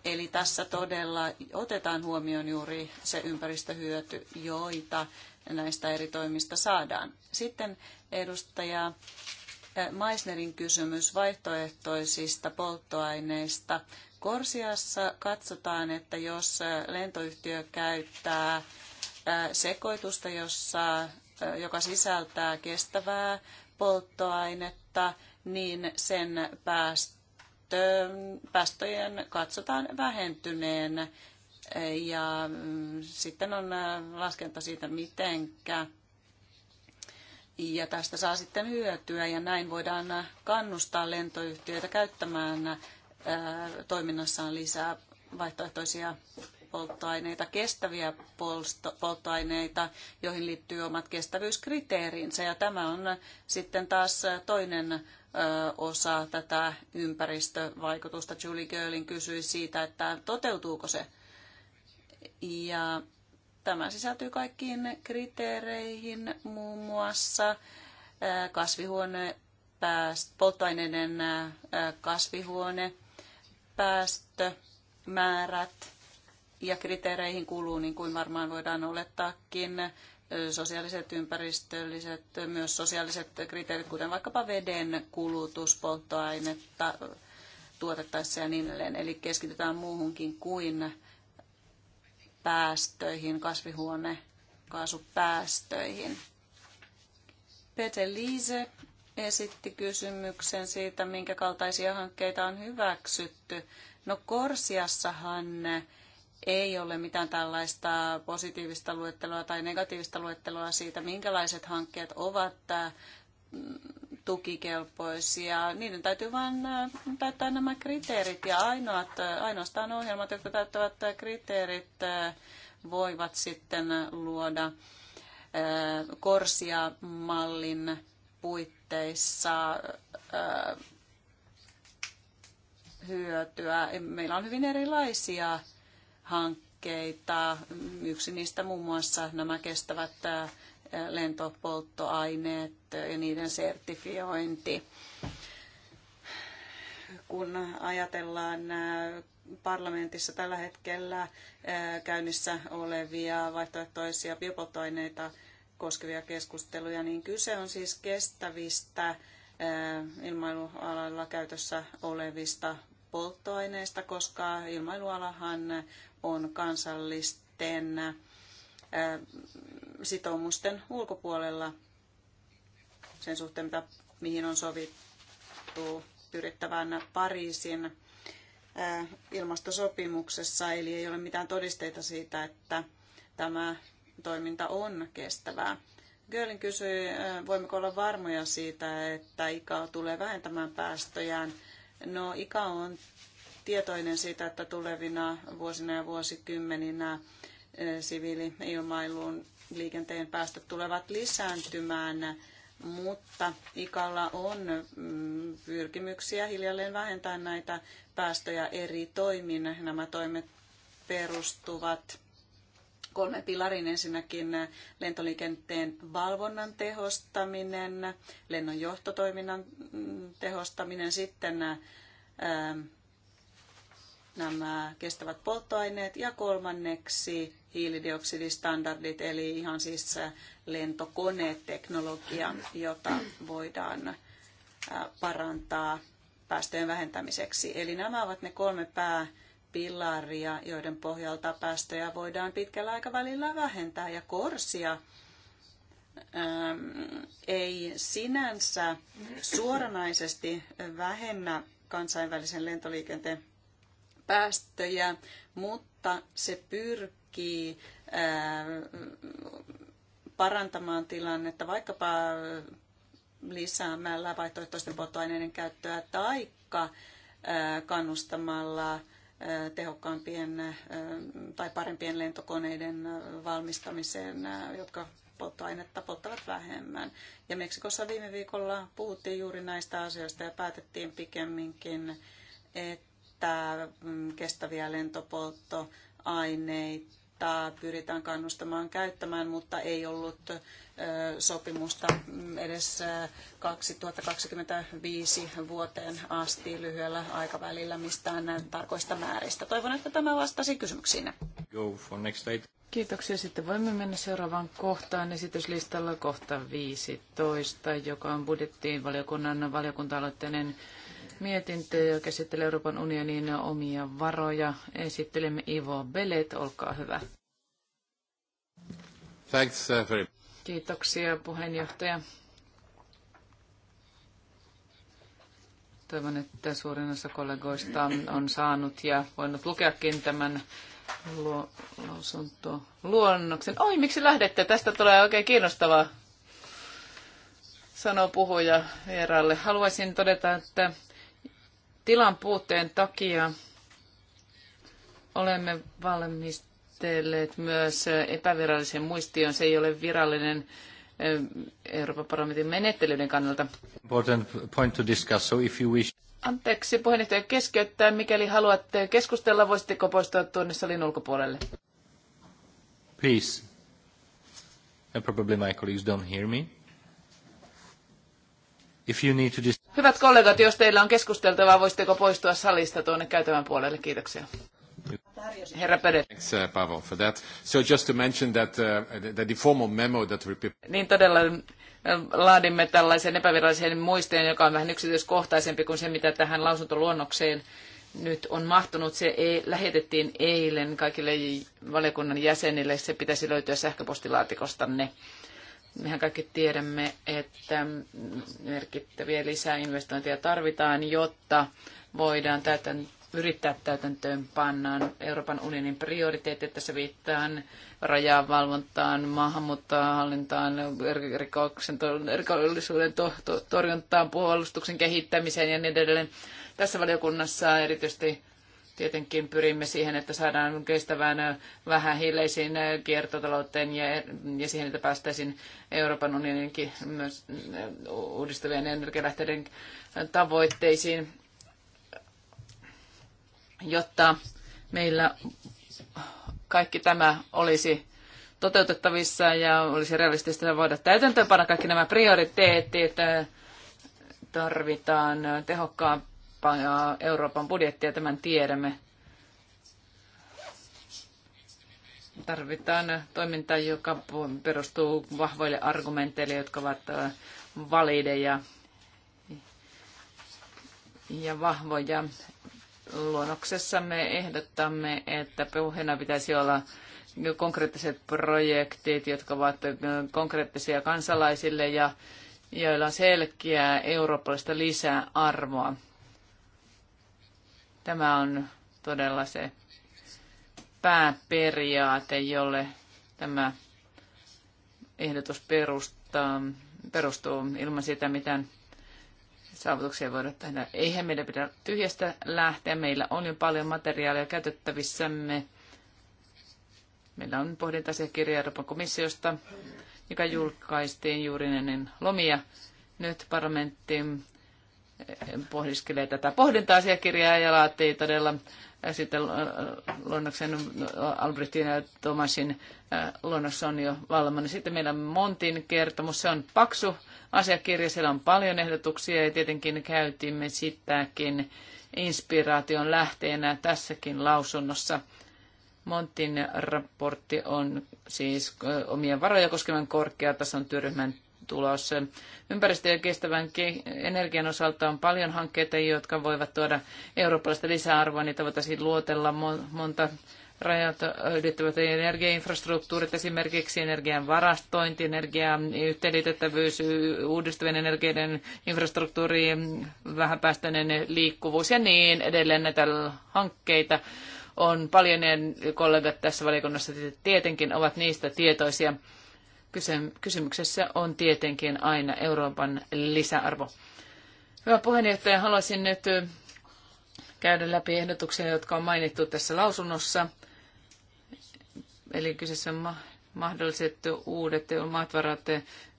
Eli tässä todella otetaan huomioon juuri se ympäristöhyöty, joita näistä eri toimista saadaan. Sitten edustaja Maisnerin kysymys vaihtoehtoisista polttoaineista. Korsiassa katsotaan, että jos lentoyhtiö käyttää sekoitusta, jossa, joka sisältää kestävää polttoainetta, niin sen päästöjen katsotaan vähentyneen. Ja mm, sitten on laskenta siitä, mitenkä ja tästä saa sitten hyötyä ja näin voidaan kannustaa lentoyhtiöitä käyttämään toiminnassaan lisää vaihtoehtoisia polttoaineita, kestäviä polttoaineita, joihin liittyy omat kestävyyskriteerinsä. Ja tämä on sitten taas toinen osa tätä ympäristövaikutusta. Julie Girlin kysyi siitä, että toteutuuko se. Ja tämä sisältyy kaikkiin kriteereihin, muun muassa kasvihuone, polttoaineiden kasvihuone, päästömäärät ja kriteereihin kuuluu, niin kuin varmaan voidaan olettaakin, sosiaaliset, ympäristölliset, myös sosiaaliset kriteerit, kuten vaikkapa veden kulutus, polttoainetta tuotettaessa ja niin edelleen. Eli keskitytään muuhunkin kuin päästöihin, kasvihuonekaasupäästöihin. Peter Liese esitti kysymyksen siitä, minkä kaltaisia hankkeita on hyväksytty. No Korsiassahan ei ole mitään tällaista positiivista luettelua tai negatiivista luettelua siitä, minkälaiset hankkeet ovat äh, tukikelpoisia. Niiden täytyy vain äh, täyttää nämä kriteerit ja ainoat, äh, ainoastaan ohjelmat, jotka täyttävät kriteerit, voivat sitten luoda korsia mallin puitteissa tuotteissa hyötyä. Meillä on hyvin erilaisia hankkeita. Yksi niistä muun muassa nämä kestävät lentopolttoaineet ja niiden sertifiointi. Kun ajatellaan parlamentissa tällä hetkellä käynnissä olevia vaihtoehtoisia biopolttoaineita koskevia keskusteluja, niin kyse on siis kestävistä ilmailualalla käytössä olevista polttoaineista, koska ilmailualahan on kansallisten sitoumusten ulkopuolella sen suhteen, mitä, mihin on sovittu pyrittävän Pariisin ilmastosopimuksessa, eli ei ole mitään todisteita siitä, että tämä toiminta on kestävää. Görlin kysyi, voimmeko olla varmoja siitä, että IKA tulee vähentämään päästöjään. No IKA on tietoinen siitä, että tulevina vuosina ja vuosikymmeninä siviili liikenteen päästöt tulevat lisääntymään, mutta IKAlla on mm, pyrkimyksiä hiljalleen vähentää näitä päästöjä eri toimin. Nämä toimet perustuvat kolmen pilarin. Ensinnäkin lentoliikenteen valvonnan tehostaminen, lennon johtotoiminnan tehostaminen, sitten nämä kestävät polttoaineet ja kolmanneksi hiilidioksidistandardit, eli ihan siis lentokoneteknologia, jota voidaan parantaa päästöjen vähentämiseksi. Eli nämä ovat ne kolme pää pilaria, joiden pohjalta päästöjä voidaan pitkällä aikavälillä vähentää ja korsia ei sinänsä suoranaisesti vähennä kansainvälisen lentoliikenteen päästöjä, mutta se pyrkii parantamaan tilannetta vaikkapa lisäämällä vaihtoehtoisten polttoaineiden käyttöä taikka kannustamalla tehokkaampien tai parempien lentokoneiden valmistamiseen, jotka polttoainetta polttavat vähemmän. Ja Meksikossa viime viikolla puhuttiin juuri näistä asioista ja päätettiin pikemminkin, että mm, kestäviä lentopolttoaineita rahaa pyritään kannustamaan käyttämään, mutta ei ollut sopimusta edes 2025 vuoteen asti lyhyellä aikavälillä mistään tarkoista määristä. Toivon, että tämä vastasi kysymyksiin. Kiitoksia. Sitten voimme mennä seuraavaan kohtaan esityslistalla kohta 15, joka on budjettiin valiokunnan valiokunta-aloitteinen mietintö, joka käsittelee Euroopan unionin omia varoja. Esittelemme Ivo Belet, olkaa hyvä. Thanks, uh, very... Kiitoksia puheenjohtaja. Toivon, että suurin osa kollegoista on saanut ja voinut lukeakin tämän lausunto luonnoksen. Oi, miksi lähdette? Tästä tulee oikein kiinnostavaa, sanoo puhuja vieraalle. Haluaisin todeta, että tilan puutteen takia olemme valmistelleet myös epävirallisen muistion. Se ei ole virallinen eh, Euroopan parlamentin menettelyiden kannalta. Discuss, so Anteeksi, puheenjohtaja keskeyttää. Mikäli haluatte keskustella, voisitteko poistua tuonne salin ulkopuolelle? Please. And probably my colleagues don't hear me. If you need to dis- Hyvät kollegat, jos teillä on keskusteltavaa, voisitteko poistua salista tuonne käytävän puolelle? Kiitoksia. Herra Pede. Thanks, uh, Pavel, for that. So just to mention that uh, the, the formal memo that we... Niin todella um, laadimme tällaisen epävirallisen muisteen, joka on vähän yksityiskohtaisempi kuin se, mitä tähän lausuntoluonnokseen nyt on mahtunut. Se ei, lähetettiin eilen kaikille valiokunnan jäsenille. Se pitäisi löytyä sähköpostilaatikostanne. Mehän kaikki tiedämme, että merkittäviä lisäinvestointeja tarvitaan, jotta voidaan täytän, yrittää täytäntöön pannaan Euroopan unionin prioriteetit. Tässä viittaan rajavalvontaan, maahanmuuttohallintaan, rikoksen, rikollisuuden to, to, torjuntaan, puolustuksen kehittämiseen ja niin edelleen. Tässä valiokunnassa erityisesti Tietenkin pyrimme siihen, että saadaan kestävään äh, vähän hiileisiin äh, kiertotalouteen ja, ja siihen, että päästäisiin Euroopan unioninkin myös äh, uudistuvien energialähteiden tavoitteisiin, jotta meillä kaikki tämä olisi toteutettavissa ja olisi realistista voida täytäntöönpanna kaikki nämä prioriteetit. Tarvitaan tehokkaan Euroopan budjettia, tämän tiedämme. Tarvitaan toimintaa, joka perustuu vahvoille argumenteille, jotka ovat valideja ja vahvoja. Luonnoksessamme ehdottamme, että puheena pitäisi olla konkreettiset projektit, jotka ovat konkreettisia kansalaisille ja joilla on selkeää eurooppalaista lisäarvoa. Tämä on todella se pääperiaate, jolle tämä ehdotus perustaa, perustuu ilman sitä mitä saavutuksia voidaan. tehdä. Eihän meidän pidä tyhjästä lähteä. Meillä on jo paljon materiaalia käytettävissämme. Meillä on pohdinta-asiakirja Euroopan komissiosta, joka julkaistiin juuri ennen lomia. Nyt parlamentti pohdiskelee tätä pohdinta-asiakirjaa ja laatii todella äh, sitten äh, luonnoksen äh, Albertin ja Tomasin luonnos on jo valmiina. Sitten meillä on Montin kertomus. Se on paksu asiakirja, siellä on paljon ehdotuksia ja tietenkin käytimme sitäkin inspiraation lähteenä tässäkin lausunnossa. Montin raportti on siis omien varoja koskevan korkeatason työryhmän tulos. Ympäristö- ja kestävän energian osalta on paljon hankkeita, jotka voivat tuoda eurooppalaista lisäarvoa. Niitä voitaisiin luotella monta rajat ylittävät energiainfrastruktuurit, esimerkiksi energian varastointi, energian yhteenliitettävyys, uudistuvien energioiden infrastruktuuri, vähäpäästöinen liikkuvuus ja niin edelleen näitä hankkeita on paljon ja kollegat tässä valiokunnassa tietenkin ovat niistä tietoisia. Kysymyksessä on tietenkin aina Euroopan lisäarvo. Hyvä puheenjohtaja, haluaisin nyt käydä läpi ehdotuksia, jotka on mainittu tässä lausunnossa. Eli kyseessä on mahdolliset uudet maatvarat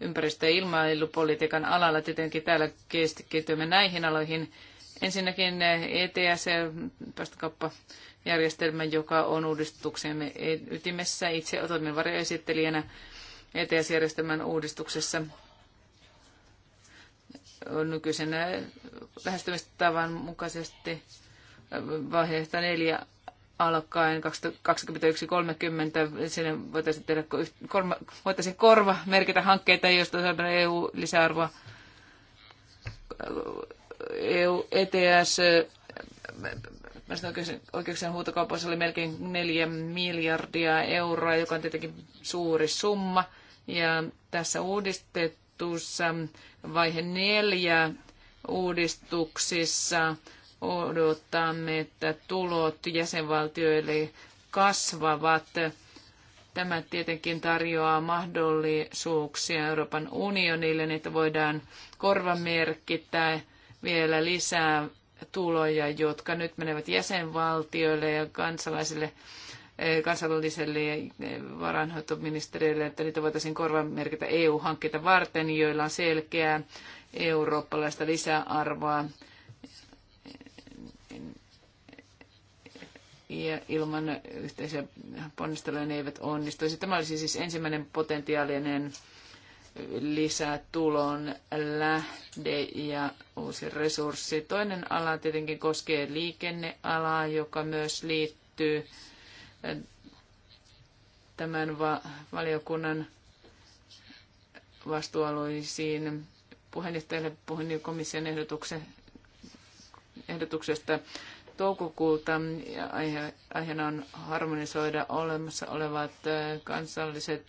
ympäristö- ja ilmailupolitiikan alalla. Tietenkin täällä keskitymme näihin aloihin. Ensinnäkin ETS, päästökauppajärjestelmä, joka on uudistuksemme e- ytimessä. Itse otamme varjoesittelijänä ETS-järjestelmän uudistuksessa nykyisen lähestymistavan mukaisesti vaiheesta neljä alkaen 2021 2030 sinne voitaisiin, tehdä, korma, voitaisiin korva merkitä hankkeita, joista saadaan EU-lisäarvoa. EU ETS oikeuksien huutokaupassa oli melkein 4 miljardia euroa, joka on tietenkin suuri summa. Ja tässä uudistetussa vaihe neljä uudistuksissa odotamme, että tulot jäsenvaltioille kasvavat. Tämä tietenkin tarjoaa mahdollisuuksia Euroopan unionille, niin että voidaan korvamerkittää vielä lisää tuloja, jotka nyt menevät jäsenvaltioille ja kansalaisille kansalliselle varainhoitoministeriölle, että niitä voitaisiin korvamerkitä EU-hankkeita varten, joilla on selkeää eurooppalaista lisäarvoa ja ilman yhteisiä ponnisteluja ne eivät onnistuisi. Tämä olisi siis ensimmäinen potentiaalinen lisätulon lähde ja uusi resurssi. Toinen ala tietenkin koskee liikennealaa, joka myös liittyy tämän valiokunnan vastuualueisiin puheenjohtajalle puhun komission ehdotuksesta toukokuulta. Ja aihe, aiheena on harmonisoida olemassa olevat kansalliset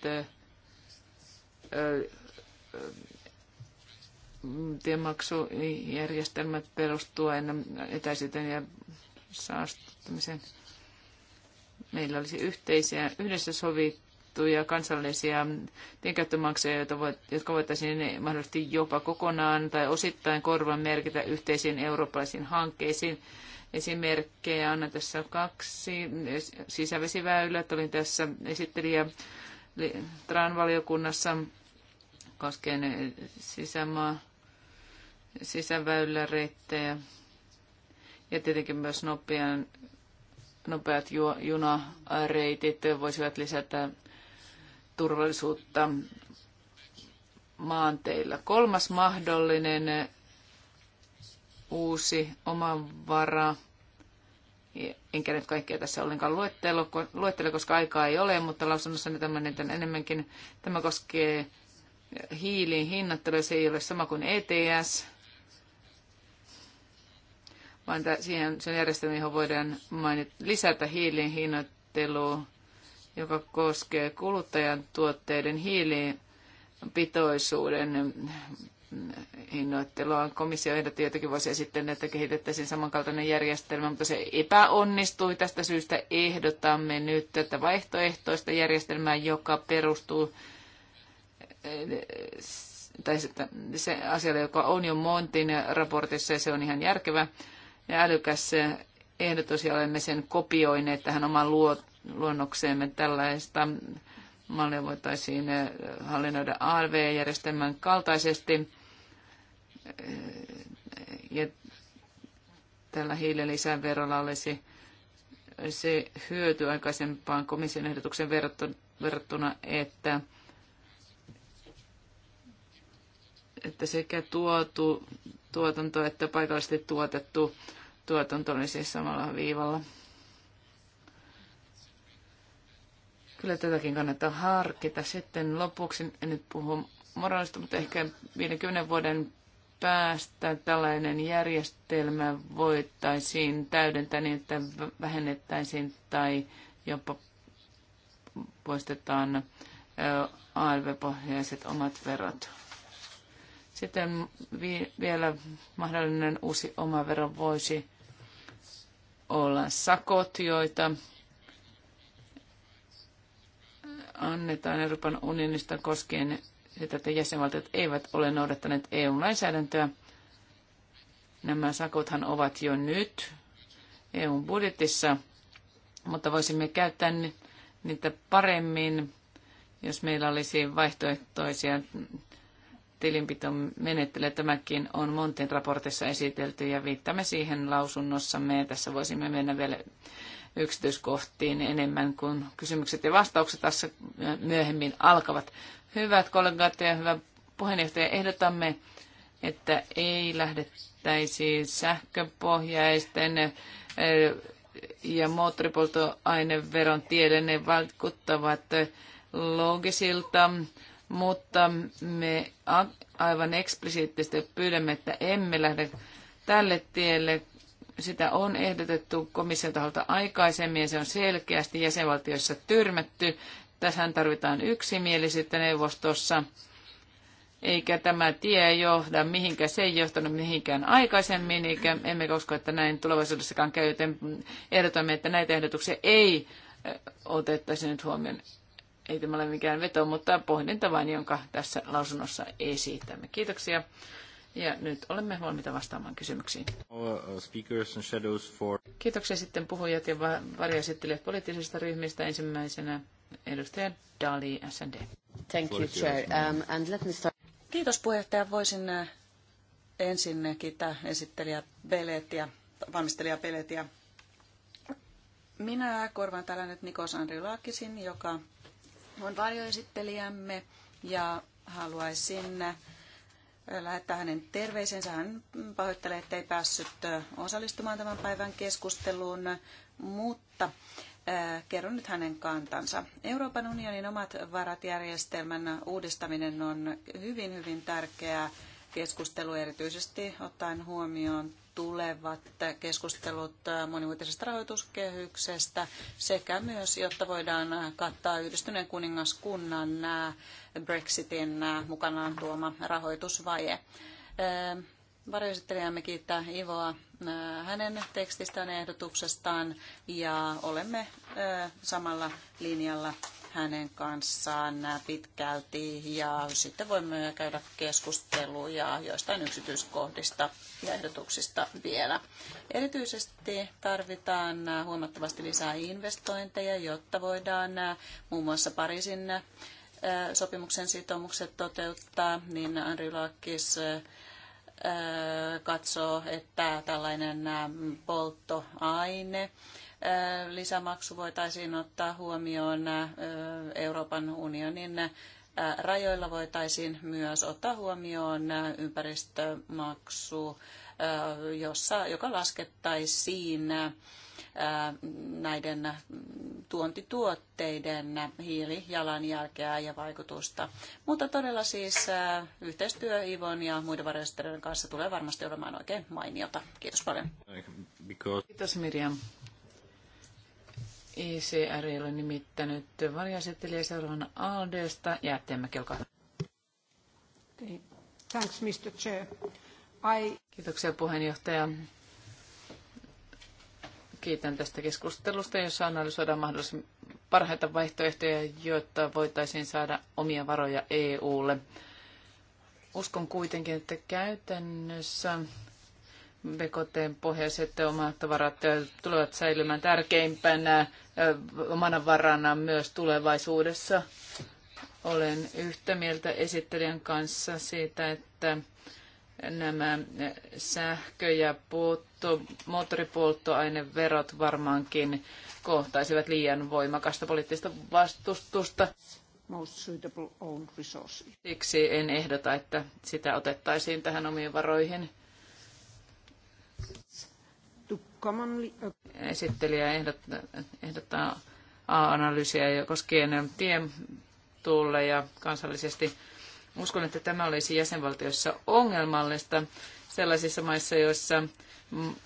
tiemaksujärjestelmät perustuen etäisyyteen ja saastumisen meillä olisi yhteisiä, yhdessä sovittuja kansallisia tienkäyttömaksuja, voit, jotka voitaisiin mahdollisesti jopa kokonaan tai osittain korvan merkitä yhteisiin eurooppalaisiin hankkeisiin. Esimerkkejä on tässä kaksi. Sisävesiväylät, olin tässä esittelijä TRAN-valiokunnassa koskien sisämaa, sisäväyläreittejä ja tietenkin myös nopean nopeat ju- junareitit voisivat lisätä turvallisuutta maanteilla. Kolmas mahdollinen uusi omavara. Enkä nyt kaikkea tässä ollenkaan luettele, koska aikaa ei ole, mutta lausunnossa tämän enemmänkin. Tämä koskee hiilin hinnattelua, se ei ole sama kuin ETS vaan siihen sen järjestelmä, johon voidaan mainita, lisätä hiilin hinnoittelua, joka koskee kuluttajan tuotteiden hiilipitoisuuden hinnoittelua. Komissio ehdotti jotenkin vuosia sitten, että kehitettäisiin samankaltainen järjestelmä, mutta se epäonnistui. Tästä syystä ehdotamme nyt tätä vaihtoehtoista järjestelmää, joka perustuu eh, tai se, se asia, joka on jo Montin raportissa ja se on ihan järkevä ja älykäs ehdotus ja olemme sen kopioineet tähän oman luonnokseemme tällaista mallia voitaisiin eh, hallinnoida arv järjestelmän kaltaisesti. Eh, ja tällä hiililisäverolla olisi se hyöty aikaisempaan komission ehdotuksen verrattuna, että, että sekä tuotu tuotanto että paikallisesti tuotettu tuotanto oli siis samalla viivalla. Kyllä tätäkin kannattaa harkita. Sitten lopuksi, en nyt puhu moraalista, mutta ehkä 50 vuoden päästä tällainen järjestelmä voitaisiin täydentää niin, että vähennettäisiin tai jopa poistetaan ALV-pohjaiset omat verot. Sitten vi- vielä mahdollinen uusi omavero voisi olla sakot, joita annetaan Euroopan unionista koskien sitä, että jäsenvaltiot eivät ole noudattaneet EU-lainsäädäntöä. Nämä sakothan ovat jo nyt EUn budjetissa, mutta voisimme käyttää niitä paremmin, jos meillä olisi vaihtoehtoisia tilinpitomenettely. Tämäkin on Montin raportissa esitelty ja viittamme siihen lausunnossamme. Tässä voisimme mennä vielä yksityiskohtiin enemmän, kuin kysymykset ja vastaukset tässä myöhemmin alkavat. Hyvät kollegat ja hyvä puheenjohtaja, ehdotamme, että ei lähdettäisi sähköpohjaisten eh, ja moottoripolttoaineveron tiedenne vaikuttavat eh, loogisilta mutta me aivan eksplisiittisesti pyydämme, että emme lähde tälle tielle. Sitä on ehdotettu komission taholta aikaisemmin ja se on selkeästi jäsenvaltioissa tyrmätty. Tähän tarvitaan yksimielisyyttä neuvostossa, eikä tämä tie johda mihinkään, se ei johtanut mihinkään aikaisemmin, eikä emme usko, että näin tulevaisuudessakaan käy, joten ehdotamme, että näitä ehdotuksia ei otettaisi nyt huomioon ei tämä ole mikään veto, mutta pohdinta vain, jonka tässä lausunnossa esitämme. Kiitoksia. Ja nyt olemme valmiita vastaamaan kysymyksiin. Uh, Kiitoksia sitten puhujat ja varjoesittelijät poliittisista ryhmistä. Ensimmäisenä edustaja Dali, SND. Thank you, Chair. Um, and let me start... Kiitos puheenjohtaja. Voisin uh, ensin uh, kiittää esittelijä Beletia, valmistelija Beletia. Minä korvaan täällä nyt Nikos Andriulakisin, joka on varjoesittelijämme ja haluaisin lähettää hänen terveisensä. Hän pahoittelee, että ei päässyt osallistumaan tämän päivän keskusteluun, mutta kerron nyt hänen kantansa. Euroopan unionin omat varat järjestelmän uudistaminen on hyvin, hyvin tärkeää keskustelu erityisesti ottaen huomioon tulevat keskustelut monivuotisesta rahoituskehyksestä sekä myös, jotta voidaan kattaa yhdistyneen kuningaskunnan Brexitin mukanaan tuoma rahoitusvaje. Varjoesittelijämme kiittää Ivoa hänen tekstistään ja ehdotuksestaan ja olemme samalla linjalla hänen kanssaan pitkälti ja sitten voimme käydä keskusteluja joistain yksityiskohdista ja ehdotuksista vielä. Erityisesti tarvitaan huomattavasti lisää investointeja, jotta voidaan muun muassa Pariisin sopimuksen sitoumukset toteuttaa, niin Andri Lakis katsoo, että tällainen polttoaine lisämaksu voitaisiin ottaa huomioon Euroopan unionin rajoilla voitaisiin myös ottaa huomioon ympäristömaksu, jossa, joka laskettaisiin näiden tuontituotteiden hiilijalanjälkeä ja vaikutusta. Mutta todella siis yhteistyö Ivon ja muiden varjostelijoiden kanssa tulee varmasti olemaan oikein mainiota. Kiitos paljon. Kiitos Mirjam. ICR e ei ole nimittänyt varjasettelijä seuraavana Aldesta. Jäätteenmäki, olkaa hyvä. Niin. Thanks, Mr. Chair. I... Kiitoksia puheenjohtaja. Kiitän tästä keskustelusta, jossa analysoidaan mahdollisimman parhaita vaihtoehtoja, jotta voitaisiin saada omia varoja EUlle. Uskon kuitenkin, että käytännössä BKTn pohjaiset omat varat tulevat säilymään tärkeimpänä omana varana myös tulevaisuudessa. Olen yhtä mieltä esittelijän kanssa siitä, että nämä sähkö- ja moottoripolttoaineverot varmaankin kohtaisivat liian voimakasta poliittista vastustusta. Siksi en ehdota, että sitä otettaisiin tähän omiin varoihin commonly... Esittelijä ehdottaa, A-analyysiä koskien ja kansallisesti. Uskon, että tämä olisi jäsenvaltioissa ongelmallista sellaisissa maissa, joissa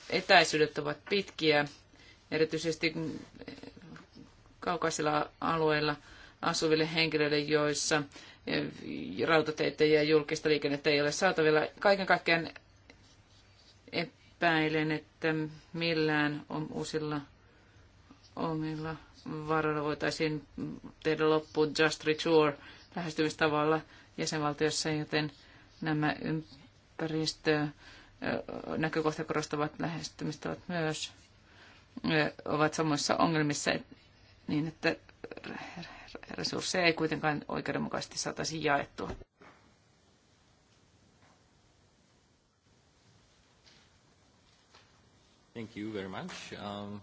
etäisyydet ovat pitkiä, erityisesti kaukaisilla alueilla asuville henkilöille, joissa eh, rautateitä ja julkista liikennettä ei ole saatavilla. Kaiken kaikkiaan epäilen, että millään uusilla omilla varoilla voitaisiin tehdä loppuun Just Reture lähestymistavalla jäsenvaltiossa, joten nämä ympäristö näkökohta korostavat lähestymistavat myös ovat samoissa ongelmissa niin, että resursseja ei kuitenkaan oikeudenmukaisesti saataisiin jaettua. Thank you very much. Um,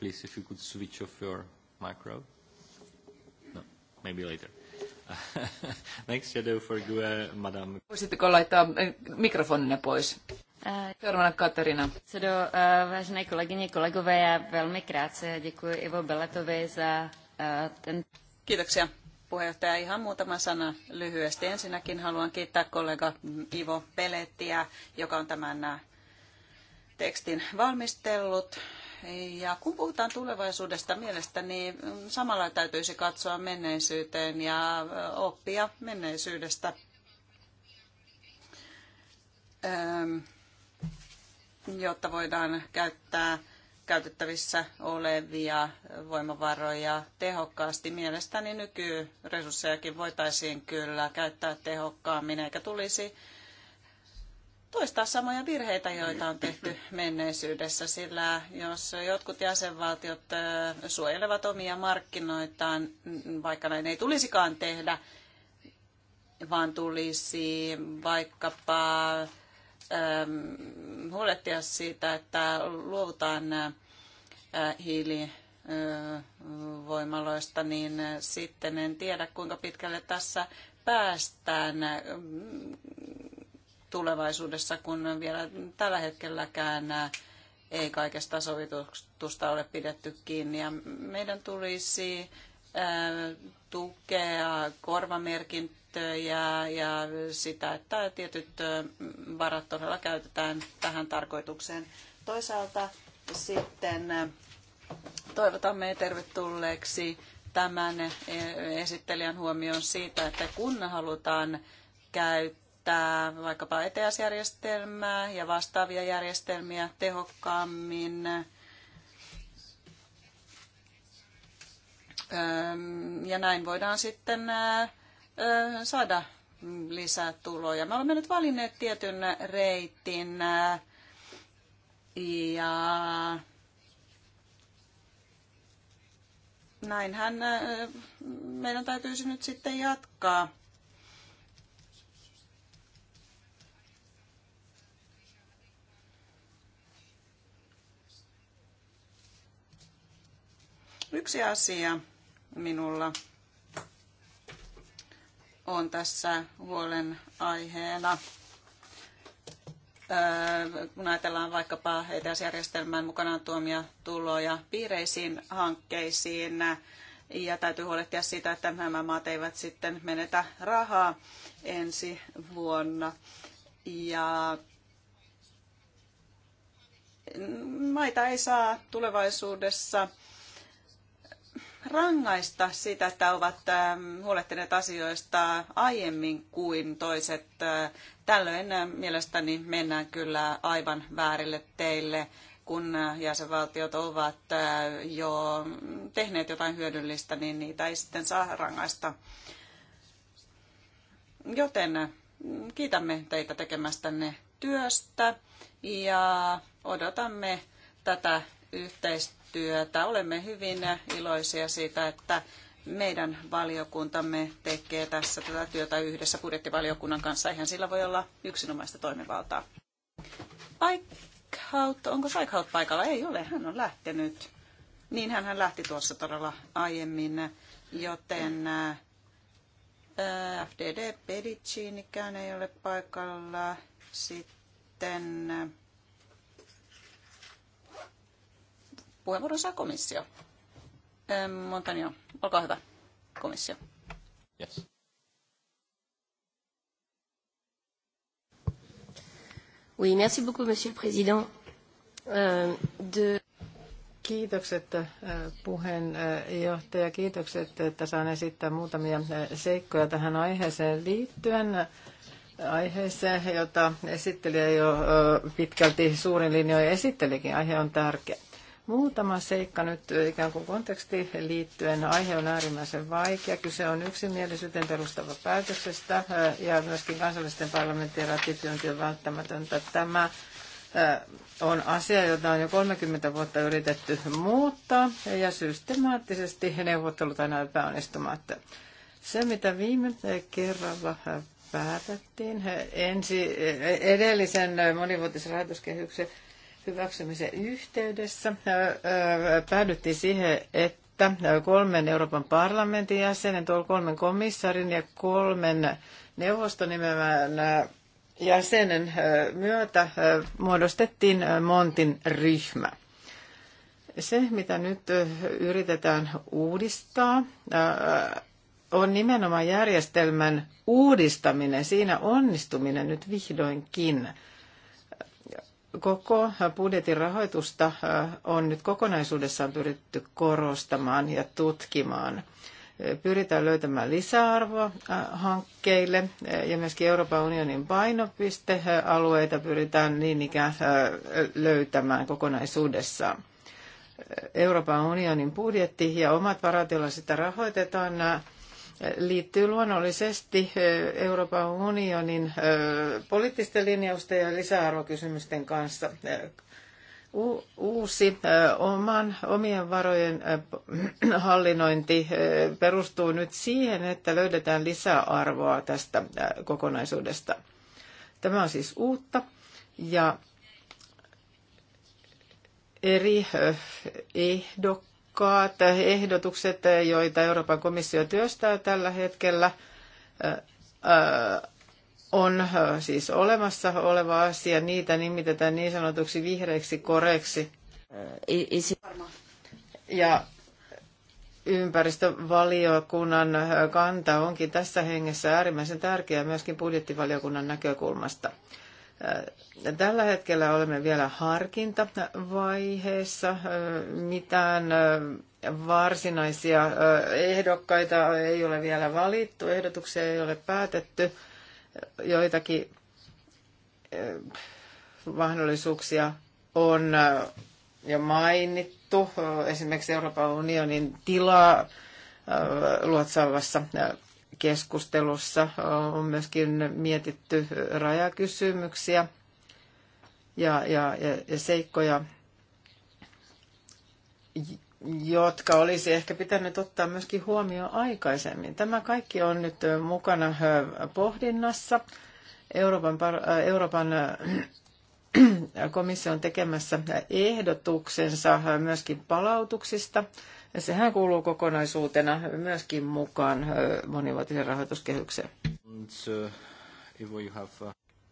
please, if you could switch off your micro. No, maybe later. Next shadow for GUE, uh, madam. Voisitteko laittaa eh, mikrofoninne pois? Eh, Seuraavana Katarina. Sedo, eh, vážené kolegyně, kolegové, ja velmi krátce děkuji Ivo Beletovi za ten... Kiitoksia puheenjohtaja. Ihan muutama sana lyhyesti. Ensinnäkin haluan kiittää kollega Ivo Pelettiä, joka on tämän tekstin valmistellut. Ja kun puhutaan tulevaisuudesta mielestäni, niin samalla täytyisi katsoa menneisyyteen ja oppia menneisyydestä. jotta voidaan käyttää käytettävissä olevia voimavaroja tehokkaasti. Mielestäni nykyresurssejakin voitaisiin kyllä käyttää tehokkaammin, eikä tulisi toistaa samoja virheitä, joita on tehty menneisyydessä, sillä jos jotkut jäsenvaltiot suojelevat omia markkinoitaan, vaikka näin ei tulisikaan tehdä, vaan tulisi vaikkapa huolehtia siitä, että luovutaan hiilivoimaloista, niin sitten en tiedä kuinka pitkälle tässä päästään tulevaisuudessa, kun vielä tällä hetkelläkään ei kaikesta sovitusta ole pidetty kiinni. Ja meidän tulisi tukea korvamerkintöjä ja sitä, että tietyt varat todella käytetään tähän tarkoitukseen. Toisaalta sitten toivotamme tervetulleeksi tämän esittelijän huomioon siitä, että kun halutaan käyttää käyttää vaikkapa ETS-järjestelmää ja vastaavia järjestelmiä tehokkaammin. Ja näin voidaan sitten saada lisää tuloja. Me olemme nyt valinneet tietyn reitin ja näinhän meidän täytyisi nyt sitten jatkaa Yksi asia minulla on tässä huolen aiheena. Öö, kun ajatellaan vaikkapa ETS-järjestelmän mukanaan tuomia tuloja piireisiin hankkeisiin, ja täytyy huolehtia siitä, että nämä maat eivät sitten menetä rahaa ensi vuonna. Ja maita ei saa tulevaisuudessa rangaista sitä, että ovat ähm, huolehtineet asioista aiemmin kuin toiset. Äh, tällöin äh, mielestäni mennään kyllä aivan väärille teille, kun äh, jäsenvaltiot ovat jo tehneet jotain hyödyllistä, niin niitä ei sitten saa rangaista. Joten kiitämme teitä tekemästänne työstä ja odotamme tätä yhteistyötä työtä. Olemme hyvin iloisia siitä, että meidän valiokuntamme tekee tässä tätä työtä yhdessä budjettivaliokunnan kanssa. Eihän sillä voi olla yksinomaista toimivaltaa. Eichhout, onko Eichhout paikalla? Ei ole, hän on lähtenyt. Niin hän lähti tuossa todella aiemmin, joten ää, äh, FDD Pedicini ei ole paikalla. Sitten Puheenvuoron saa komissio. Montanio, olkaa hyvä, komissio. Yes. Oui, merci beaucoup, monsieur le président. Euh, de... Kiitokset äh, puheenjohtaja, kiitokset, että saan esittää muutamia äh, seikkoja tähän aiheeseen liittyen. Aiheeseen, jota esittelijä jo äh, pitkälti suurin linjoin esittelikin. Aihe on tärkeä. Muutama seikka nyt ikään kuin konteksti liittyen. Aihe on äärimmäisen vaikea. Kyse on yksimielisyyteen perustava päätöksestä ja myöskin kansallisten parlamenttien ratifiointi on välttämätöntä. Tämä on asia, jota on jo 30 vuotta yritetty muuttaa ja systemaattisesti neuvottelut aina epäonnistumatta. Se, mitä viime kerralla päätettiin ensi, edellisen monivuotisen rahoituskehyksen hyväksymisen yhteydessä päädyttiin siihen, että kolmen Euroopan parlamentin jäsenen, tuolla kolmen komissarin ja kolmen neuvoston nimemään jäsenen myötä muodostettiin Montin ryhmä. Se, mitä nyt yritetään uudistaa, on nimenomaan järjestelmän uudistaminen, siinä onnistuminen nyt vihdoinkin – koko budjetin rahoitusta äh, on nyt kokonaisuudessaan pyritty korostamaan ja tutkimaan. Pyritään löytämään lisäarvoa äh, hankkeille äh, ja myöskin Euroopan unionin painopistealueita pyritään niin ikään löytämään kokonaisuudessaan. Euroopan unionin budjetti ja omat varat, joilla sitä rahoitetaan, liittyy luonnollisesti Euroopan unionin poliittisten linjausten ja lisäarvokysymysten kanssa. Uusi oman, omien varojen hallinnointi perustuu nyt siihen, että löydetään lisäarvoa tästä kokonaisuudesta. Tämä on siis uutta ja eri ehdokkaat tehokkaat ehdotukset, joita Euroopan komissio työstää tällä hetkellä, on siis olemassa oleva asia. Niitä nimitetään niin sanotuksi vihreiksi koreiksi. Ja ympäristövaliokunnan kanta onkin tässä hengessä äärimmäisen tärkeä myöskin budjettivaliokunnan näkökulmasta. Äh, tällä hetkellä olemme vielä harkintavaiheessa. Äh, mitään äh, varsinaisia ehdokkaita ei ole vielä valittu, ehdotuksia ei ole päätetty. Joitakin mahdollisuuksia on jo mainittu, esimerkiksi Euroopan unionin tilaa luotsaavassa keskustelussa on myöskin mietitty rajakysymyksiä ja, ja, ja seikkoja, jotka olisi ehkä pitänyt ottaa myöskin huomioon aikaisemmin. Tämä kaikki on nyt mukana pohdinnassa. Euroopan, Euroopan komissio on tekemässä ehdotuksensa myöskin palautuksista Sehän kuuluu kokonaisuutena myöskin mukaan monivuotisen rahoituskehykseen.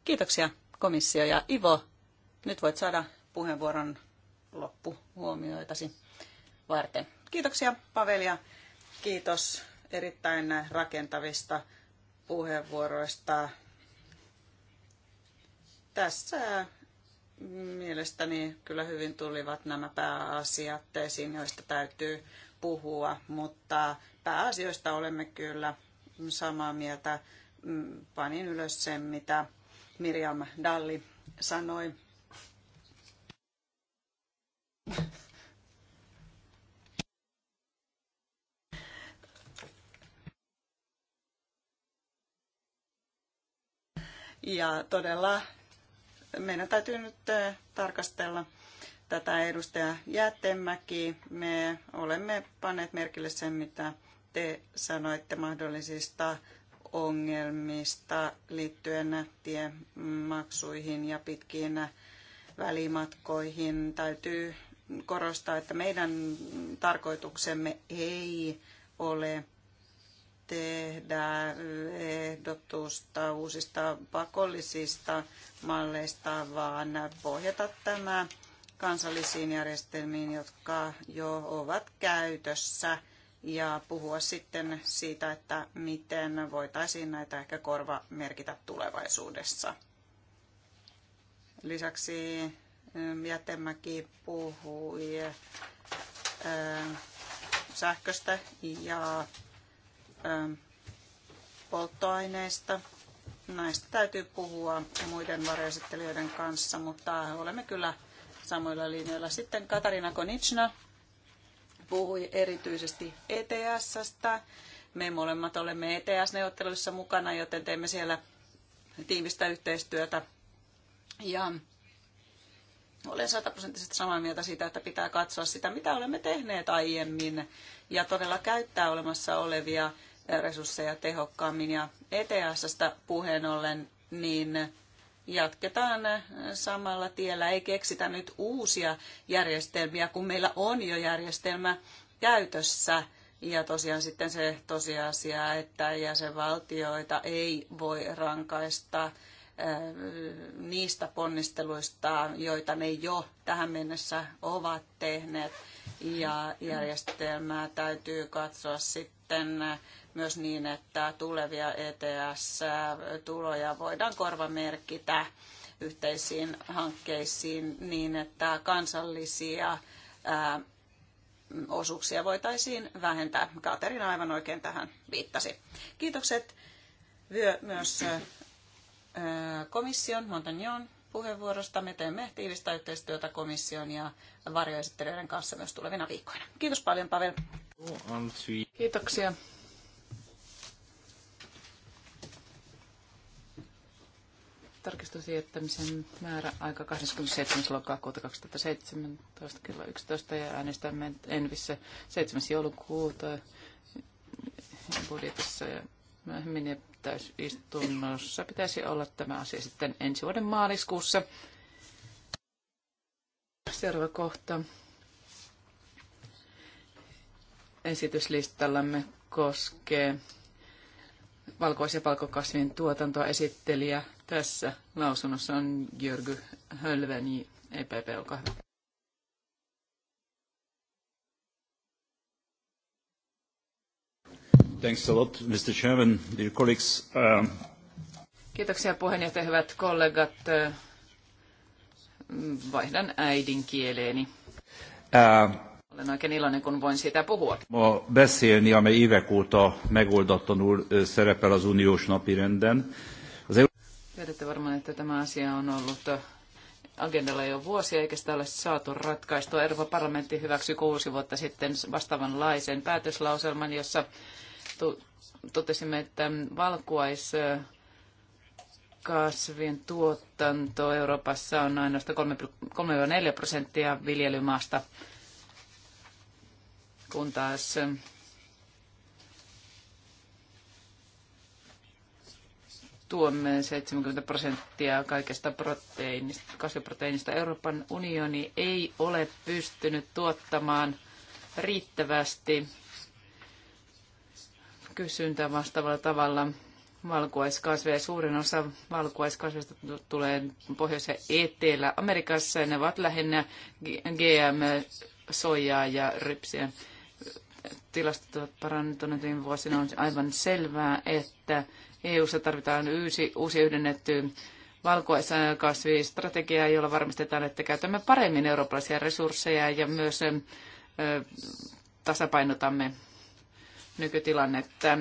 Kiitoksia komissio ja Ivo. Nyt voit saada puheenvuoron loppuhuomioitasi varten. Kiitoksia pavelia. ja kiitos erittäin rakentavista puheenvuoroista. Tässä mielestäni kyllä hyvin tulivat nämä pääasiat esiin, joista täytyy puhua, mutta pääasioista olemme kyllä samaa mieltä. Mm, panin ylös sen, mitä Mirjam Dalli sanoi. Ja todella meidän täytyy nyt tarkastella tätä edustaja Jäätemäki. Me olemme panneet merkille sen, mitä te sanoitte mahdollisista ongelmista liittyen tiemaksuihin ja pitkiin välimatkoihin. Täytyy korostaa, että meidän tarkoituksemme ei ole tehdä ehdotusta uusista pakollisista malleista, vaan pohjata tämä kansallisiin järjestelmiin, jotka jo ovat käytössä ja puhua sitten siitä, että miten voitaisiin näitä ehkä korva merkitä tulevaisuudessa. Lisäksi ähm, Jätemäki puhui ähm, sähköstä ja Ähm, polttoaineista. Näistä täytyy puhua muiden varjoesittelijöiden kanssa, mutta olemme kyllä samoilla linjoilla. Sitten Katarina Konitsna puhui erityisesti ETS-stä. Me molemmat olemme ETS-neuvotteluissa mukana, joten teemme siellä tiivistä yhteistyötä. Ja olen sataprosenttisesti samaa mieltä siitä, että pitää katsoa sitä, mitä olemme tehneet aiemmin ja todella käyttää olemassa olevia resursseja tehokkaammin. Ja ETSstä puheen ollen, niin jatketaan samalla tiellä. Ei keksitä nyt uusia järjestelmiä, kun meillä on jo järjestelmä käytössä. Ja tosiaan sitten se tosiasia, että jäsenvaltioita ei voi rankaista eh, niistä ponnisteluista, joita ne jo tähän mennessä ovat tehneet. Ja järjestelmää täytyy katsoa sitten myös niin, että tulevia ETS-tuloja voidaan korvamerkitä yhteisiin hankkeisiin niin, että kansallisia osuuksia voitaisiin vähentää. Katerina aivan oikein tähän viittasi. Kiitokset myös komission Montagnon puheenvuorosta. Me teemme tiivistä yhteistyötä komission ja varjoesittelijöiden kanssa myös tulevina viikkoina. Kiitos paljon Pavel. Kiitoksia. tarkistusten määrä aika 27. lokakuuta 2017 kello 11 ja äänestämme Envissä 7. joulukuuta budjetissa ja myöhemmin ja täysistunnossa pitäisi olla tämä asia sitten ensi vuoden maaliskuussa. Seuraava kohta esityslistallamme koskee valkoisia palkokasvien tuotantoa esittelijä tässä lausunnossa on Jörgy Hölveni, EPP, olkaa hyvä. Thanks a lot, Mr. Chairman, dear colleagues. Um... Kiitoksia puheenjohtaja, hyvät kollegat. Vaihdan äidinkieleeni. Uh, olen oikein iloinen, kun voin siitä puhua. Ma beszélni, amely évek óta megoldatlanul szerepel az uniós napirenden. Az EU... Tiedätte varmaan, että tämä asia on ollut agendalla jo vuosia, eikä sitä ole saatu ratkaistua. Euroopan parlamentti hyväksyi kuusi vuotta sitten vastaavanlaisen päätöslauselman, jossa totesimme, että valkuais kasvien tuotanto Euroopassa on ainoastaan 3,4 prosenttia viljelymaasta kun taas äh, tuomme 70 prosenttia kaikesta proteiinista, kasviproteiinista. Euroopan unioni ei ole pystynyt tuottamaan riittävästi kysyntää vastaavalla tavalla valkuaiskasveja. Suurin osa valkuaiskasveista tulee Pohjois- ja Etelä-Amerikassa ja ne ovat lähinnä GM-soijaa ja rypsiä tilastot ovat parantuneet viime vuosina, on aivan selvää, että EU-ssa tarvitaan uusi, uusi yhdennetty valkoiskasvistrategia, jolla varmistetaan, että käytämme paremmin eurooppalaisia resursseja ja myös tasapainotamme nykytilannetta,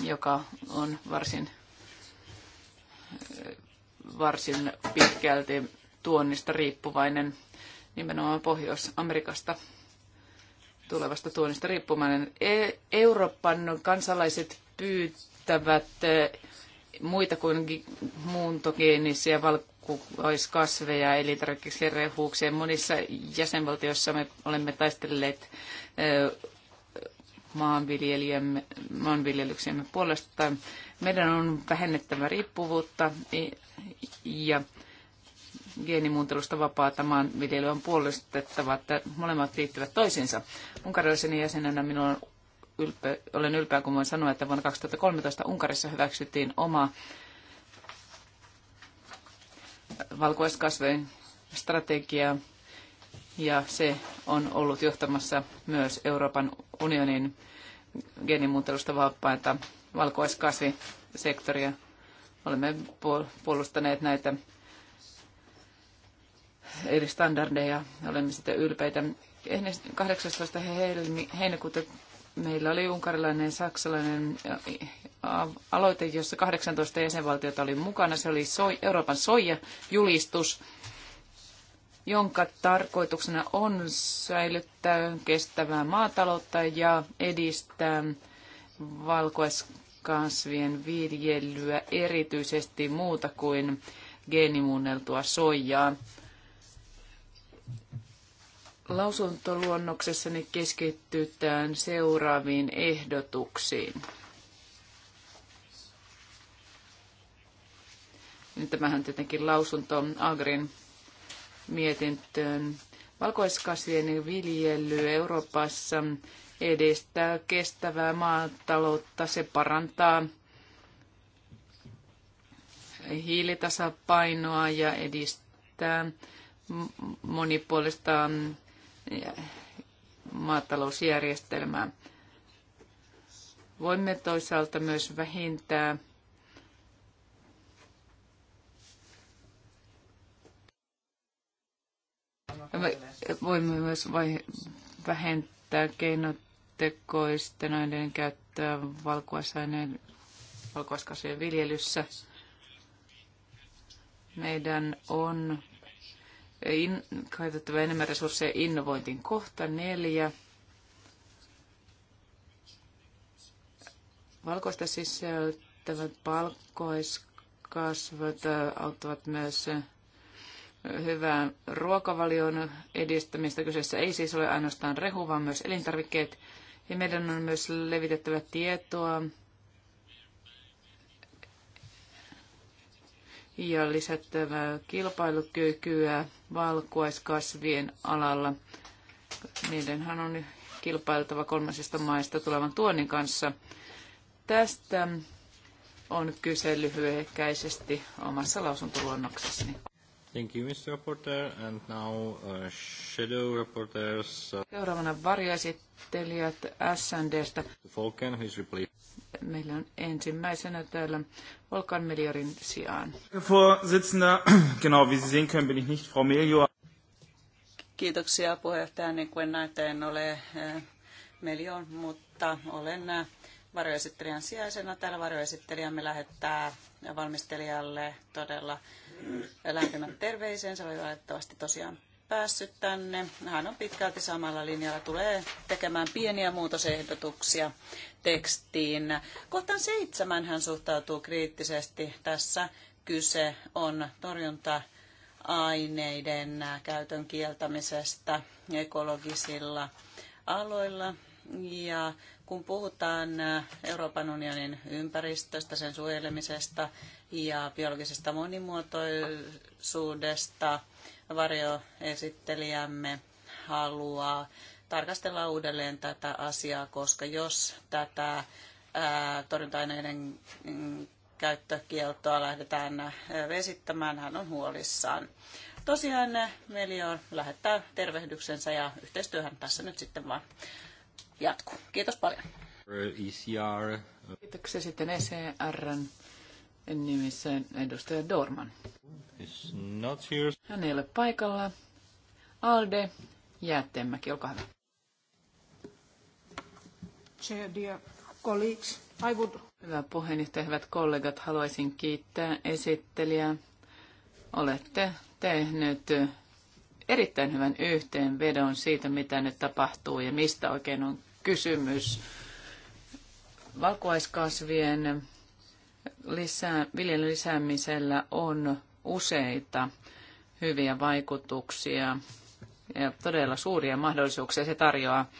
joka on varsin, varsin pitkälti tuonnista riippuvainen nimenomaan Pohjois-Amerikasta tulevasta tuonnista riippumainen e, Euroopan kansalaiset pyytävät e, muita kuin muuntogeenisiä valkuaiskasveja, eli tarvitsisi rehuuksia. Monissa jäsenvaltioissa me olemme taistelleet e, maanviljelyksemme puolesta. Meidän on vähennettävä riippuvuutta ja geenimuuntelusta vapaata maanviljelyä on puolustettava, että molemmat liittyvät toisiinsa. Unkarilaisen jäsenenä minulla on ylpe, olen ylpeä, kun voin sanoa, että vuonna 2013 Unkarissa hyväksyttiin oma valkoiskasvien strategia, ja se on ollut johtamassa myös Euroopan unionin geenimuuntelusta vapaata valkoiskasvisektoria. Olemme puolustaneet näitä eri standardeja. Olemme sitten ylpeitä. 18. Helmi, heinäkuuta meillä oli unkarilainen ja saksalainen aloite, jossa 18 jäsenvaltiota oli mukana. Se oli so- Euroopan soija-julistus, jonka tarkoituksena on säilyttää kestävää maataloutta ja edistää valkoiskasvien viljelyä erityisesti muuta kuin geenimuunneltua soijaa. Lausuntoluonnoksessani keskitytään seuraaviin ehdotuksiin. Tämähän tietenkin lausunto Agrin mietintöön. Valkoiskasvien viljely Euroopassa edistää kestävää maataloutta. Se parantaa hiilitasapainoa ja edistää monipuolista maatalousjärjestelmää. Voimme toisaalta myös vähentää Voimme myös vai, vähentää keinotekoisten aineiden käyttöä valkuaisaineen valkuaiskasvien viljelyssä. Meidän on in, käytettävä enemmän resursseja innovointiin. Kohta neljä. Valkoista sisältävät palkkoiskasvot äh, auttavat myös äh, hyvää ruokavalion edistämistä. Kyseessä ei siis ole ainoastaan rehu, vaan myös elintarvikkeet. Ja meidän on myös levitettävä tietoa ja lisättävää kilpailukykyä valkuaiskasvien alalla. Meidänhän on kilpailtava kolmasista maista tulevan tuonnin kanssa. Tästä on kyse lyhyehkäisesti omassa lausuntoluonnoksessani. Thank you, Mr. Reporter. And now uh, shadow reporters. Uh, Seuraavana varjoesittelijät SNDstä. Falken, who is replaced. Meillä on ensimmäisenä täällä Volkan Meliorin sijaan. genau wie Sie sehen können, bin ich nicht Frau Melior. Kiitoksia puheenjohtaja. Niin kuin näette, en ole eh, Melion, mutta olen eh, varjoesittelijän sijaisena. Täällä varjoesittelijämme lähettää valmistelijalle todella lämpimät terveisensä. Valitettavasti tosiaan päässyt tänne. Hän on pitkälti samalla linjalla, tulee tekemään pieniä muutosehdotuksia tekstiin. Kohtaan seitsemän hän suhtautuu kriittisesti. Tässä kyse on torjunta-aineiden käytön kieltämisestä ekologisilla aloilla. Ja kun puhutaan Euroopan unionin ympäristöstä, sen suojelemisesta ja biologisesta monimuotoisuudesta, varjoesittelijämme haluaa tarkastella uudelleen tätä asiaa, koska jos tätä torjunta-aineiden mm, käyttökieltoa lähdetään vesittämään, hän on huolissaan. Tosiaan Melio lähettää tervehdyksensä ja yhteistyöhän tässä nyt sitten vaan jatkuu. Kiitos paljon. ECR. E Kiitoksia sitten ECRn nimissä edustaja Dorman. Hän ei ole paikalla. Alde Jäätteenmäki, olkaa hyvä. Chair, dear colleagues, I would... Hyvä puheenjohtaja, hyvät kollegat, haluaisin kiittää esittelijää. Olette tehnyt erittäin hyvän yhteenvedon siitä, mitä nyt tapahtuu ja mistä oikein on kysymys. Valkuaiskasvien lisää, viljelyn lisäämisellä on useita hyviä vaikutuksia ja todella suuria mahdollisuuksia se tarjoaa.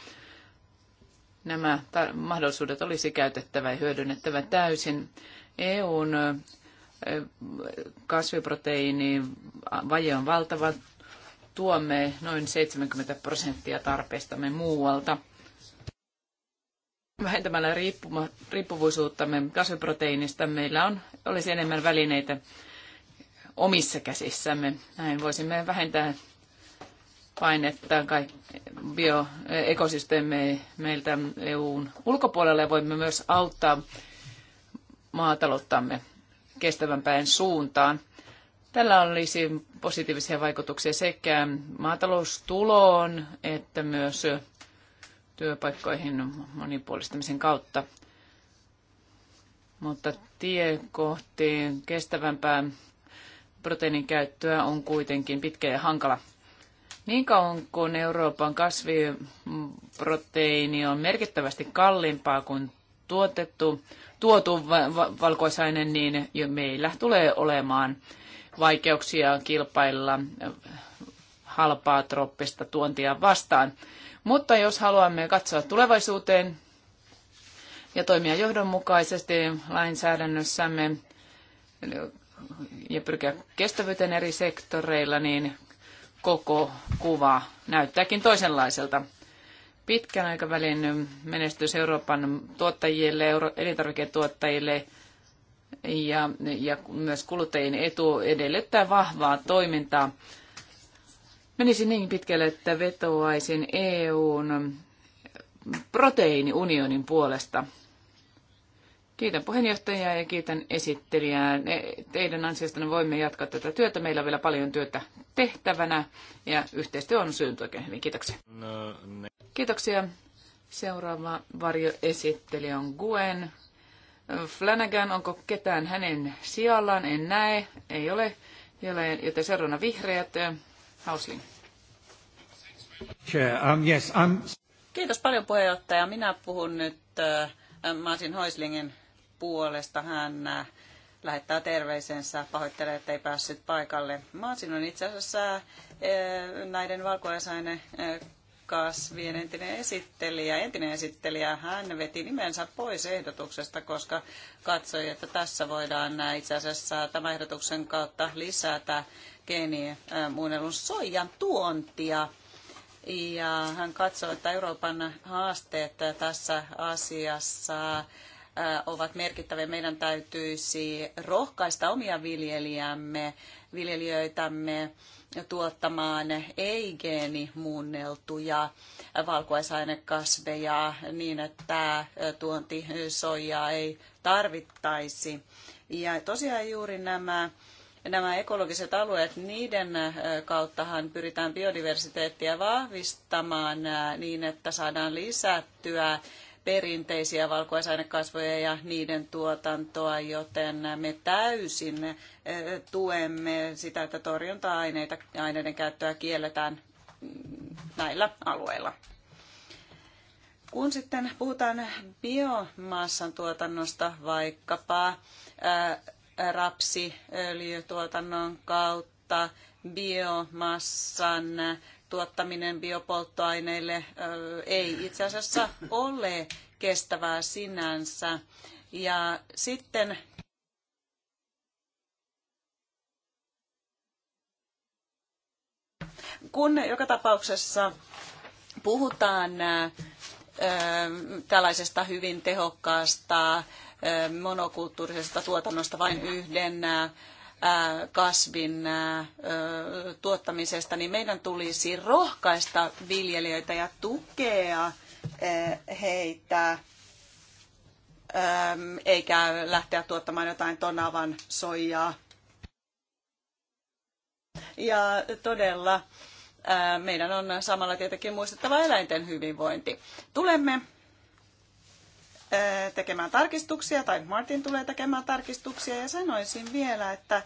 Nämä mahdollisuudet olisi käytettävä ja hyödynnettävä täysin. EUn kasviproteiini vaje on valtava. Tuomme noin 70 prosenttia tarpeistamme muualta vähentämällä riippuma, riippuvuisuuttamme kasviproteiinista meillä on, olisi enemmän välineitä omissa käsissämme. Näin voisimme vähentää painetta meiltä EUn ulkopuolelle ja voimme myös auttaa maatalouttamme kestävämpään suuntaan. Tällä olisi positiivisia vaikutuksia sekä maataloustuloon että myös työpaikkoihin monipuolistamisen kautta. Mutta tie kohti kestävämpää proteiinin käyttöä on kuitenkin pitkä ja hankala. Niin kauan kuin Euroopan kasviproteiini on merkittävästi kalliimpaa kuin tuotettu, tuotu valkoisainen, niin meillä tulee olemaan vaikeuksia kilpailla halpaa troppista tuontia vastaan. Mutta jos haluamme katsoa tulevaisuuteen ja toimia johdonmukaisesti lainsäädännössämme ja pyrkiä kestävyyteen eri sektoreilla, niin koko kuva näyttääkin toisenlaiselta. Pitkän aikavälin menestys Euroopan tuottajille, elintarviketuottajille ja, ja myös kuluttajien etu edellyttää vahvaa toimintaa Menisin niin pitkälle, että vetoaisin EUn proteiiniunionin puolesta. Kiitän puheenjohtajaa ja kiitän esittelijää. Teidän ansiostanne voimme jatkaa tätä työtä. Meillä on vielä paljon työtä tehtävänä ja yhteistyö on syynyt oikein hyvin. Kiitoksia. No, ne. Kiitoksia. Seuraava varjoesittelijä on Guen. Flanagan, onko ketään hänen sijallaan? En näe. Ei ole. Joten seuraavana vihreät. Um, um, Kiitos paljon puheenjohtaja. Minä puhun nyt äh, äh, Martin Hoislingin puolesta. Hän äh, lähettää terveisensä, pahoittelee, että ei päässyt paikalle. Martin on itse asiassa näiden valkoisainen Kasvien entinen esittelijä, entinen esittelijä, hän veti nimensä pois ehdotuksesta, koska katsoi, että tässä voidaan itse asiassa tämän ehdotuksen kautta lisätä geenimuunnelun soijan tuontia. Ja hän katsoi, että Euroopan haasteet tässä asiassa ovat merkittäviä. Meidän täytyisi rohkaista omia viljelijämme, viljelijöitämme tuottamaan ei-geenimuunneltuja valkuaisainekasveja niin, että tuonti soijaa ei tarvittaisi. Ja tosiaan juuri nämä nämä ekologiset alueet, niiden kauttahan pyritään biodiversiteettiä vahvistamaan niin, että saadaan lisättyä perinteisiä valkuaisainekasvoja ja niiden tuotantoa, joten me täysin eh, tuemme sitä, että torjunta-aineiden käyttöä kielletään näillä alueilla. Kun sitten puhutaan biomassan tuotannosta vaikkapa eh, rapsiöljytuotannon kautta, biomassan tuottaminen biopolttoaineille ei itse asiassa ole kestävää sinänsä. Ja sitten kun joka tapauksessa puhutaan tällaisesta hyvin tehokkaasta monokulttuurisesta tuotannosta vain yhden kasvin tuottamisesta, niin meidän tulisi rohkaista viljelijöitä ja tukea heitä, eikä lähteä tuottamaan jotain tonavan soijaa. Ja todella meidän on samalla tietenkin muistettava eläinten hyvinvointi. Tulemme tekemään tarkistuksia, tai Martin tulee tekemään tarkistuksia, ja sanoisin vielä, että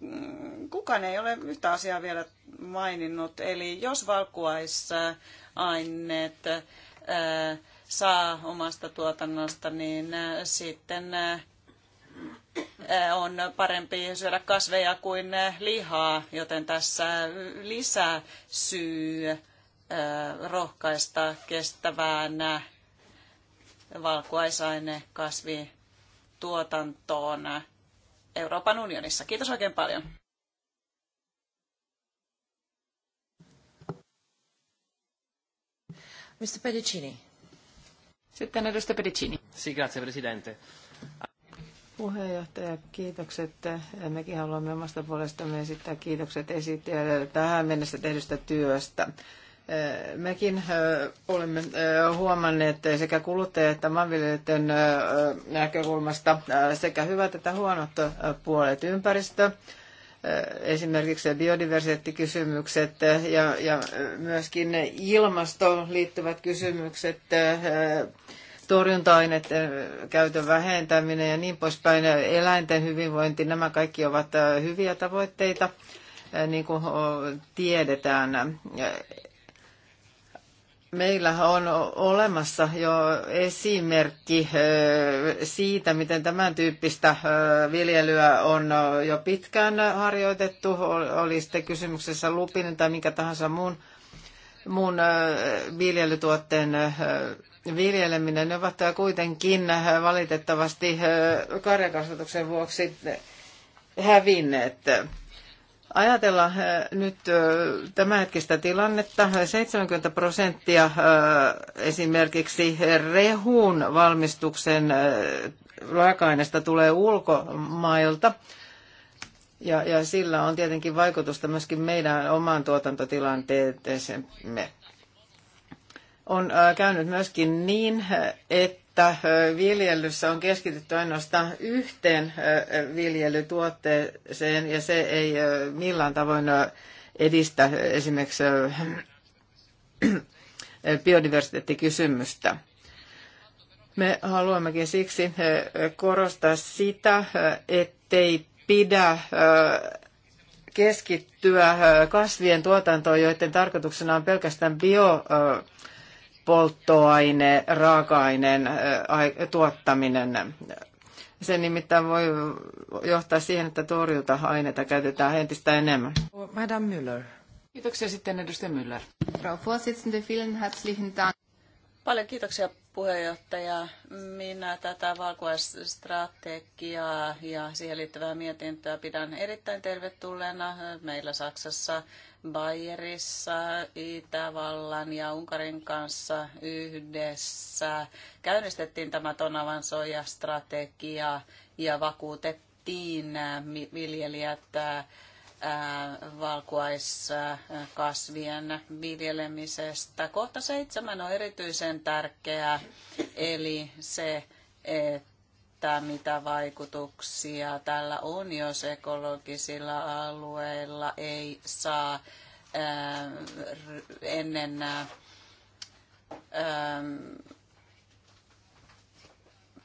mm, kukaan ei ole yhtä asiaa vielä maininnut, eli jos valkuaisaineet saa omasta tuotannosta, niin sitten on parempi syödä kasveja kuin lihaa, joten tässä lisää syy rohkaista kestävään valkuaisaine kasvi Euroopan unionissa. Kiitos oikein paljon. Mr. Pedicini. Sitten edustaja Pedicini. Si, grazie, Presidente. Puheenjohtaja, kiitokset. Mekin haluamme omasta puolestamme esittää kiitokset esittäjälle tähän mennessä tehdystä työstä. Mekin olemme huomanneet sekä kuluttajien että maanviljelijöiden näkökulmasta sekä hyvät että huonot puolet ympäristö, esimerkiksi biodiversiteettikysymykset ja, ja myöskin ilmastoon liittyvät kysymykset, torjunta-aineiden käytön vähentäminen ja niin poispäin, eläinten hyvinvointi, nämä kaikki ovat hyviä tavoitteita, niin kuin tiedetään Meillä on olemassa jo esimerkki siitä, miten tämän tyyppistä viljelyä on jo pitkään harjoitettu, oli sitten kysymyksessä lupinen tai minkä tahansa muun, muun viljelytuotteen viljeleminen. Ne ovat kuitenkin valitettavasti karjakasvatuksen vuoksi hävinneet ajatella eh, nyt eh, tämänhetkistä tilannetta. 70 prosenttia eh, esimerkiksi rehun valmistuksen raaka-aineesta tulee ulkomailta. Ja, ja sillä on tietenkin vaikutusta myöskin meidän omaan tuotantotilanteeseemme. On käynyt myöskin niin, että että viljelyssä on keskitytty ainoastaan yhteen viljelytuotteeseen ja se ei millään tavoin edistä esimerkiksi biodiversiteettikysymystä. Me haluammekin siksi korostaa sitä, ettei pidä keskittyä kasvien tuotantoon, joiden tarkoituksena on pelkästään bio polttoaine, raaka-aineen tuottaminen. Se nimittäin voi johtaa siihen, että torjunta-aineita käytetään entistä enemmän. Madame Müller. Kiitoksia sitten edustaja Müller. Frau Vorsitzende, vielen herzlichen Dank. Paljon kiitoksia puheenjohtaja. Minä tätä valkuaisstrategiaa ja siihen liittyvää mietintöä pidän erittäin tervetulleena meillä Saksassa, Bayerissa, Itävallan ja Unkarin kanssa yhdessä. Käynnistettiin tämä Tonavan soja-strategia ja vakuutettiin viljelijät Äh, valkuaiskasvien viljelemisestä. Kohta seitsemän on erityisen tärkeää, eli se, että mitä vaikutuksia tällä on, jos ekologisilla alueilla ei saa äh, ennen ähm,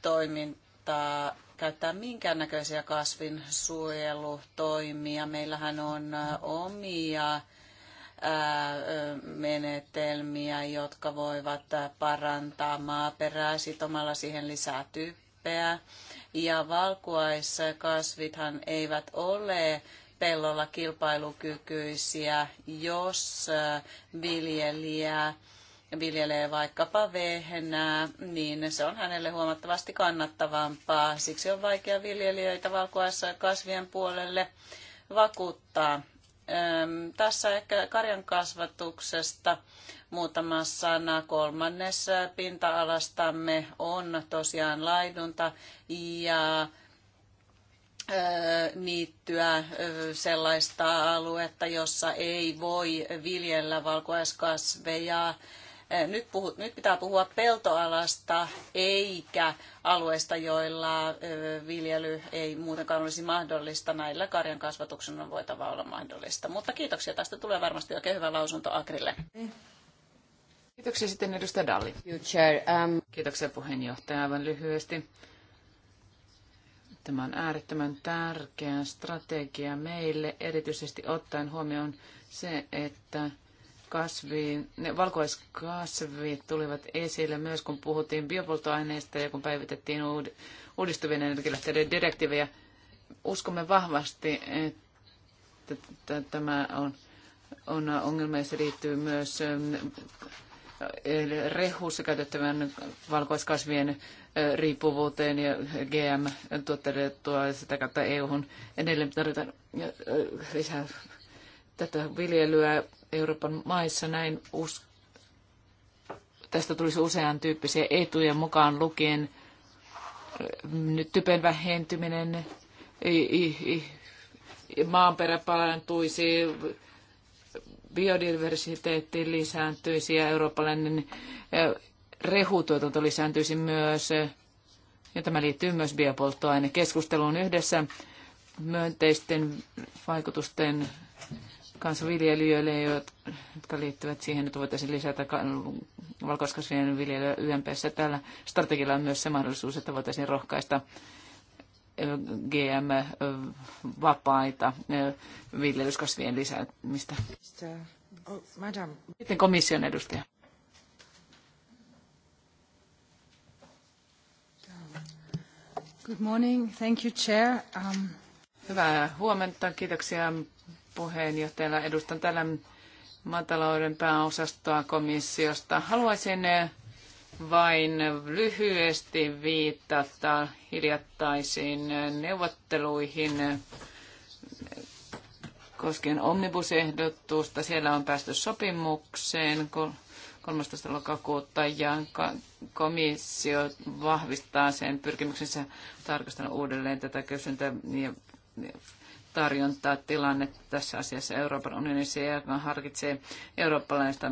toimintaa käyttää minkäännäköisiä kasvinsuojelutoimia. Meillähän on omia menetelmiä, jotka voivat parantaa maaperää sitomalla siihen lisää typpeä. Ja valkuaiskasvithan eivät ole pellolla kilpailukykyisiä, jos viljelijä viljelee vaikkapa vehnää, niin se on hänelle huomattavasti kannattavampaa. Siksi on vaikea viljelijöitä valkuaissa kasvien puolelle vakuuttaa. Tässä ehkä karjan kasvatuksesta muutama sana. Kolmannes pinta-alastamme on tosiaan laidunta ja niittyä sellaista aluetta, jossa ei voi viljellä valkuaiskasveja Eh, nyt, puhut, nyt pitää puhua peltoalasta eikä alueesta, joilla eh, viljely ei muutenkaan olisi mahdollista. Näillä karjan kasvatuksen on voitava olla mahdollista. Mutta kiitoksia. Tästä tulee varmasti oikein hyvä lausunto Akrille. Kiitoksia sitten edustaja Dalli. Um, kiitoksia puheenjohtaja aivan lyhyesti. Tämä on äärettömän tärkeä strategia meille, erityisesti ottaen huomioon se, että Kasvi, ne valkuaiskasvit tulivat esille myös, kun puhuttiin biopolttoaineista ja kun päivitettiin uudistuvien energialähteiden direktiivejä. Uskomme vahvasti, että tämä on, on ongelma ja se liittyy myös eh, rehussa käytettävän valkoiskasvien eh, riippuvuuteen ja GM-tuotteiden tuo sitä kautta EU-hun. Edelleen tarvitaan eh, lisää tätä viljelyä Euroopan maissa näin us- tästä tulisi usean tyyppisiä etuja mukaan lukien äh, nyt typen vähentyminen, maanperä parantuisi, biodiversiteetti lisääntyisi ja eurooppalainen äh, rehutuotanto lisääntyisi myös. Ja tämä liittyy myös biopolttoainekeskusteluun yhdessä myönteisten vaikutusten kanssa viljelijöille, jotka liittyvät siihen, että voitaisiin lisätä valkoiskasvien viljelyä YMPssä. Tällä strategialla on myös se mahdollisuus, että voitaisiin rohkaista GM-vapaita viljelyskasvien lisäämistä. Oh, Sitten komission edustaja. Good morning. Thank you, Chair. Um... Hyvää huomenta. Kiitoksia puheenjohtajana edustan täällä maatalouden pääosastoa komissiosta. Haluaisin eh, vain lyhyesti viitata hiljattaisiin eh, neuvotteluihin eh, koskien omnibusehdotusta. Siellä on päästy sopimukseen 13. lokakuuta ja komissio vahvistaa sen pyrkimyksensä tarkastella uudelleen tätä kysyntä ja tarjontaa tilanne tässä asiassa Euroopan unionissa, joka harkitsee eurooppalaista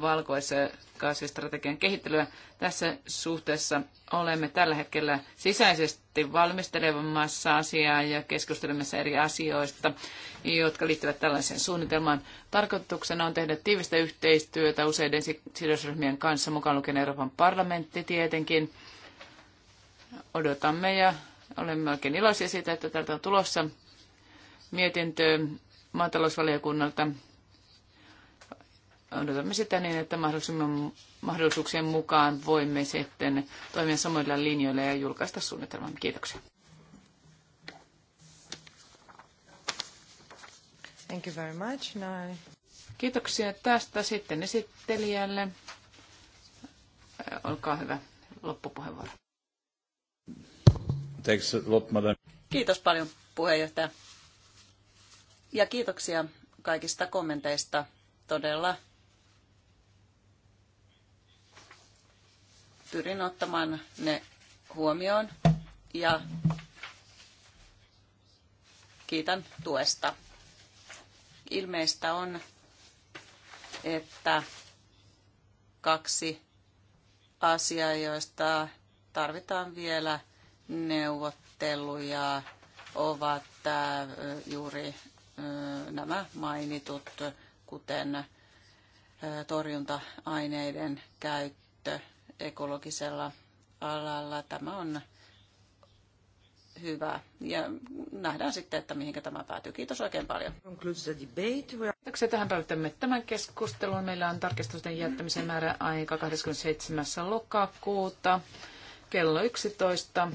valkoisen kaasistrategian kehittelyä. Tässä suhteessa olemme tällä hetkellä sisäisesti valmistelemassa asiaa ja keskustelemassa eri asioista, jotka liittyvät tällaiseen suunnitelmaan. Tarkoituksena on tehdä tiivistä yhteistyötä useiden sidosryhmien kanssa, mukaan lukien Euroopan parlamentti tietenkin. Odotamme ja olemme oikein iloisia siitä, että täältä on tulossa mietintö maatalousvaliokunnalta. Odotamme sitä niin, että mahdollisimman mahdollisuuksien mukaan voimme sitten toimia samoilla linjoilla ja julkaista suunnitelman. Kiitoksia. Thank you very much. No. Kiitoksia tästä sitten esittelijälle. Äh, olkaa hyvä, loppupuheenvuoro. Kiitos paljon puheenjohtaja. Ja kiitoksia kaikista kommenteista. Todella pyrin ottamaan ne huomioon ja kiitän tuesta. Ilmeistä on, että kaksi asiaa, joista tarvitaan vielä neuvotteluja, ovat äh, juuri nämä mainitut, kuten torjunta-aineiden käyttö ekologisella alalla. Tämä on hyvä. Ja nähdään sitten, että mihinkä tämä päätyy. Kiitos oikein paljon. Kiitoksia. Tähän päätämme tämän keskustelun. Meillä on tarkistusten jättämisen määrä aika 27. lokakuuta kello 11.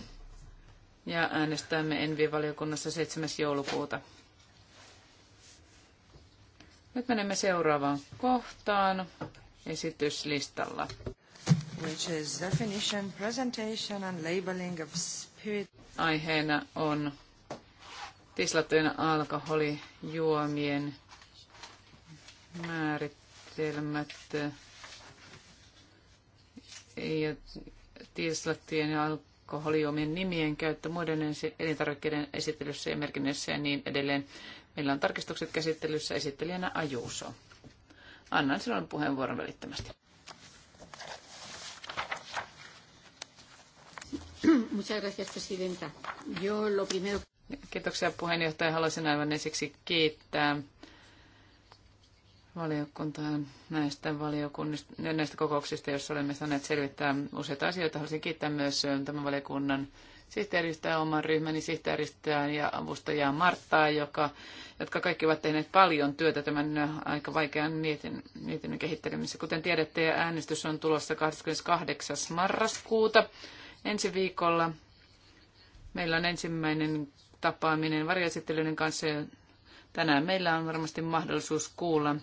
Ja äänestämme Envi-valiokunnassa 7. joulukuuta. Nyt menemme seuraavaan kohtaan esityslistalla. Which is definition, presentation and labeling of spirit. Aiheena on tislattujen alkoholijuomien määritelmät ja tislattujen alkoholijuomien nimien käyttö muiden elintarvikkeiden esittelyssä ja merkinnässä ja niin edelleen. Meillä on tarkistukset käsittelyssä esittelijänä Ajuuso. Annan sinulle puheenvuoron välittömästi. Kiitoksia puheenjohtaja. Haluaisin aivan ensiksi kiittää valiokuntaa näistä, valiokunnista, näistä kokouksista, joissa olemme saaneet selvittää useita asioita. Haluaisin kiittää myös tämän valiokunnan sihteeristöä, oman ryhmäni sihteeristöä ja avustajaa Marttaa, joka, jotka kaikki ovat tehneet paljon työtä tämän aika vaikean mietin, mietinnön kehittelemisessä. Kuten tiedätte, äänestys on tulossa 28. marraskuuta ensi viikolla. Meillä on ensimmäinen tapaaminen varjoesittelyiden kanssa ja tänään meillä on varmasti mahdollisuus kuulla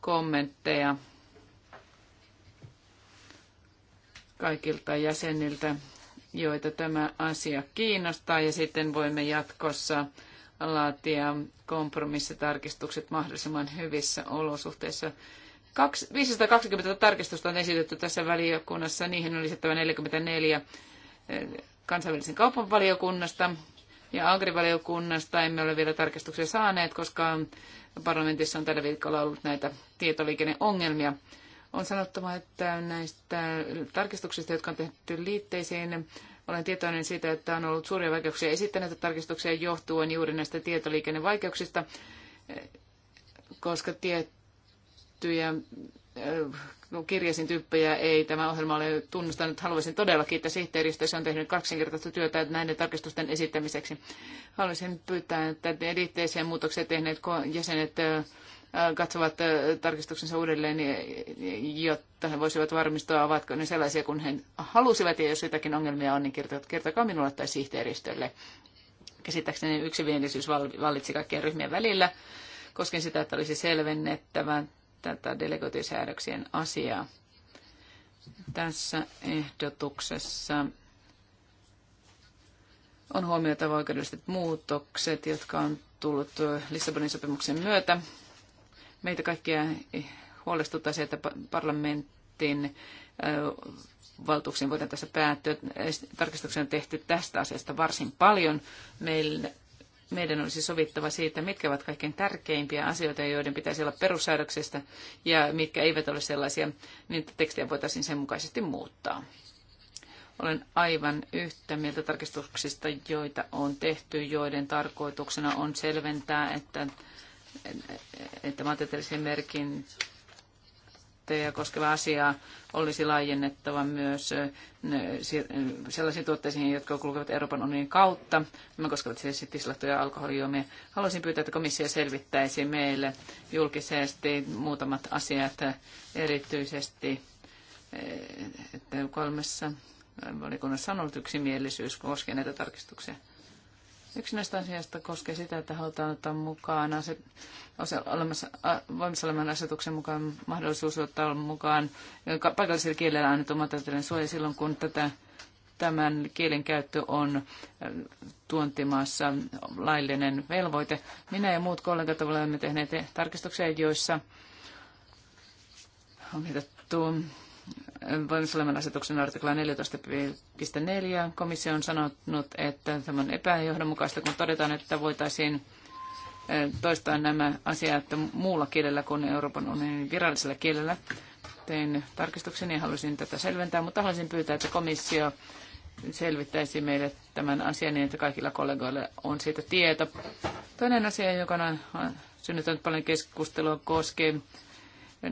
kommentteja kaikilta jäseniltä joita tämä asia kiinnostaa ja sitten voimme jatkossa laatia kompromissitarkistukset mahdollisimman hyvissä olosuhteissa. 520 tarkistusta on esitetty tässä valiokunnassa, niihin on lisättävä 44 eh, kansainvälisen kaupan valiokunnasta ja agrivaliokunnasta. Emme ole vielä tarkistuksia saaneet, koska parlamentissa on tällä viikolla ollut näitä tietoliikenneongelmia. ongelmia on sanottava, että näistä tarkistuksista, jotka on tehty liitteisiin, olen tietoinen siitä, että on ollut suuria vaikeuksia esittää näitä tarkistuksia johtuen juuri näistä tietoliikennevaikeuksista, koska tiettyjä äh, kirjaisin tyyppejä ei tämä ohjelma ole tunnustanut. Haluaisin todella kiittää sihteeristä, se on tehnyt kaksinkertaista työtä näiden tarkistusten esittämiseksi. Haluaisin pyytää, että liitteisiä muutoksia tehneet jäsenet äh, katsovat äh, tarkistuksensa uudelleen, niin, niin, jotta he voisivat varmistua, ovatko ne sellaisia kuin he halusivat, ja jos jotakin ongelmia on, niin kertokaa minulle tai sihteeristölle. Käsittääkseni yksimielisyys vallitsi kaikkien ryhmien välillä, koskien sitä, että olisi selvennettävä tätä delegoitisäädöksien asiaa. Tässä ehdotuksessa on huomioitava oikeudelliset muutokset, jotka on tullut Lissabonin sopimuksen myötä Meitä kaikkia huolestuttaa se, että parlamentin valtuuksiin voidaan tässä päättyä. Tarkistuksen on tehty tästä asiasta varsin paljon. meidän olisi sovittava siitä, mitkä ovat kaikkein tärkeimpiä asioita, joiden pitäisi olla perussäädöksestä ja mitkä eivät ole sellaisia, niin että tekstiä voitaisiin sen mukaisesti muuttaa. Olen aivan yhtä mieltä tarkistuksista, joita on tehty, joiden tarkoituksena on selventää, että että merkin ja koskeva asia olisi laajennettava myös sellaisiin tuotteisiin, jotka kulkevat Euroopan unionin kautta. Nämä koskevat siis tislattuja alkoholijuomia. Haluaisin pyytää, että komissio selvittäisi meille julkisesti muutamat asiat, erityisesti että kolmessa valikunnassa on ollut yksimielisyys koskien näitä tarkistuksia. Yksi näistä asioista koskee sitä, että halutaan ottaa mukaan aset, olemassa, voimassa olevan asetuksen mukaan mahdollisuus ottaa mukaan paikallisella kielellä annettu materiaalinen suoja silloin, kun tätä, tämän kielen käyttö on tuontimaassa laillinen velvoite. Minä ja muut kollegat olemme tehneet tarkistuksia, joissa on viitattu voimassa olevan asetuksen artikla 14.4 komissio on sanonut, että tämä on epäjohdonmukaista, kun todetaan, että voitaisiin eh, toistaa nämä asiat muulla kielellä kuin Euroopan unionin virallisella kielellä. Tein tarkistuksen ja halusin tätä selventää, mutta haluaisin pyytää, että komissio selvittäisi meille tämän asian niin, että kaikilla kollegoilla on siitä tieto. Toinen asia, joka on synnyttänyt paljon keskustelua, koskee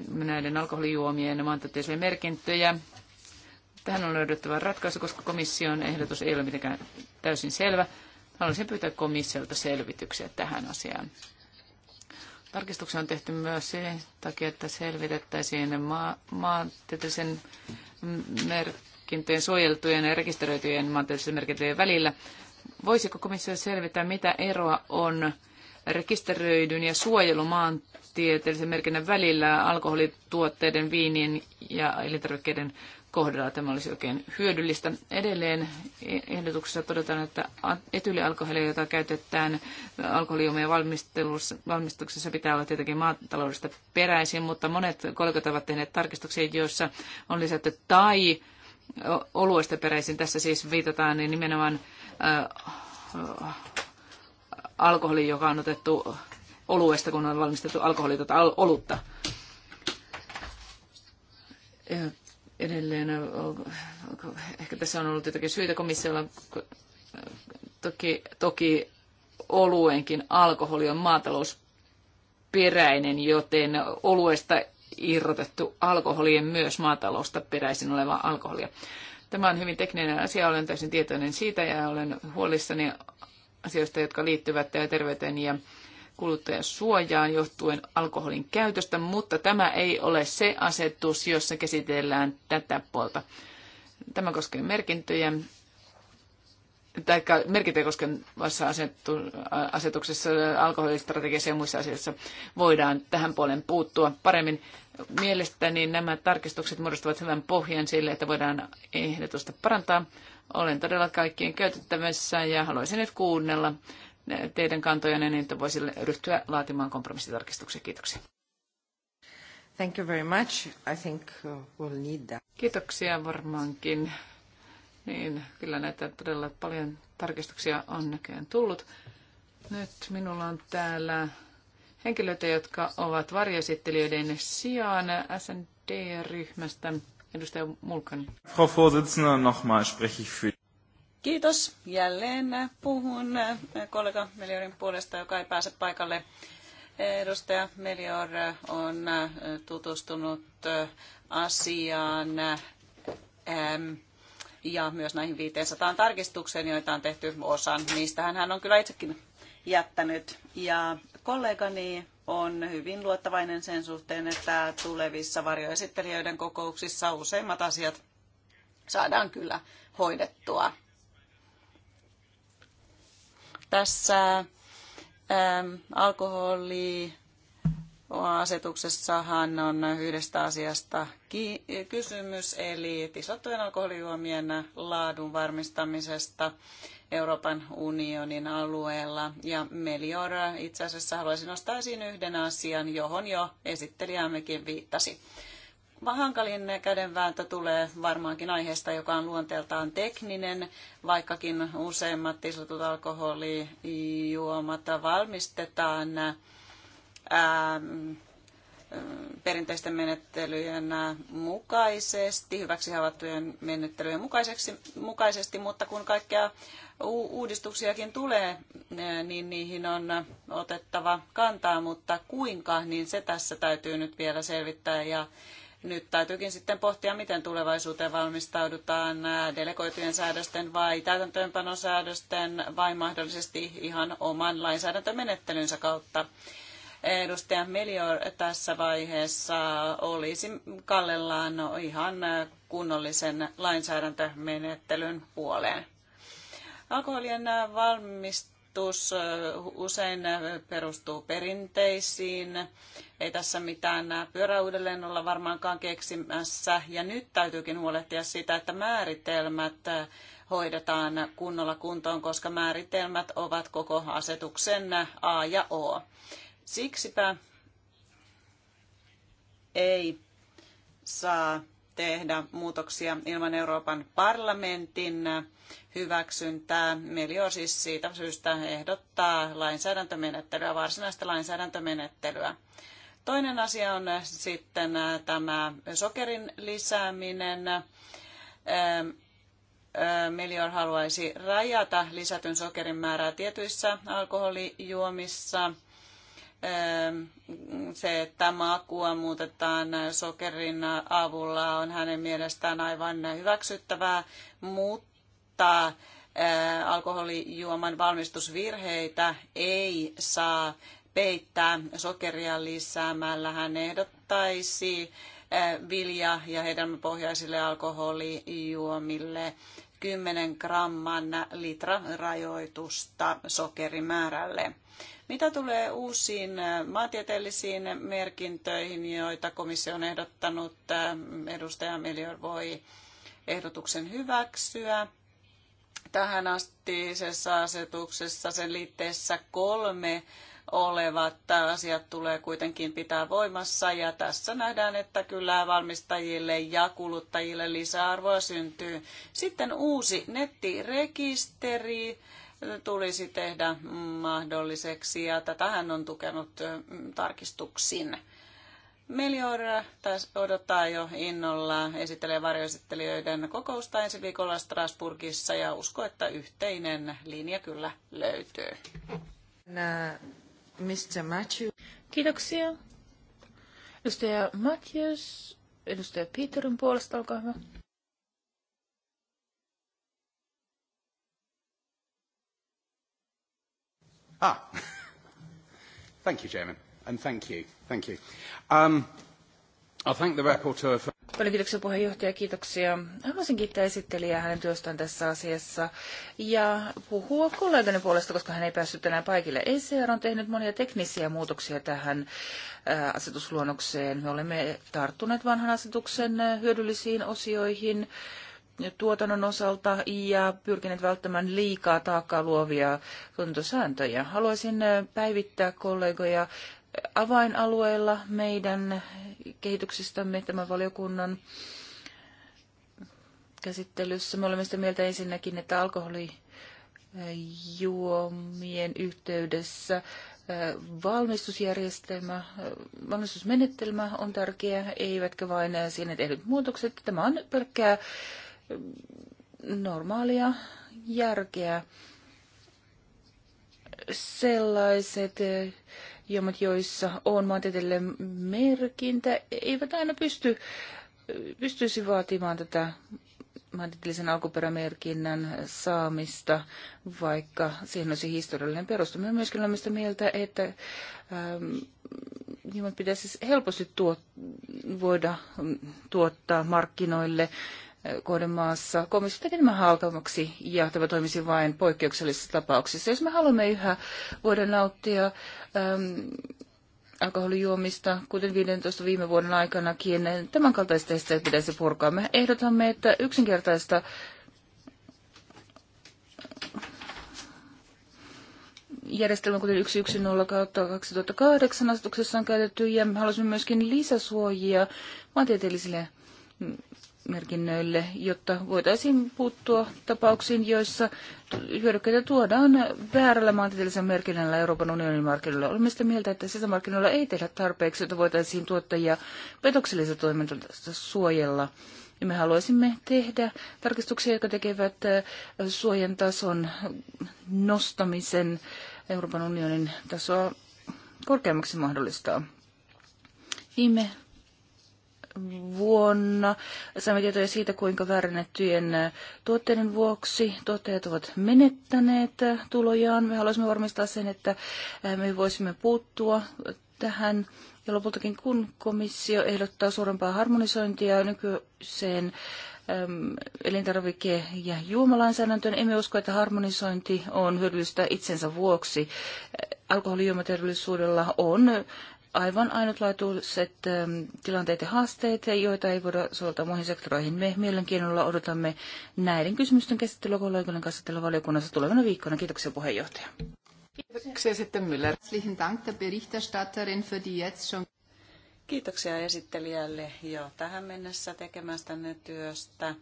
näiden alkoholijuomien maantieteellisiä merkintöjä. Tähän on löydettävä ratkaisu, koska komission ehdotus ei ole mitenkään täysin selvä. Haluaisin pyytää komissiolta selvityksiä tähän asiaan. Tarkistuksia on tehty myös sen takia, että selvitettäisiin maa, maantieteellisen merkintöjen suojeltujen ja rekisteröityjen maantieteellisen merkintöjen välillä. Voisiko komissio selvittää, mitä eroa on rekisteröidyn ja suojelumaan tieteellisen merkinnän välillä alkoholituotteiden, viinien ja elintarvikkeiden kohdalla tämä olisi oikein hyödyllistä. Edelleen ehdotuksessa todetaan, että etylialkoholia, jota käytetään alkoholijuomien valmistuksessa, pitää olla tietenkin maataloudesta peräisin, mutta monet kollegat ovat tehneet tarkistuksia, joissa on lisätty tai oluesta peräisin. Tässä siis viitataan niin nimenomaan alkoholi, joka on otettu oluesta, kun on valmistettu tota al- olutta. Ja edelleen, äh, ehkä tässä on ollut jotakin syitä komissiolla, äh, toki, toki oluenkin alkoholi on maatalousperäinen, joten oluesta irrotettu alkoholien myös maatalousta peräisin olevaa alkoholia. Tämä on hyvin tekninen asia, olen täysin tietoinen siitä ja olen huolissani asioista, jotka liittyvät terveyteen ja kuluttajan suojaan johtuen alkoholin käytöstä, mutta tämä ei ole se asetus, jossa käsitellään tätä puolta. Tämä koskee merkintöjä, tai merkintöjä koskevassa asetuksessa alkoholistrategiassa ja muissa asioissa voidaan tähän puolen puuttua paremmin. Mielestäni nämä tarkistukset muodostavat hyvän pohjan sille, että voidaan ehdotusta parantaa. Olen todella kaikkien käytettävissä ja haluaisin nyt kuunnella teidän kantojanne niin, että voisin ryhtyä laatimaan kompromissitarkistuksia. Kiitoksia. Thank you very much. I think uh, we'll need that. Kiitoksia varmaankin. Niin, kyllä näitä todella paljon tarkistuksia on näköjään tullut. Nyt minulla on täällä henkilöitä, jotka ovat varjoesittelijöiden sijaan SND-ryhmästä. Edustaja Mulkan. Frau Vorsitzende, nochmal spreche ich für... Kiitos. Jälleen puhun kollega Meliorin puolesta, joka ei pääse paikalle. Edustaja Melior on tutustunut asiaan ähm, ja myös näihin 500 tarkistukseen, joita on tehty osan. Niistähän hän on kyllä itsekin jättänyt. Ja kollegani on hyvin luottavainen sen suhteen, että tulevissa varjoesittelijöiden kokouksissa useimmat asiat saadaan kyllä hoidettua. Tässä ähm, alkoholi asetuksessahan on yhdestä asiasta ki- kysymys, eli tislattujen alkoholijuomien laadun varmistamisesta. Euroopan unionin alueella. Ja meliora. itse asiassa haluaisin nostaa esiin yhden asian, johon jo esittelijämmekin viittasi. Hankalin kädenvääntö tulee varmaankin aiheesta, joka on luonteeltaan tekninen, vaikkakin useimmat tisutut alkoholijuomat valmistetaan ää, ähm, perinteisten menettelyjen mukaisesti, hyväksi havaittujen menettelyjen mukaisesti, mutta kun kaikkea uudistuksiakin tulee, niin niihin on otettava kantaa, mutta kuinka, niin se tässä täytyy nyt vielä selvittää ja nyt täytyykin sitten pohtia, miten tulevaisuuteen valmistaudutaan delegoitujen säädösten vai säädösten vai mahdollisesti ihan oman lainsäädäntömenettelynsä kautta. Edustaja Melior tässä vaiheessa olisi kallellaan ihan kunnollisen lainsäädäntömenettelyn puoleen. Alkoholien valmistus usein perustuu perinteisiin. Ei tässä mitään pyörä uudelleen olla varmaankaan keksimässä. Ja nyt täytyykin huolehtia sitä, että määritelmät hoidetaan kunnolla kuntoon, koska määritelmät ovat koko asetuksen A ja O. Siksipä ei saa tehdä muutoksia ilman Euroopan parlamentin hyväksyntää. Melio siis siitä syystä ehdottaa lainsäädäntömenettelyä, varsinaista lainsäädäntömenettelyä. Toinen asia on sitten äh, tämä sokerin lisääminen. Ähm, äh, Melior haluaisi rajata lisätyn sokerin määrää tietyissä alkoholijuomissa. Ähm, se, että makua muutetaan sokerin avulla, on hänen mielestään aivan hyväksyttävää, mutta mutta alkoholijuoman valmistusvirheitä ei saa peittää sokeria lisäämällä. Hän ehdottaisi vilja- ja hedelmäpohjaisille alkoholijuomille 10 gramman litra rajoitusta sokerimäärälle. Mitä tulee uusiin maantieteellisiin merkintöihin, joita komissio on ehdottanut, edustaja Melior voi ehdotuksen hyväksyä tähän astisessa asetuksessa sen liitteessä kolme olevat asiat tulee kuitenkin pitää voimassa ja tässä nähdään, että kyllä valmistajille ja kuluttajille lisäarvoa syntyy. Sitten uusi nettirekisteri tulisi tehdä mahdolliseksi ja tätähän on tukenut mm, tarkistuksin Meliora taas odottaa jo innolla esittelee varjoesittelijöiden kokousta ensi viikolla Strasburgissa ja usko, että yhteinen linja kyllä löytyy. Äh, Mr. Matthew. Kiitoksia. Edustaja Matthews, edustaja Peterin puolesta, olkaa hyvä. Ah, thank you, Chairman and thank you. Thank you. Um, thank the rapporteur for... Paljon kiitoksia puheenjohtaja, kiitoksia. Haluaisin kiittää esittelijää hänen työstään tässä asiassa ja puhua kollegani puolesta, koska hän ei päässyt tänään paikalle. ECR on tehnyt monia teknisiä muutoksia tähän äh, asetusluonnokseen. Me olemme tarttuneet vanhan asetuksen äh, hyödyllisiin osioihin tuotannon osalta ja pyrkineet välttämään liikaa taakkaa luovia tuotantosääntöjä. Haluaisin äh, päivittää kollegoja avainalueilla meidän kehityksestämme tämän valiokunnan käsittelyssä. Me olemme sitä mieltä ensinnäkin, että alkoholijuomien yhteydessä valmistusjärjestelmä, valmistusmenetelmä on tärkeä, eivätkä vain siinä tehdyt muutokset. Tämä on pelkkää normaalia järkeä. Sellaiset juomat, joissa on maantieteellinen merkintä, eivät aina pysty, pystyisi vaatimaan tätä maantieteellisen alkuperämerkinnän saamista, vaikka siihen olisi historiallinen perustu. Me myöskin olemme sitä mieltä, että ähm, juomat pitäisi helposti tuot, voida mm, tuottaa markkinoille äh, kohdemaassa. Komissio tekee nämä ja tämä toimisi vain poikkeuksellisissa tapauksissa. Jos me haluamme yhä voida nauttia äm, alkoholijuomista, kuten 15 viime vuoden aikanakin, niin tämän kaltaiset esteet pitäisi purkaa. Me ehdotamme, että yksinkertaista järjestelmä, kuten 110 kautta 2008 asetuksessa on käytetty, ja me halusimme myöskin lisäsuojia maantieteellisille merkinnöille, jotta voitaisiin puuttua tapauksiin, joissa hyödykkeitä tuodaan väärällä maantieteellisellä merkinnällä Euroopan unionin markkinoilla. Olemme sitä mieltä, että sisämarkkinoilla ei tehdä tarpeeksi, jotta voitaisiin tuottajia petokselliselta toimintalta suojella. Ja me haluaisimme tehdä tarkistuksia, jotka tekevät äh, suojan tason nostamisen Euroopan unionin tasoa korkeammaksi mahdollistaa. Viime vuonna. Saimme tietoja siitä, kuinka väärennettyjen tuotteiden vuoksi tuottajat ovat menettäneet tulojaan. Me haluaisimme varmistaa sen, että me voisimme puuttua tähän. Ja lopultakin, kun komissio ehdottaa suurempaa harmonisointia nykyiseen elintarvike- ja juomalainsäädäntöön. Emme usko, että harmonisointi on hyödyllistä itsensä vuoksi. Alkoholijuomaterveellisuudella on aivan ainutlaatuiset ähm, tilanteet ja haasteet, joita ei voida soveltaa muihin sektoreihin. Me mielenkiinnolla odotamme näiden kysymysten käsittelyä kollegoiden kanssa tällä valiokunnassa tulevana viikkona. Kiitoksia puheenjohtaja. Kiitoksia sitten Müller. Kiitoksia esittelijälle jo tähän mennessä tekemästänne työstä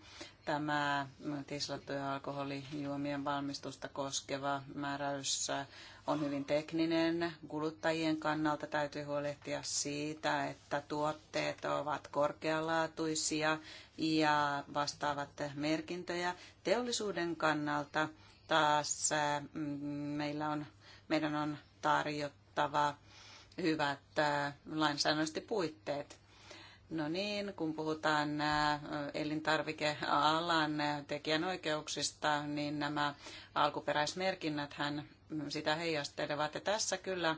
tämä tislattujen alkoholijuomien valmistusta koskeva määräys on hyvin tekninen. Kuluttajien kannalta täytyy huolehtia siitä, että tuotteet ovat korkealaatuisia ja vastaavat merkintöjä. Teollisuuden kannalta taas mm, meillä on, meidän on tarjottava hyvät äh, lainsäädännölliset puitteet No niin, kun puhutaan elintarvikealan tekijänoikeuksista, niin nämä alkuperäismerkinnät hän mm, sitä heijastelevat. Ja tässä kyllä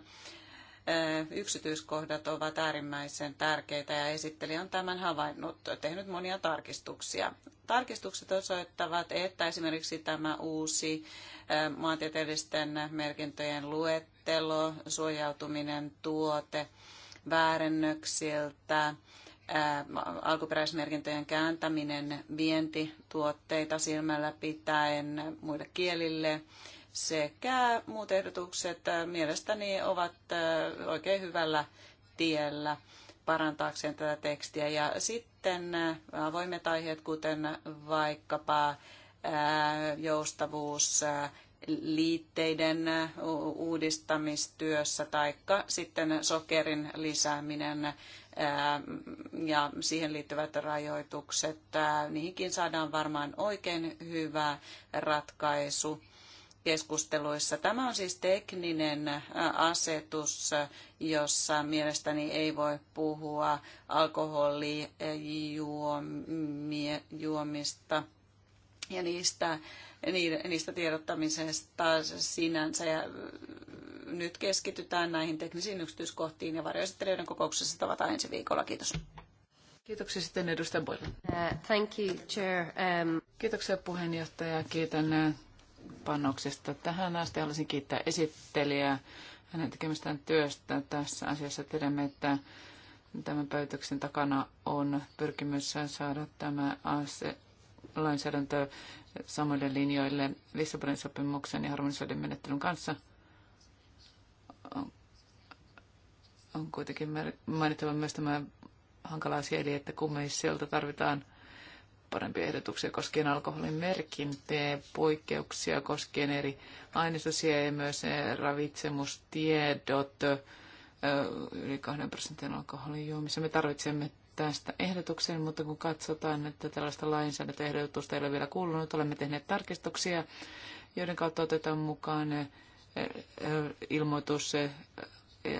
yksityiskohdat ovat äärimmäisen tärkeitä ja esittelijä on tämän havainnut, tehnyt monia tarkistuksia. Tarkistukset osoittavat, että esimerkiksi tämä uusi maantieteellisten merkintöjen luettelo, suojautuminen tuote, väärennöksiltä, alkuperäismerkintöjen kääntäminen vientituotteita silmällä pitäen muille kielille sekä muut ehdotukset mielestäni ovat oikein hyvällä tiellä parantaakseen tätä tekstiä. Ja sitten avoimet aiheet, kuten vaikkapa joustavuus liitteiden uudistamistyössä tai sitten sokerin lisääminen ja siihen liittyvät rajoitukset, niihinkin saadaan varmaan oikein hyvä ratkaisu keskusteluissa. Tämä on siis tekninen asetus, jossa mielestäni ei voi puhua alkoholijuomista ja niistä, niistä tiedottamisesta sinänsä. Ja nyt keskitytään näihin teknisiin yksityiskohtiin ja varjoesittelijöiden kokouksessa tavataan ensi viikolla. Kiitos. Kiitoksia sitten edustaja Boyle. Uh, thank you, Chair. Um... Kiitoksia puheenjohtaja. Kiitän uh, panoksesta tähän asti. Haluaisin kiittää esittelijää hänen tekemistään työstä tässä asiassa. Tiedämme, että tämän päätöksen takana on pyrkimys saada tämä ase lainsäädäntö samoille linjoille Lissabonin sopimuksen ja harmonisoiden menettelyn kanssa – on kuitenkin mainittava myös tämä hankala asia, eli että kummeisilta tarvitaan parempia ehdotuksia koskien alkoholin merkintää, poikkeuksia koskien eri ainesosia ja myös eh, ravitsemustiedot eh, yli 2 prosentin alkoholin juomissa. Me tarvitsemme tästä ehdotuksen, mutta kun katsotaan, että tällaista lainsäädäntöehdotusta ei ole vielä kuulunut, olemme tehneet tarkistuksia, joiden kautta otetaan mukaan eh, ilmoitus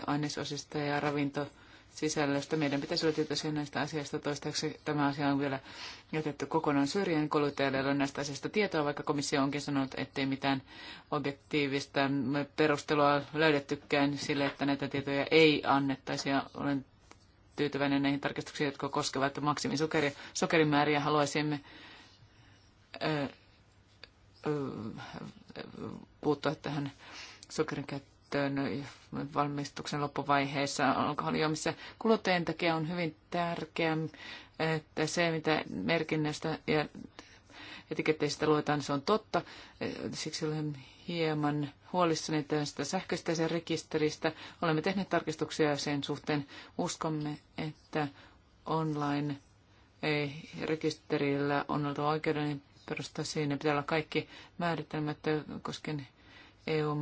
ainesosista ja ravinto sisällöstä. Meidän pitäisi olla tietoisia näistä asioista. Toistaiseksi tämä asia on vielä jätetty kokonaan syrjään. Kuluttajalle on näistä asioista tietoa, vaikka komissio onkin sanonut, ettei mitään objektiivista perustelua löydettykään sille, että näitä tietoja ei annettaisi. Ja olen tyytyväinen näihin tarkistuksiin, jotka koskevat maksimisokerimääriä. sokerimääriä. Haluaisimme ö, ö, puuttua tähän sokerin käyttöön käyttöön valmistuksen loppuvaiheessa alkoholijuomissa. Kuluttajien takia on hyvin tärkeää, että se mitä merkinnästä ja etiketteistä luetaan, se on totta. Siksi olen hieman huolissani tästä sähköistä rekisteristä. Olemme tehneet tarkistuksia sen suhteen. Uskomme, että online ei, eh, rekisterillä on oltava oikeuden perustaa Siinä pitää olla kaikki määritelmät koskien eu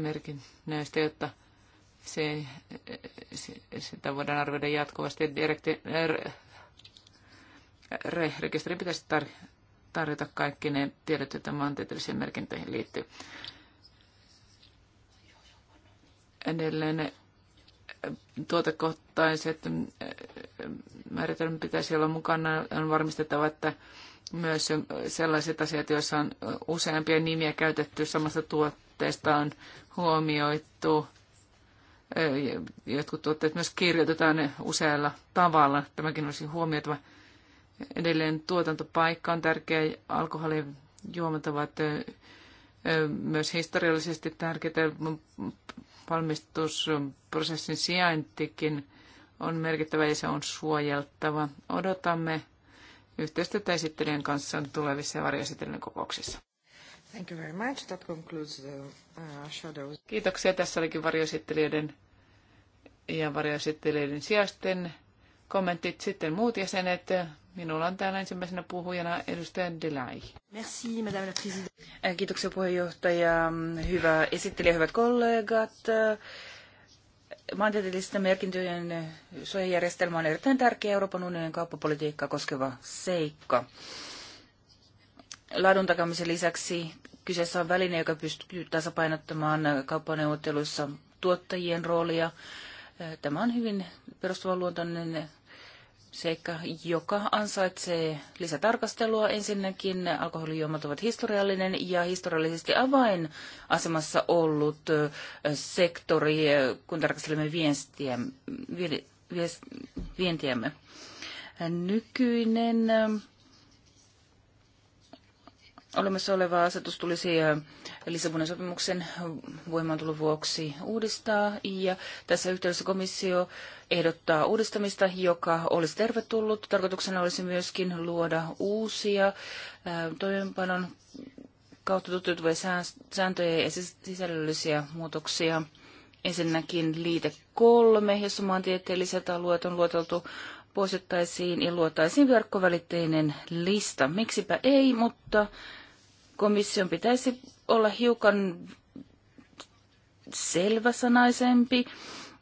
merkin näistä, jotta se, se, sitä voidaan arvioida jatkuvasti. Direkti, re, re, rekisteri pitäisi tar, tarjota kaikki ne tiedot, joita maantieteellisiin merkintöihin liittyy. Edelleen tuotekohtaiset äh, määritelmät pitäisi olla mukana. On varmistettava, että myös sellaiset asiat, joissa on useampia nimiä käytetty samasta tuotteesta, tuotteista on huomioitu. Jotkut tuotteet myös kirjoitetaan usealla tavalla. Tämäkin olisi huomioitava. Edelleen tuotantopaikka on tärkeä. Alkoholin juomat ovat myös historiallisesti tärkeitä. Valmistusprosessin sijaintikin on merkittävä ja se on suojeltava. Odotamme yhteistyötä esittelijän kanssa tulevissa ja varjoesittelyn kokouksissa. Thank you very much. That concludes the uh, shadows. Kiitoksia. Tässä olikin varjoesittelijöiden ja varjoesittelijöiden sijaisten kommentit. Sitten muut jäsenet. Minulla on täällä ensimmäisenä puhujana edustaja Delay. Merci, madame la présidente. Kiitoksia puheenjohtaja. Hyvä esittelijä, hyvät kollegat. Maantieteellisten merkintöjen suojajärjestelmä on erittäin tärkeä Euroopan unionin kauppapolitiikkaa koskeva seikka. Laadun takamisen lisäksi kyseessä on väline, joka pystyy tasapainottamaan kauppaneuvotteluissa tuottajien roolia. Äh, tämä on hyvin perustavanluontoinen seikka, joka ansaitsee lisätarkastelua. Ensinnäkin alkoholijuomat ovat historiallinen ja historiallisesti avainasemassa ollut äh, sektori, äh, kun tarkastelemme viestiä, Nykyinen olemassa oleva asetus tulisi Lissabonin sopimuksen voimaantulon vuoksi uudistaa. Ja tässä yhteydessä komissio ehdottaa uudistamista, joka olisi tervetullut. Tarkoituksena olisi myöskin luoda uusia toimeenpanon kautta tututuvia sääntöjä ja sisällöllisiä muutoksia. Ensinnäkin liite kolme, jossa maantieteelliset alueet on luoteltu poistettaisiin ja luotaisiin verkkovälitteinen lista. Miksipä ei, mutta komission pitäisi olla hiukan selväsanaisempi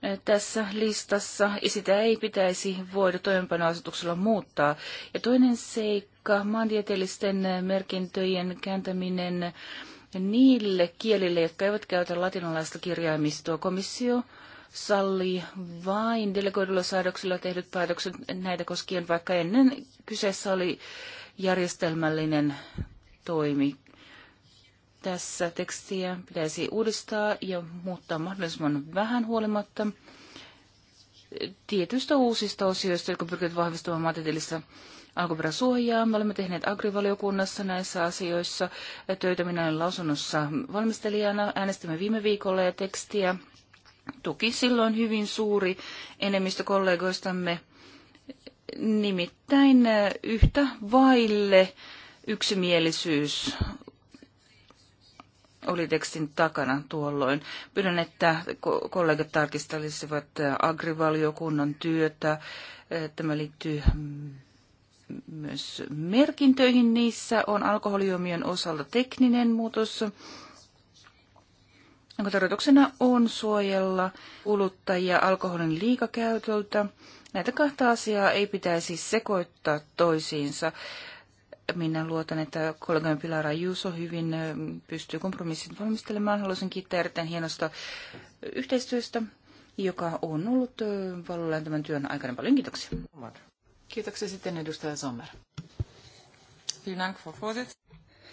eh, tässä listassa. Sitä ei pitäisi voida toimenpanoasetuksella muuttaa. Ja toinen seikka, maantieteellisten merkintöjen kääntäminen niille kielille, jotka eivät käytä latinalaista kirjaimistoa. Komissio sallii vain delegoidulla säädöksillä tehdyt päätökset näitä koskien, vaikka ennen kyseessä oli järjestelmällinen toimi. Tässä tekstiä pitäisi uudistaa ja muuttaa mahdollisimman vähän huolimatta tietyistä uusista osioista, jotka pyrkivät vahvistamaan maantieteellistä alkuperäsuojaa. Me olemme tehneet agrivaliokunnassa näissä asioissa töitä. Minä olen lausunnossa valmistelijana. Äänestimme viime viikolla ja tekstiä tuki silloin hyvin suuri enemmistö kollegoistamme. Nimittäin yhtä vaille yksimielisyys oli tekstin takana tuolloin. Pyydän, että kollegat tarkistelisivat äh, agrivaliokunnan työtä. Äh, tämä liittyy mm, myös merkintöihin. Niissä on alkoholijuomien osalta tekninen muutos, jonka tarkoituksena on suojella kuluttajia alkoholin liikakäytöltä. Näitä kahta asiaa ei pitäisi sekoittaa toisiinsa. Minä luotan, että kollegamme Pilar Juuso hyvin pystyy kompromissin valmistelemaan. Haluaisin kiittää erittäin hienosta yhteistyöstä, joka on ollut valolleen tämän työn aikana. Paljon kiitoksia. Kiitoksia sitten edustaja Sommer.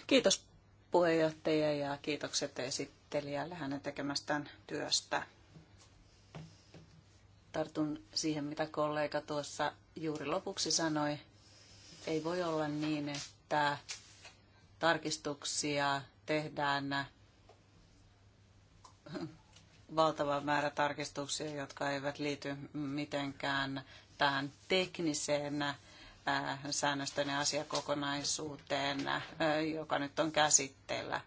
Kiitos puheenjohtaja ja kiitokset esittelijälle hänen tekemästään työstä. Tartun siihen, mitä kollega tuossa juuri lopuksi sanoi ei voi olla niin, että tarkistuksia tehdään valtava määrä tarkistuksia, jotka eivät liity mitenkään tähän tekniseen äh, säännöstön ja asiakokonaisuuteen, äh, joka nyt on käsitteellä,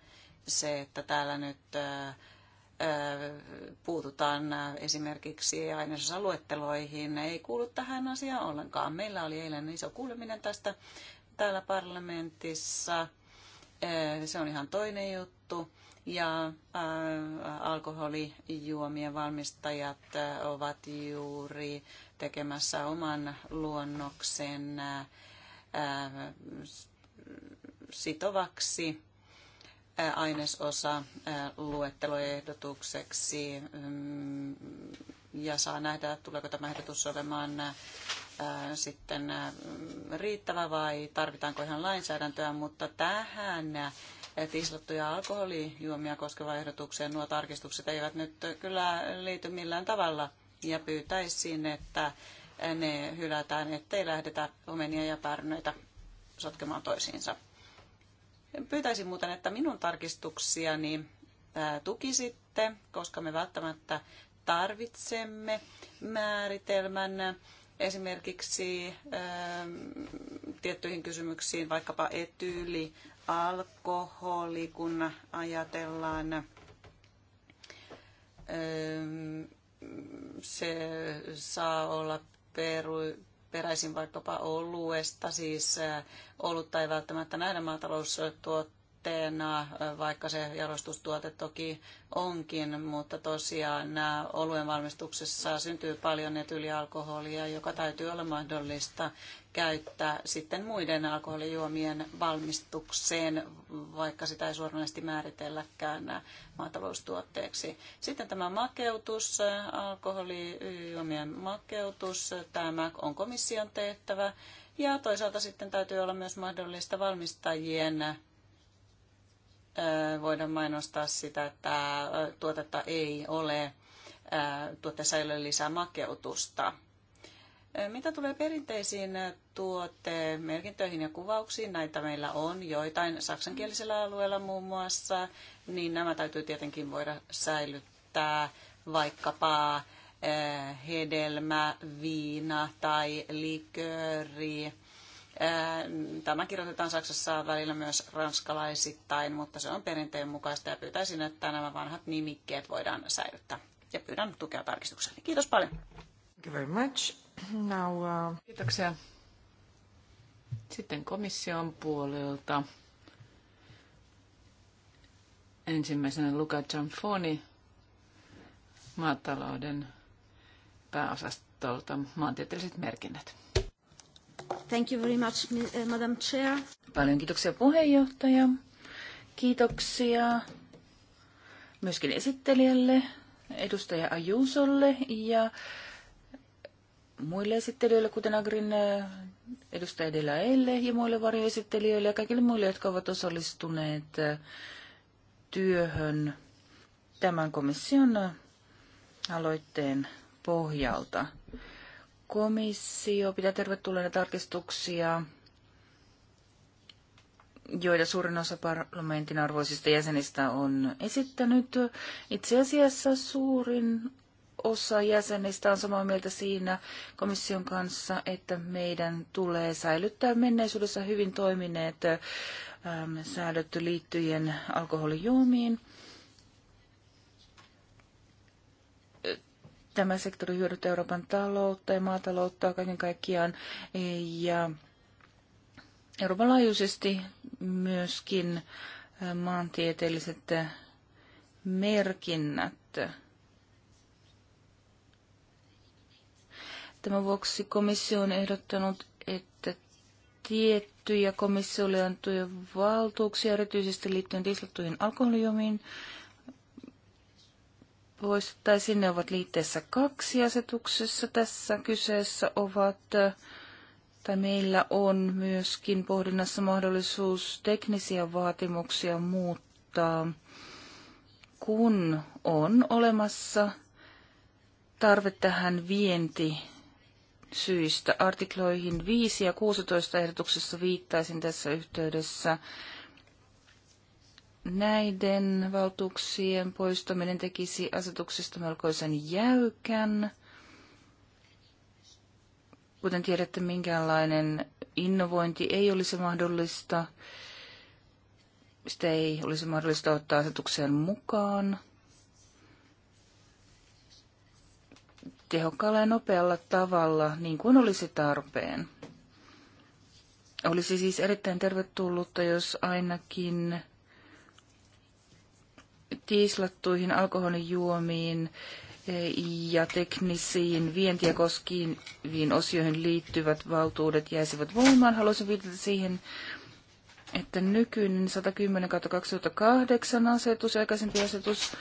Se, että täällä nyt äh, puututaan esimerkiksi ainesosaluetteloihin, ei kuulu tähän asiaan ollenkaan. Meillä oli eilen iso kuuleminen tästä täällä parlamentissa. Se on ihan toinen juttu. Ja alkoholijuomien valmistajat ovat juuri tekemässä oman luonnoksen sitovaksi ainesosa luetteloehdotukseksi mm, ja saa nähdä, tuleeko tämä ehdotus olemaan sitten riittävä vai tarvitaanko ihan lainsäädäntöä, mutta tähän tislattuja alkoholijuomia koskeva ehdotukseen nuo tarkistukset eivät nyt kyllä liity millään tavalla ja pyytäisin, että ne hylätään, ettei lähdetä omenia ja pärnöitä sotkemaan toisiinsa. Pyytäisin muuten, että minun tarkistuksiani tukisitte, koska me välttämättä tarvitsemme määritelmän esimerkiksi tiettyihin kysymyksiin, vaikkapa etyyli, alkoholi, kun ajatellaan se saa olla peru, peräisin vaikkapa oluesta, siis olutta ei välttämättä näillä maataloustuotteilla tuotteena, vaikka se jalostustuote toki onkin, mutta tosiaan oluen valmistuksessa syntyy paljon etylialkoholia, joka täytyy olla mahdollista käyttää sitten muiden alkoholijuomien valmistukseen, vaikka sitä ei suoranaisesti määritelläkään maataloustuotteeksi. Sitten tämä makeutus, alkoholijuomien makeutus, tämä on komission tehtävä. Ja toisaalta sitten täytyy olla myös mahdollista valmistajien voida mainostaa sitä, että tuotetta ei ole, tuotteessa ei ole lisää makeutusta. Mitä tulee perinteisiin tuotemerkintöihin ja kuvauksiin, näitä meillä on joitain saksankielisellä alueella muun muassa, niin nämä täytyy tietenkin voida säilyttää vaikkapa hedelmä, viina tai likööri Tämä kirjoitetaan Saksassa välillä myös ranskalaisittain, mutta se on perinteen mukaista ja pyytäisin, että nämä vanhat nimikkeet voidaan säilyttää. Ja pyydän tukea tarkistukselle. Kiitos paljon. Thank you very much. Now, uh... Kiitoksia. Sitten komission puolelta. Ensimmäisenä Luca Gianfoni maatalouden pääosastolta maantieteelliset merkinnät. Thank you very much, eh, Madam Chair. Paljon kiitoksia puheenjohtaja. Kiitoksia myöskin esittelijälle, edustaja Ajuusolle ja muille esittelijöille, kuten Agrin eh, edustaja Delaelle ja muille varjoesittelijöille ja kaikille muille, jotka ovat osallistuneet eh, työhön tämän komission aloitteen pohjalta. Komissio pitää tervetulleena tarkistuksia, joita suurin osa parlamentin arvoisista jäsenistä on esittänyt. Itse asiassa suurin osa jäsenistä on samaa mieltä siinä komission kanssa, että meidän tulee säilyttää menneisyydessä hyvin toimineet ähm, säädöt liittyjen alkoholijuomiin. Tämä sektori hyödyttää Euroopan taloutta ja maataloutta kaiken kaikkiaan e, ja Euroopan laajuisesti myöskin e, maantieteelliset merkinnät. Tämän vuoksi komissio on ehdottanut, että tiettyjä komissiolle antuja valtuuksia, erityisesti liittyen tislattuihin alkoholijuomiin, poistettaisiin. Ne ovat liitteessä kaksi asetuksessa. Tässä kyseessä ovat, tai meillä on myöskin pohdinnassa mahdollisuus teknisiä vaatimuksia muuttaa, kun on olemassa tarve tähän vienti syistä. Artikloihin 5 ja 16 ehdotuksessa viittaisin tässä yhteydessä näiden valtuuksien poistaminen tekisi asetuksesta melkoisen jäykän. Kuten tiedätte, minkäänlainen innovointi ei olisi mahdollista. Sitä ei olisi mahdollista ottaa asetukseen mukaan. Tehokkaalla ja nopealla tavalla, niin kuin olisi tarpeen. Olisi siis erittäin tervetullutta, jos ainakin tiislattuihin alkoholijuomiin e, ja teknisiin vientiä koskiviin osioihin liittyvät valtuudet jäisivät voimaan. Haluaisin viitata siihen, että nykyinen 110 2008 asetus ja aikaisempi asetus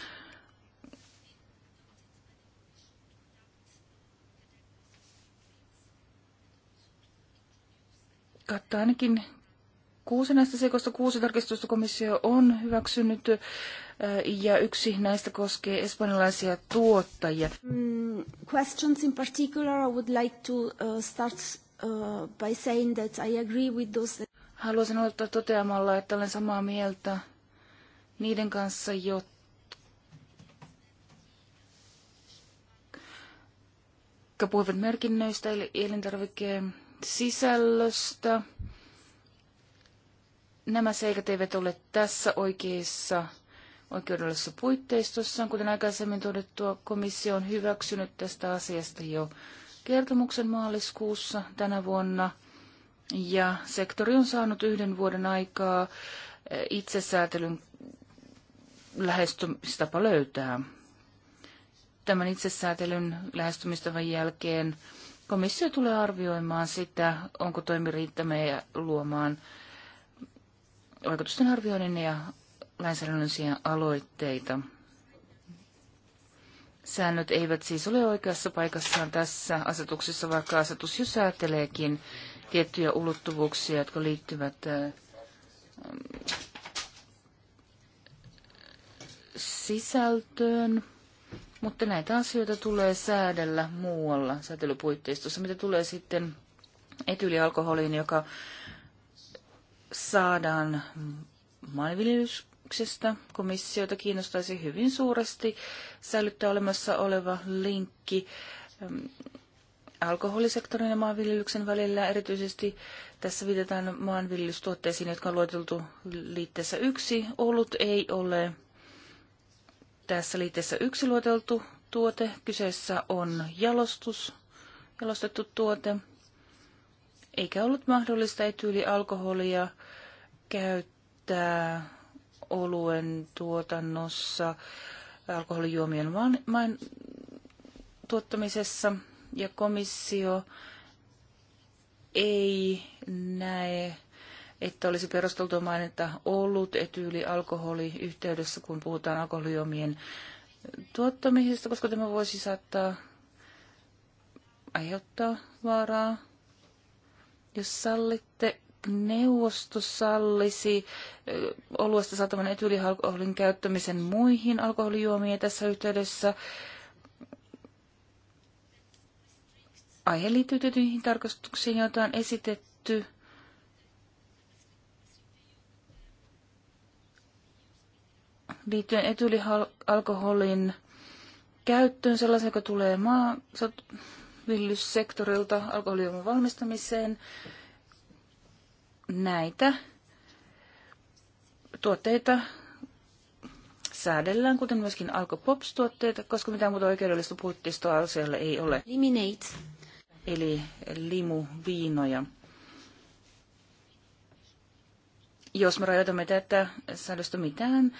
kattaa ainakin kuusi näistä seikoista. Kuusi tarkistusta komissio on hyväksynyt ja yksi näistä koskee espanjalaisia tuottajia. Mm, questions in particular, I would like to uh, start uh, by saying that I agree with those... Haluaisin aloittaa toteamalla, että olen samaa mieltä niiden kanssa, jotka jotka puhuvat merkinnöistä, eli elintarvikkeen sisällöstä. Nämä seikat eivät ole tässä oikeissa oikeudellisessa puitteistossaan. Kuten aikaisemmin todettua, komissio on hyväksynyt tästä asiasta jo kertomuksen maaliskuussa tänä vuonna. Ja sektori on saanut yhden vuoden aikaa eh, itsesäätelyn lähestymistapa löytää. Tämän itsesäätelyn lähestymistavan jälkeen komissio tulee arvioimaan sitä, onko toimi riittämään ja luomaan vaikutusten arvioinnin ja lainsäädännöllisiä aloitteita. Säännöt eivät siis ole oikeassa paikassaan tässä asetuksessa, vaikka asetus jo sääteleekin tiettyjä ulottuvuuksia, jotka liittyvät äh, sisältöön, mutta näitä asioita tulee säädellä muualla säätelypuitteistossa. Mitä tulee sitten etylialkoholiin, joka saadaan maanviljelys kysymyksestä. Komissiota kiinnostaisi hyvin suuresti säilyttää olemassa oleva linkki ähm, alkoholisektorin ja maanviljelyksen välillä. Erityisesti tässä viitataan maanviljelystuotteisiin, jotka on luoteltu liitteessä yksi. Olut ei ole tässä liitteessä yksi luoteltu tuote. Kyseessä on jalostus, jalostettu tuote. Eikä ollut mahdollista etyylialkoholia käyttää oluen tuotannossa, alkoholijuomien main, main, tuottamisessa ja komissio ei näe, että olisi perusteltua mainita ollut etyylialkoholi yhteydessä, kun puhutaan alkoholijuomien tuottamisesta, koska tämä voisi saattaa aiheuttaa vaaraa. Jos sallitte, neuvosto sallisi oluesta saatavan etylialkoholin käyttämisen muihin alkoholijuomiin tässä yhteydessä. Aihe liittyy tietyihin tarkastuksiin, joita on esitetty. liittyen etylialkoholin käyttöön, sellaisen, joka tulee maa, viljelyssektorilta alkoholijuoman valmistamiseen näitä tuotteita säädellään, kuten myöskin alkopops-tuotteita, koska mitään muuta oikeudellista puhuttistoa asialle ei ole. Eliminate. Eli limuviinoja. Jos me rajoitamme tätä säädöstä mitään,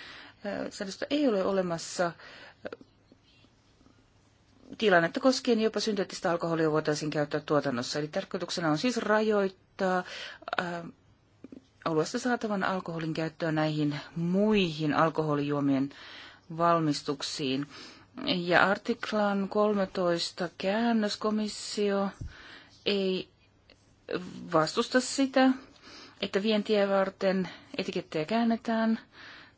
säädöstä ei ole olemassa tilannetta koskien jopa synteettistä alkoholia voitaisiin käyttää tuotannossa. Eli tarkoituksena on siis rajoittaa äh, alueesta saatavan alkoholin käyttöä näihin muihin alkoholijuomien valmistuksiin. Ja artiklan 13 käännöskomissio ei vastusta sitä, että vientiä varten etikettejä käännetään.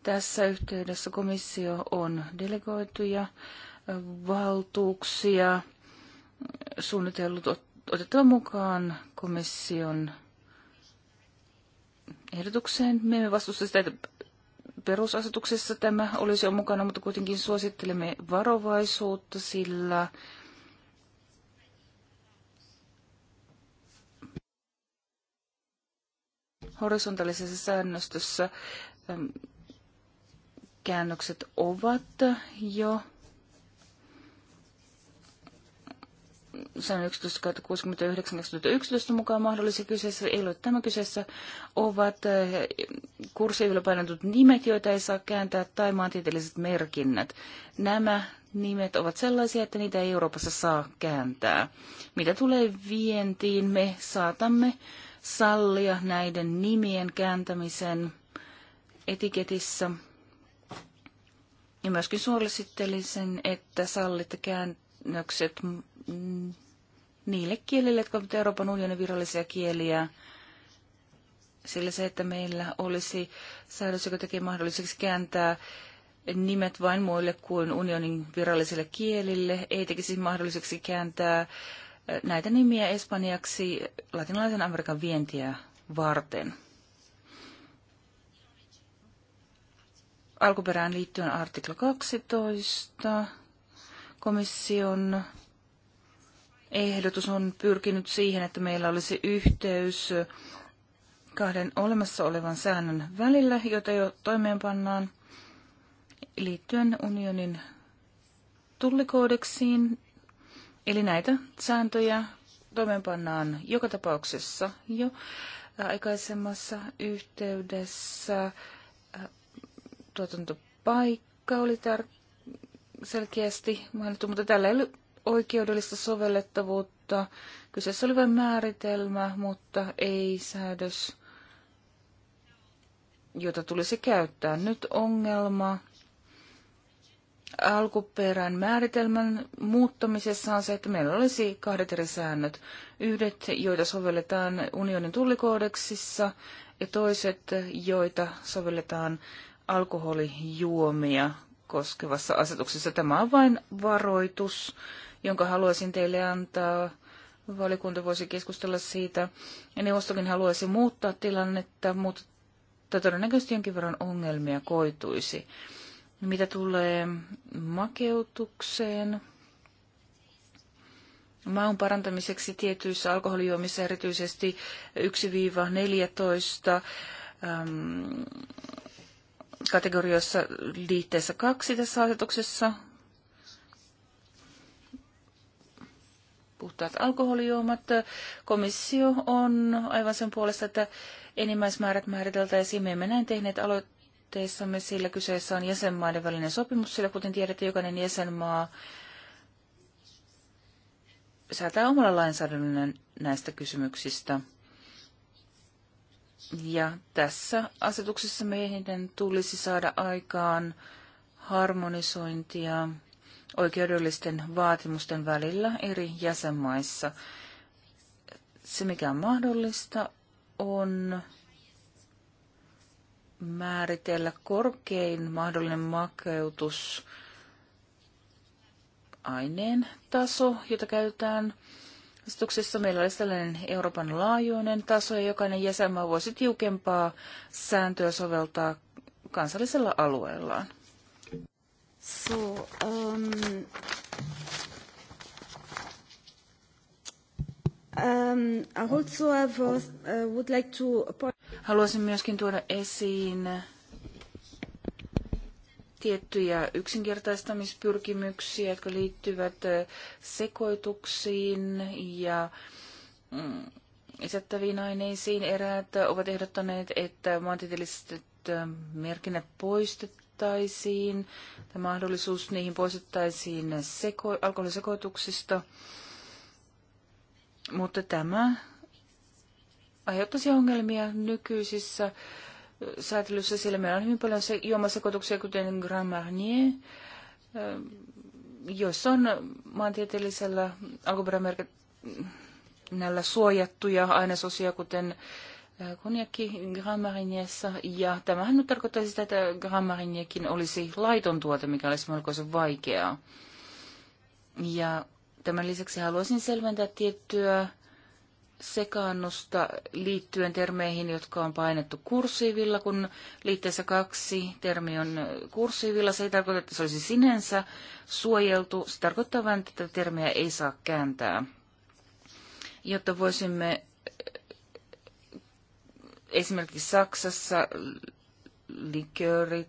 Tässä yhteydessä komissio on delegoituja valtuuksia suunnitellut otettava mukaan komission ehdotukseen. Me emme vastusta sitä, että perusasetuksessa tämä olisi jo mukana, mutta kuitenkin suosittelemme varovaisuutta, sillä horisontaalisessa säännöstössä käännökset ovat jo 111.69.2011 mukaan mahdollisia kyseessä, ei ole tämä kyseessä, ovat eh, kurssiylöpainotut nimet, joita ei saa kääntää, tai maantieteelliset merkinnät. Nämä nimet ovat sellaisia, että niitä ei Euroopassa saa kääntää. Mitä tulee vientiin, me saatamme sallia näiden nimien kääntämisen etiketissä. Ja myöskin suosittelisin, että sallitte kääntää käännökset niille kielille, jotka ovat Euroopan unionin virallisia kieliä. Sillä se, että meillä olisi säädös, joka tekee mahdolliseksi kääntää nimet vain muille kuin unionin virallisille kielille, ei tekisi mahdolliseksi kääntää näitä nimiä espanjaksi latinalaisen Amerikan vientiä varten. Alkuperään liittyen artikla 12. Komission ehdotus on pyrkinyt siihen, että meillä olisi yhteys kahden olemassa olevan säännön välillä, jota jo toimeenpannaan liittyen unionin tullikoodeksiin. Eli näitä sääntöjä toimeenpannaan joka tapauksessa jo aikaisemmassa yhteydessä. Tuotantopaikka oli tärkeä selkeästi mainittu, mutta tällä ei ollut oikeudellista sovellettavuutta. Kyseessä oli vain määritelmä, mutta ei säädös, jota tulisi käyttää. Nyt ongelma alkuperän määritelmän muuttamisessa on se, että meillä olisi kahdet eri säännöt. Yhdet, joita sovelletaan unionin tullikoodeksissa, ja toiset, joita sovelletaan alkoholijuomia koskevassa asetuksessa. Tämä on vain varoitus, jonka haluaisin teille antaa. Valiokunta voisi keskustella siitä. Ja neuvostokin haluaisi muuttaa tilannetta, mutta todennäköisesti jonkin verran ongelmia koituisi. Mitä tulee makeutukseen, maun parantamiseksi tietyissä alkoholijuomissa erityisesti 1-14 ähm, kategorioissa liitteessä kaksi tässä asetuksessa. Puhtaat alkoholijuomat. Komissio on aivan sen puolesta, että enimmäismäärät määriteltäisiin. Me emme näin tehneet aloitteessamme, sillä kyseessä on jäsenmaiden välinen sopimus, sillä kuten tiedätte, jokainen jäsenmaa säätää omalla lainsäädännöllä näistä kysymyksistä. Ja tässä asetuksessa meidän tulisi saada aikaan harmonisointia oikeudellisten vaatimusten välillä eri jäsenmaissa. Se, mikä on mahdollista, on määritellä korkein mahdollinen makeutus aineen taso, jota käytetään tarkastuksessa meillä olisi tällainen Euroopan laajuinen taso ja jokainen jäsenmaa voisi tiukempaa sääntöä soveltaa kansallisella alueellaan. So, um, Um, also have, uh, would like to... Haluaisin myöskin tuoda esiin tiettyjä yksinkertaistamispyrkimyksiä, jotka liittyvät sekoituksiin ja mm, lisättäviin aineisiin. Eräät ovat ehdottaneet, että maantieteelliset merkinnät poistettaisiin tai mahdollisuus niihin poistettaisiin seko- alkoholisekoituksista. Mutta tämä aiheuttaisi ongelmia nykyisissä säätelyssä, siellä meillä on hyvin paljon se, juomasekoituksia, kuten Grand Marnier, jos on maantieteellisellä alkuperämerkinnällä suojattuja ainesosia, kuten konjakki Grand Marniessa, ja tämähän nyt tarkoittaa sitä, että Grand Marniekin olisi laiton tuote, mikä olisi melkoisen vaikeaa. Ja tämän lisäksi haluaisin selventää tiettyä sekaannusta liittyen termeihin, jotka on painettu kursiivilla, kun liitteessä kaksi termi on kursiivilla. Se ei tarkoita, että se olisi sinänsä suojeltu. Se tarkoittaa vain, että tätä termiä ei saa kääntää. Jotta voisimme eh, esimerkiksi Saksassa likööri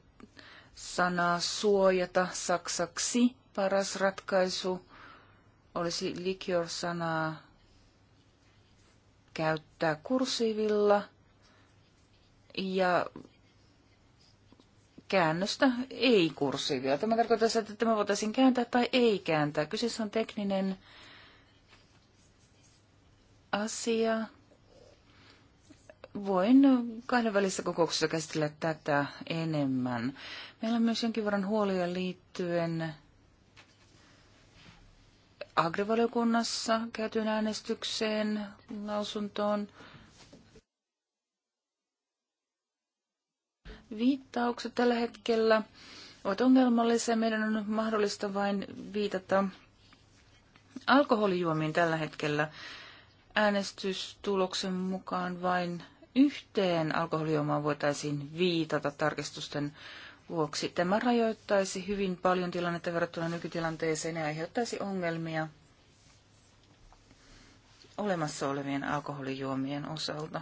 sanaa suojata saksaksi. Paras ratkaisu olisi likior sanaa käyttää kursiivilla ja käännöstä ei kursiivilla. Tämä tarkoittaa sitä, että tämä voitaisiin kääntää tai ei kääntää. Kyseessä on tekninen asia. Voin kahden välissä kokouksessa käsitellä tätä enemmän. Meillä on myös jonkin verran huolia liittyen agrivaliokunnassa käytyyn äänestykseen lausuntoon. Viittaukset tällä hetkellä ovat ongelmallisia. Meidän on mahdollista vain viitata alkoholijuomiin tällä hetkellä äänestystuloksen mukaan vain yhteen alkoholijuomaan voitaisiin viitata tarkistusten vuoksi. Tämä rajoittaisi hyvin paljon tilannetta verrattuna nykytilanteeseen ja aiheuttaisi ongelmia olemassa olevien alkoholijuomien osalta.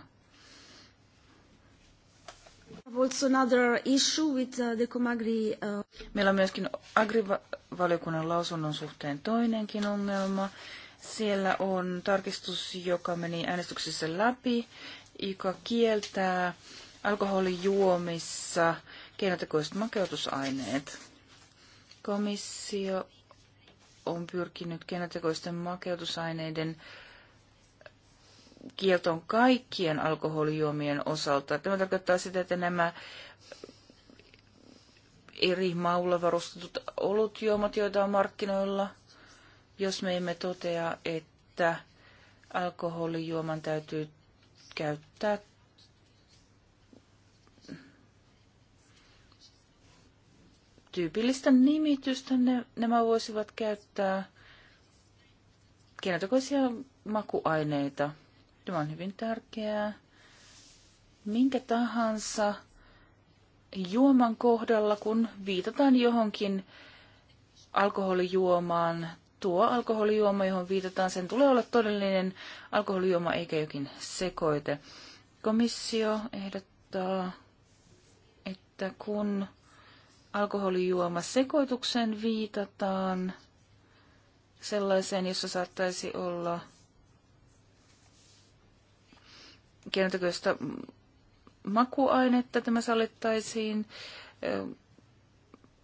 Also issue with uh, the Comagri, uh, Meillä on myöskin agrivaliokunnan lausunnon suhteen toinenkin ongelma. Siellä on tarkistus, joka meni äänestyksessä läpi, joka kieltää alkoholijuomissa keinotekoiset makeutusaineet. Komissio on pyrkinyt keinotekoisten makeutusaineiden kieltoon kaikkien alkoholijuomien osalta. Tämä tarkoittaa sitä, että nämä eri maulla varustetut olutjuomat, joita on markkinoilla, jos me emme totea, että alkoholijuoman täytyy käyttää tyypillistä nimitystä ne, nämä voisivat käyttää keinotekoisia makuaineita. Tämä on hyvin tärkeää. Minkä tahansa juoman kohdalla, kun viitataan johonkin alkoholijuomaan, tuo alkoholijuoma, johon viitataan, sen tulee olla todellinen alkoholijuoma eikä jokin sekoite. Komissio ehdottaa, että kun alkoholijuomasekoitukseen viitataan sellaiseen, jossa saattaisi olla keinotekoista makuainetta. Tämä sallittaisiin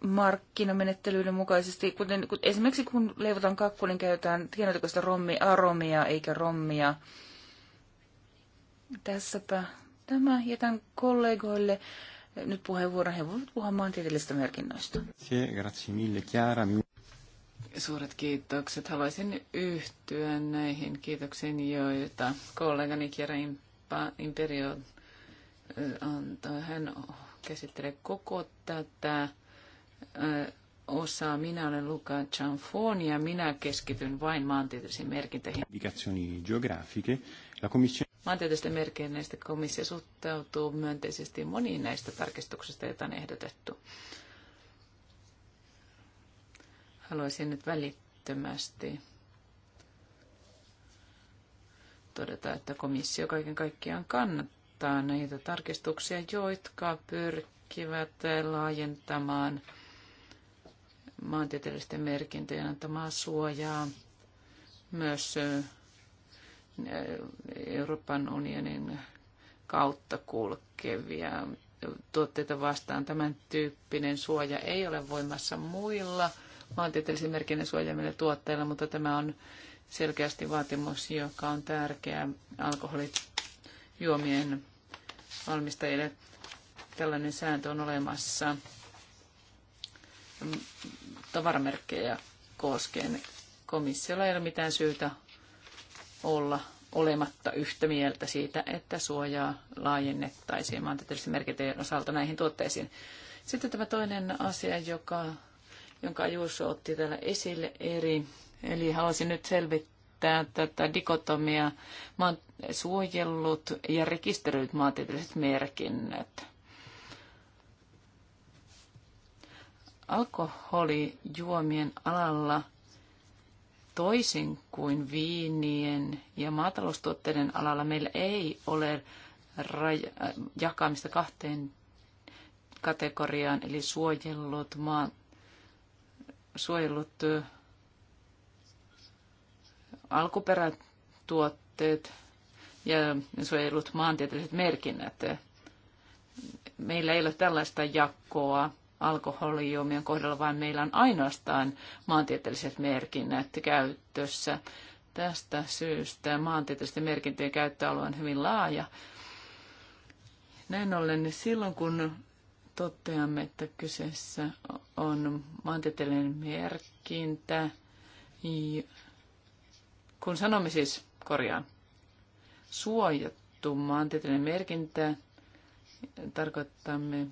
markkinamenettelyiden mukaisesti. Kuten, kun, esimerkiksi kun leivotaan kakku, niin käytetään keinotekoista aromia eikä rommia. Tässäpä tämä jätän kollegoille nyt puheenvuoron. He voivat puhua maantieteellisistä merkinnöistä. Suuret kiitokset. Haluaisin yhtyä näihin kiitoksiin, joita kollegani Kiera Imperio eh, antoi. Hän käsittelee koko tätä eh, osaa. Minä olen Luca Cianfoni ja minä keskityn vain maantieteellisiin merkintöihin. geografiche Maantieteellisten merkinnäistä komissio suhtautuu myönteisesti moniin näistä tarkistuksista, joita on ehdotettu. Haluaisin nyt välittömästi todeta, että komissio kaiken kaikkiaan kannattaa näitä tarkistuksia, jotka pyrkivät laajentamaan maantieteellisten merkintöjen antamaa suojaa myös Euroopan unionin kautta kulkevia tuotteita vastaan. Tämän tyyppinen suoja ei ole voimassa muilla maantieteellisen merkinnän suojaamilla tuotteilla, mutta tämä on selkeästi vaatimus, joka on tärkeä alkoholijuomien valmistajille. Tällainen sääntö on olemassa tavaramerkkejä koskien. Komissiolla ei ole mitään syytä olla olematta yhtä mieltä siitä, että suojaa laajennettaisiin maantieteellisten merkintöjen osalta näihin tuotteisiin. Sitten tämä toinen asia, joka, jonka Juuso otti täällä esille, eri, eli haluaisin nyt selvittää tätä dikotomia maan, suojellut ja rekisteröidyt maantieteelliset merkinnät. Alkoholijuomien alalla – Toisin kuin viinien ja maataloustuotteiden alalla meillä ei ole raj- jakamista kahteen kategoriaan, eli suojellut maa, suojellut alkuperätuotteet ja suojellut maantieteelliset merkinnät. Meillä ei ole tällaista jakoa alkoholijuomien kohdalla, vaan meillä on ainoastaan maantieteelliset merkinnät käytössä. Tästä syystä maantieteellisten merkintöjen käyttöalue on hyvin laaja. Näin ollen niin silloin, kun toteamme, että kyseessä on maantieteellinen merkintä, kun sanomme siis, korjaan, suojattu maantieteellinen merkintä, tarkoittamme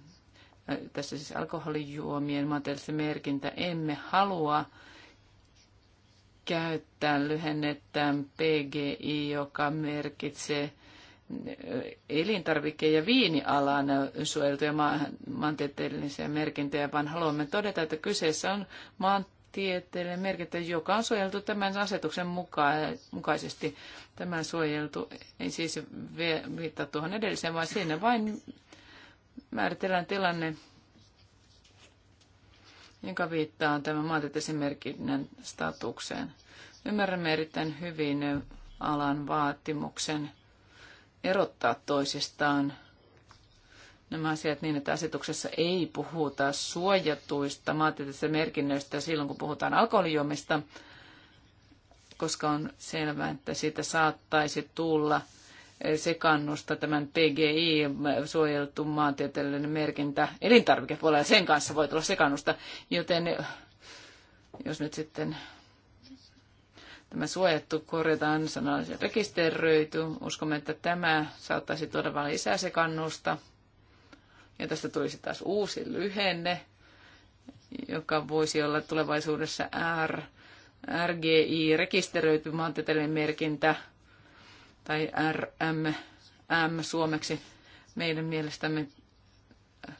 tässä siis alkoholijuomien materiaalista merkintä, emme halua käyttää lyhennettä PGI, joka merkitsee elintarvike- ja viinialan suojeltuja ma- maantieteellisiä merkintöjä, vaan haluamme todeta, että kyseessä on maantieteellinen merkintä, joka on suojeltu tämän asetuksen muka- mukaisesti. Tämä suojeltu ei siis viittaa tuohon edelliseen, vaan siinä vain määritellään tilanne, jonka viittaa tämän maantieteellisen statukseen. Ymmärrämme erittäin hyvin alan vaatimuksen erottaa toisistaan nämä asiat niin, että asetuksessa ei puhuta suojatuista maantieteellisistä merkinnöistä silloin, kun puhutaan alkoholijuomista, koska on selvää, että siitä saattaisi tulla – sekannusta tämän PGI-suojeltu maantieteellinen merkintä elintarvikepuolella. Sen kanssa voi tulla sekannusta, joten jos nyt sitten tämä suojattu korjataan sanallisen rekisteröity, uskomme, että tämä saattaisi tuoda vain lisää sekannusta. Ja tästä tulisi taas uusi lyhenne, joka voisi olla tulevaisuudessa R, RGI, rekisteröity maantieteellinen merkintä – tai RM, M suomeksi meidän mielestämme äh,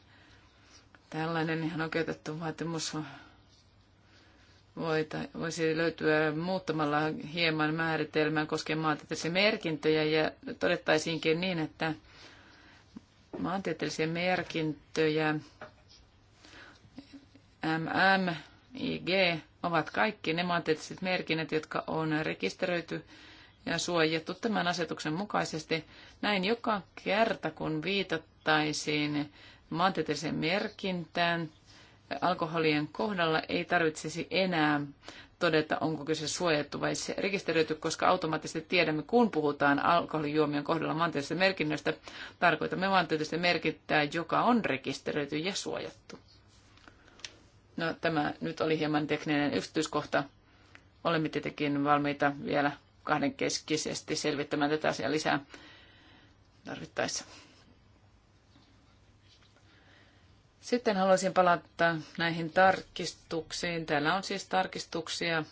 tällainen ihan oikeutettu vaatimus voisi löytyä muuttamalla hieman määritelmään koskien maantieteellisiä merkintöjä ja todettaisiinkin niin, että maantieteellisiä merkintöjä MM, IG ovat kaikki ne maantieteelliset merkinnät, jotka on rekisteröity ja suojattu tämän asetuksen mukaisesti. Näin joka kerta, kun viitattaisiin maantieteelliseen merkintään alkoholien kohdalla, ei tarvitsisi enää todeta, onko kyse suojattu vai se rekisteröity, koska automaattisesti tiedämme, kun puhutaan alkoholijuomien kohdalla maantieteellisestä merkinnöstä, tarkoitamme maantieteellistä merkittää joka on rekisteröity ja suojattu. No tämä nyt oli hieman tekninen yksityiskohta. Olemme tietenkin valmiita vielä keskisesti selvittämään tätä asiaa lisää tarvittaessa. Sitten haluaisin palata näihin tarkistuksiin. Täällä on siis tarkistuksia,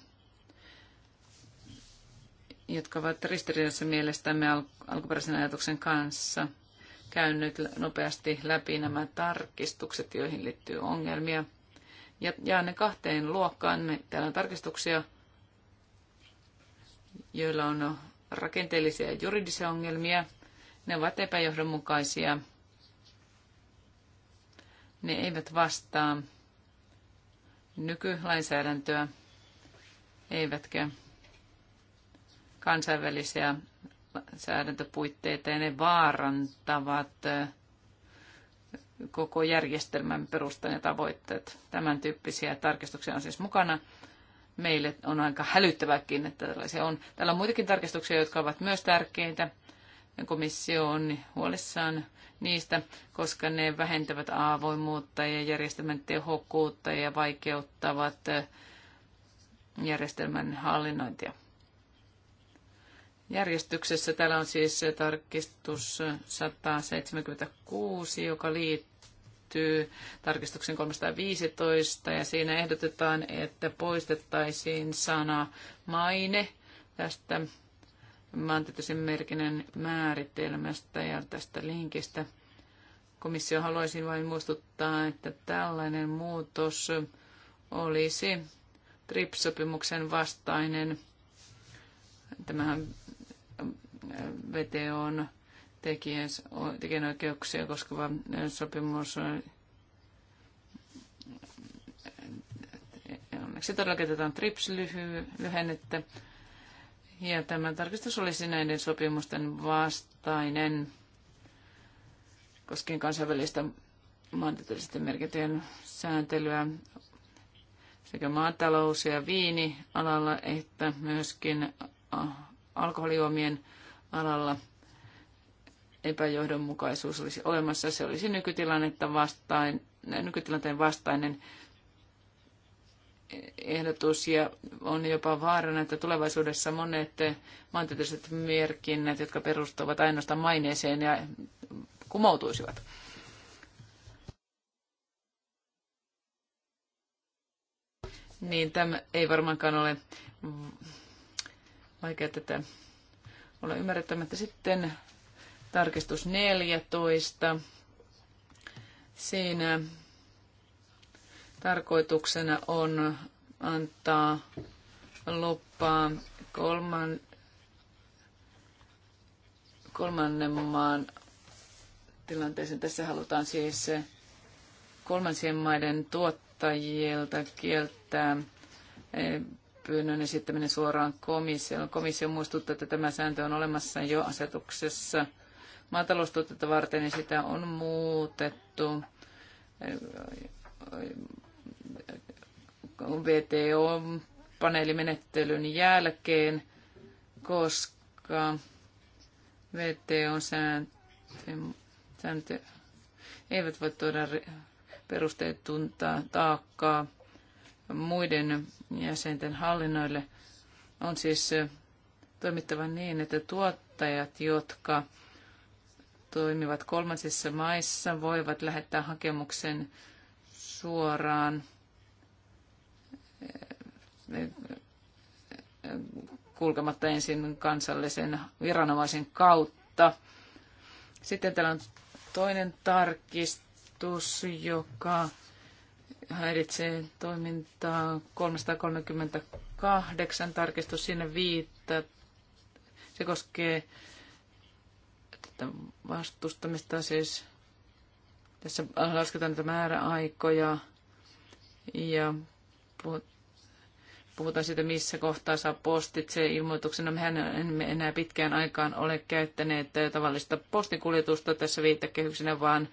jotka ovat ristiriidassa mielestämme alkuperäisen ajatuksen kanssa. Käyn nyt nopeasti läpi nämä tarkistukset, joihin liittyy ongelmia. Ja jaan ne kahteen luokkaan. Me, täällä on tarkistuksia, joilla on rakenteellisia ja juridisia ongelmia. Ne ovat epäjohdonmukaisia. Ne eivät vastaa nykylainsäädäntöä, eivätkä kansainvälisiä säädäntöpuitteita ja ne vaarantavat koko järjestelmän perustan ja tavoitteet. Tämän tyyppisiä tarkistuksia on siis mukana meille on aika hälyttäväkin, että tällaisia on. Täällä on muitakin tarkistuksia, jotka ovat myös tärkeitä. Komissio on huolissaan niistä, koska ne vähentävät avoimuutta ja järjestelmän tehokkuutta ja vaikeuttavat eh, järjestelmän hallinnointia. Järjestyksessä täällä on siis tarkistus 176, joka liittyy liittyy tarkistuksen 315 ja siinä ehdotetaan, että poistettaisiin sana maine tästä maantieteellisen merkinnän määritelmästä ja tästä linkistä. Komissio haluaisin vain muistuttaa, että tällainen muutos olisi TRIPS-sopimuksen vastainen. Tämähän VTO on tekijänoikeuksia koskeva sopimus. Onneksi todella käytetään TRIPS-lyhennettä. Ja tämä tarkistus olisi näiden sopimusten vastainen koskien kansainvälistä maantieteellisesti merkityjen sääntelyä sekä maatalous- ja viinialalla että myöskin alkoholijuomien alalla – epäjohdonmukaisuus olisi olemassa. Se olisi nykytilannetta vastain, nykytilanteen vastainen ehdotus ja on jopa vaarana, että tulevaisuudessa monet maantieteelliset merkinnät, jotka perustuvat ainoastaan maineeseen ja kumoutuisivat. Niin, tämä ei varmaankaan ole vaikea tätä olla ymmärrettämättä. Sitten tarkistus 14. Siinä tarkoituksena on antaa loppaa kolman, kolmannen maan tilanteeseen. Tässä halutaan siis kolmansien maiden tuottajilta kieltää eh, pyynnön esittäminen suoraan komissiolle. Komissio muistuttaa, että tämä sääntö on olemassa jo asetuksessa – maataloustuotetta varten, niin sitä on muutettu. VTO-paneelimenettelyn jälkeen, koska VTO-sääntö eivät voi tuoda perusteetunta taakkaa muiden jäsenten hallinnoille. On siis toimittava niin, että tuottajat, jotka toimivat kolmansissa maissa voivat lähettää hakemuksen suoraan kulkematta ensin kansallisen viranomaisen kautta. Sitten täällä on toinen tarkistus, joka häiritsee toimintaa 338 tarkistus. sinne viittaa, se koskee tästä vastustamista siis. Tässä lasketaan näitä määräaikoja ja puhutaan siitä, missä kohtaa saa postitse ilmoituksena. Mehän emme enää pitkään aikaan ole käyttäneet tavallista postikuljetusta tässä viitekehyksenä, vaan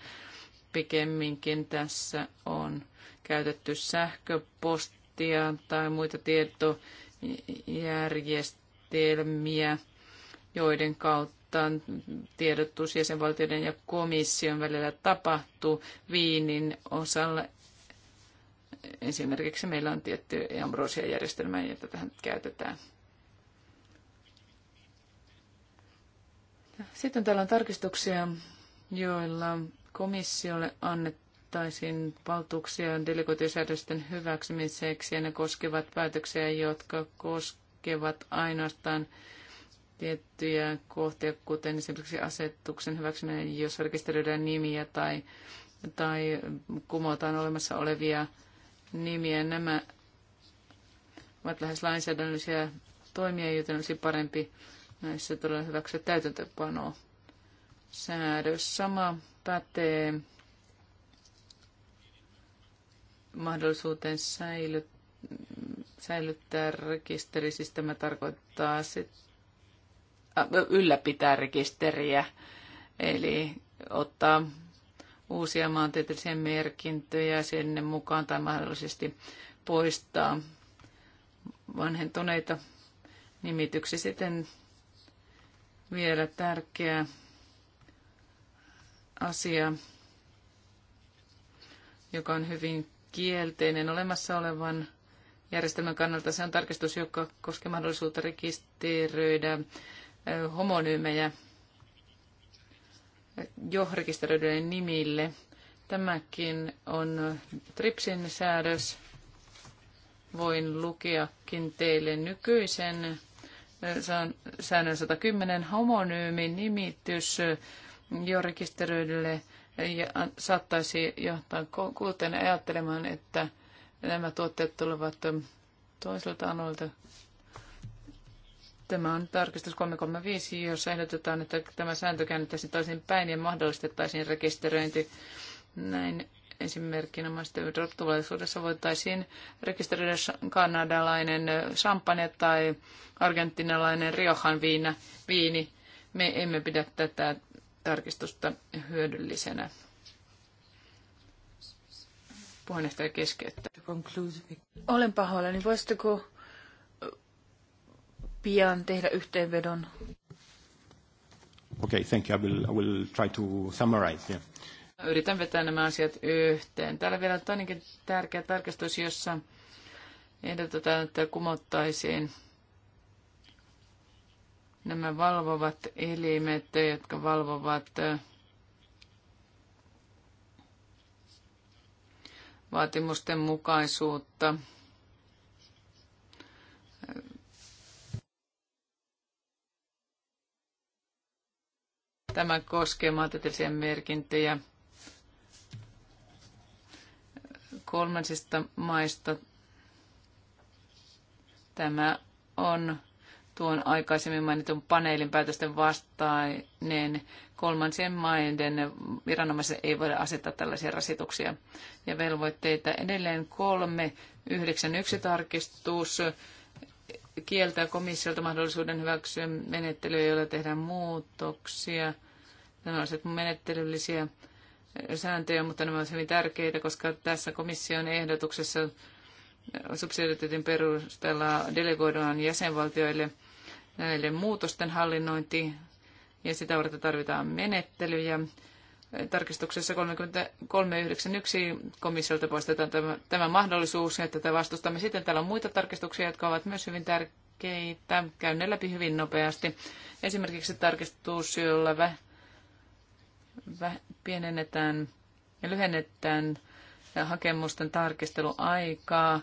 pikemminkin tässä on käytetty sähköpostia tai muita tietojärjestelmiä, joiden kautta suuntaan tiedotus jäsenvaltioiden ja komission välillä tapahtuu Viinin osalla. Esimerkiksi meillä on tietty ambrosia-järjestelmä, jota tähän käytetään. Sitten täällä on tarkistuksia, joilla komissiolle annettaisiin valtuuksia delegoitiosäädösten hyväksymiseksi ja ne koskevat päätöksiä, jotka koskevat ainoastaan tiettyjä kohtia, kuten esimerkiksi asetuksen hyväksyminen, jos rekisteröidään nimiä tai, tai kumotaan olemassa olevia nimiä. Nämä ovat lähes lainsäädännöllisiä toimia, joten olisi parempi näissä todella hyväksyä täytäntöpano. Säädös sama pätee mahdollisuuteen säilyttää säilyttää rekisteri, siis tämä tarkoittaa sitten ylläpitää rekisteriä, eli ottaa uusia maantieteellisiä merkintöjä sinne mukaan tai mahdollisesti poistaa vanhentuneita nimityksiä. Sitten vielä tärkeä asia, joka on hyvin kielteinen olemassa olevan järjestelmän kannalta. Se on tarkistus, joka koskee mahdollisuutta rekisteröidä homonyymejä jo rekisteröidyille nimille. Tämäkin on TRIPSin säädös. Voin lukeakin teille nykyisen säännön 110 homonyymin nimitys jo rekisteröidylle ja saattaisi johtaa kuluttajana ajattelemaan, että nämä tuotteet tulevat toiselta anolta Tämä on tarkistus 335, jossa ehdotetaan, että tämä sääntö käännettäisiin toisin päin ja mahdollistettaisiin rekisteröinti. Näin esimerkinomaisesti tulevaisuudessa voitaisiin rekisteröidä kanadalainen champagne tai argentinalainen Riohan viina, viini. Me emme pidä tätä tarkistusta hyödyllisenä. Puheenjohtaja keskeyttää. Olen pahoillani. Voisitteko pian tehdä yhteenvedon. Okay, thank you. I will, I will try to summarize. Yeah. Yritän vetää nämä asiat yhteen. Täällä vielä on toinenkin tärkeä tarkastus, jossa ehdotetaan, että kumottaisiin nämä valvovat elimet, jotka valvovat äh, vaatimusten mukaisuutta. Tämä koskee maantieteellisiä merkintöjä kolmansista maista. Tämä on tuon aikaisemmin mainitun paneelin päätösten vastainen. Kolmansien maiden viranomaiset ei voida asettaa tällaisia rasituksia ja velvoitteita. Edelleen kolme yhdeksän yksi tarkistus kieltää komissiolta mahdollisuuden hyväksyä menettelyä, joilla tehdään muutoksia. Nämä ovat menettelyllisiä sääntöjä, mutta nämä ovat hyvin tärkeitä, koska tässä komission ehdotuksessa subsidiariteetin perusteella delegoidaan jäsenvaltioille näille muutosten hallinnointi ja sitä varten tarvitaan menettelyjä tarkistuksessa 3391 komissiolta poistetaan tämä, tämä mahdollisuus, että tätä vastustamme. Sitten täällä on muita tarkistuksia, jotka ovat myös hyvin tärkeitä. Käyn ne läpi hyvin nopeasti. Esimerkiksi tarkistus, jolla vä, vä, pienennetään ja lyhennetään hakemusten tarkisteluaikaa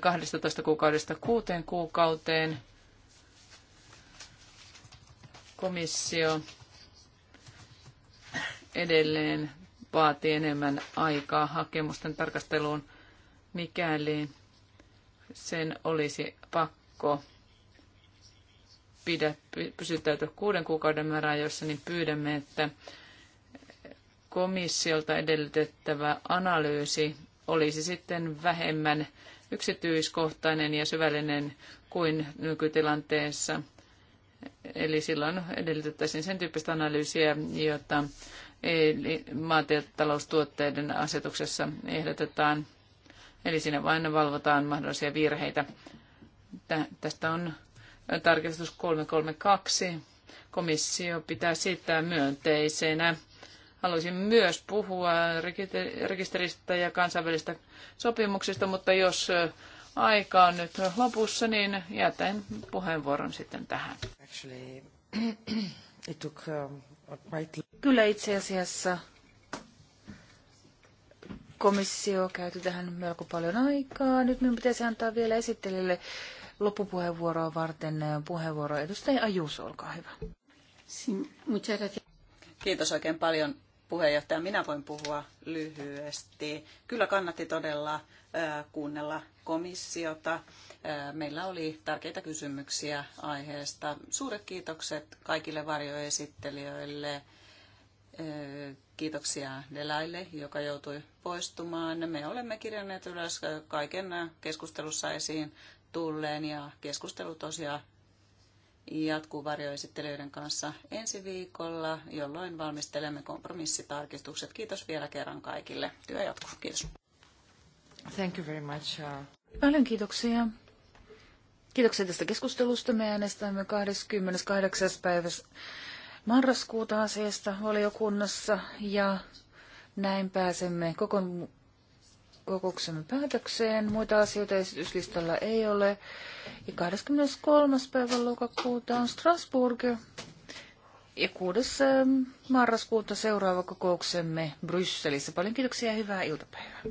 12 kuukaudesta kuuteen kuukauteen. Komissio edelleen vaatii enemmän aikaa hakemusten tarkasteluun, mikäli sen olisi pakko pidä, pysyttäytyä kuuden kuukauden määräajoissa, niin pyydämme, että komissiolta edellytettävä analyysi olisi sitten vähemmän yksityiskohtainen ja syvällinen kuin nykytilanteessa. Eli silloin edellytettäisiin sen tyyppistä analyysiä, jota maataloustuotteiden asetuksessa ehdotetaan. Eli siinä vain valvotaan mahdollisia virheitä. Tästä on tarkistus 332. Komissio pitää sitä myönteisenä. Haluaisin myös puhua rekisteristä ja kansainvälistä sopimuksista, mutta jos aika on nyt lopussa, niin jätän puheenvuoron sitten tähän. Actually, it took, um, Kyllä itse asiassa komissio käyty tähän melko paljon aikaa. Nyt minun pitäisi antaa vielä esittelijälle loppupuheenvuoroa varten puheenvuoro. Edustaja Ajuus, olkaa hyvä. Kiitos oikein paljon puheenjohtaja. Minä voin puhua lyhyesti. Kyllä kannatti todella kuunnella komissiota Meillä oli tärkeitä kysymyksiä aiheesta. Suuret kiitokset kaikille varjoesittelijöille. Kiitoksia Delaille, joka joutui poistumaan. Me olemme kirjanneet ylös kaiken keskustelussa esiin tulleen ja keskustelu tosiaan jatkuu varjoesittelijöiden kanssa ensi viikolla, jolloin valmistelemme kompromissitarkistukset. Kiitos vielä kerran kaikille. Työ jatkuu. Kiitos. Thank you very much. Uh, Paljon kiitoksia. Kiitoksia tästä keskustelusta. Me äänestämme 28. päivä marraskuuta asiasta valiokunnassa ja näin pääsemme koko kokouksemme päätökseen. Muita asioita esityslistalla ei ole. Ja 23. päivä lokakuuta on Strasbourg. Ja 6. Ähm, marraskuuta seuraava kokouksemme Brysselissä. Paljon kiitoksia ja hyvää iltapäivää.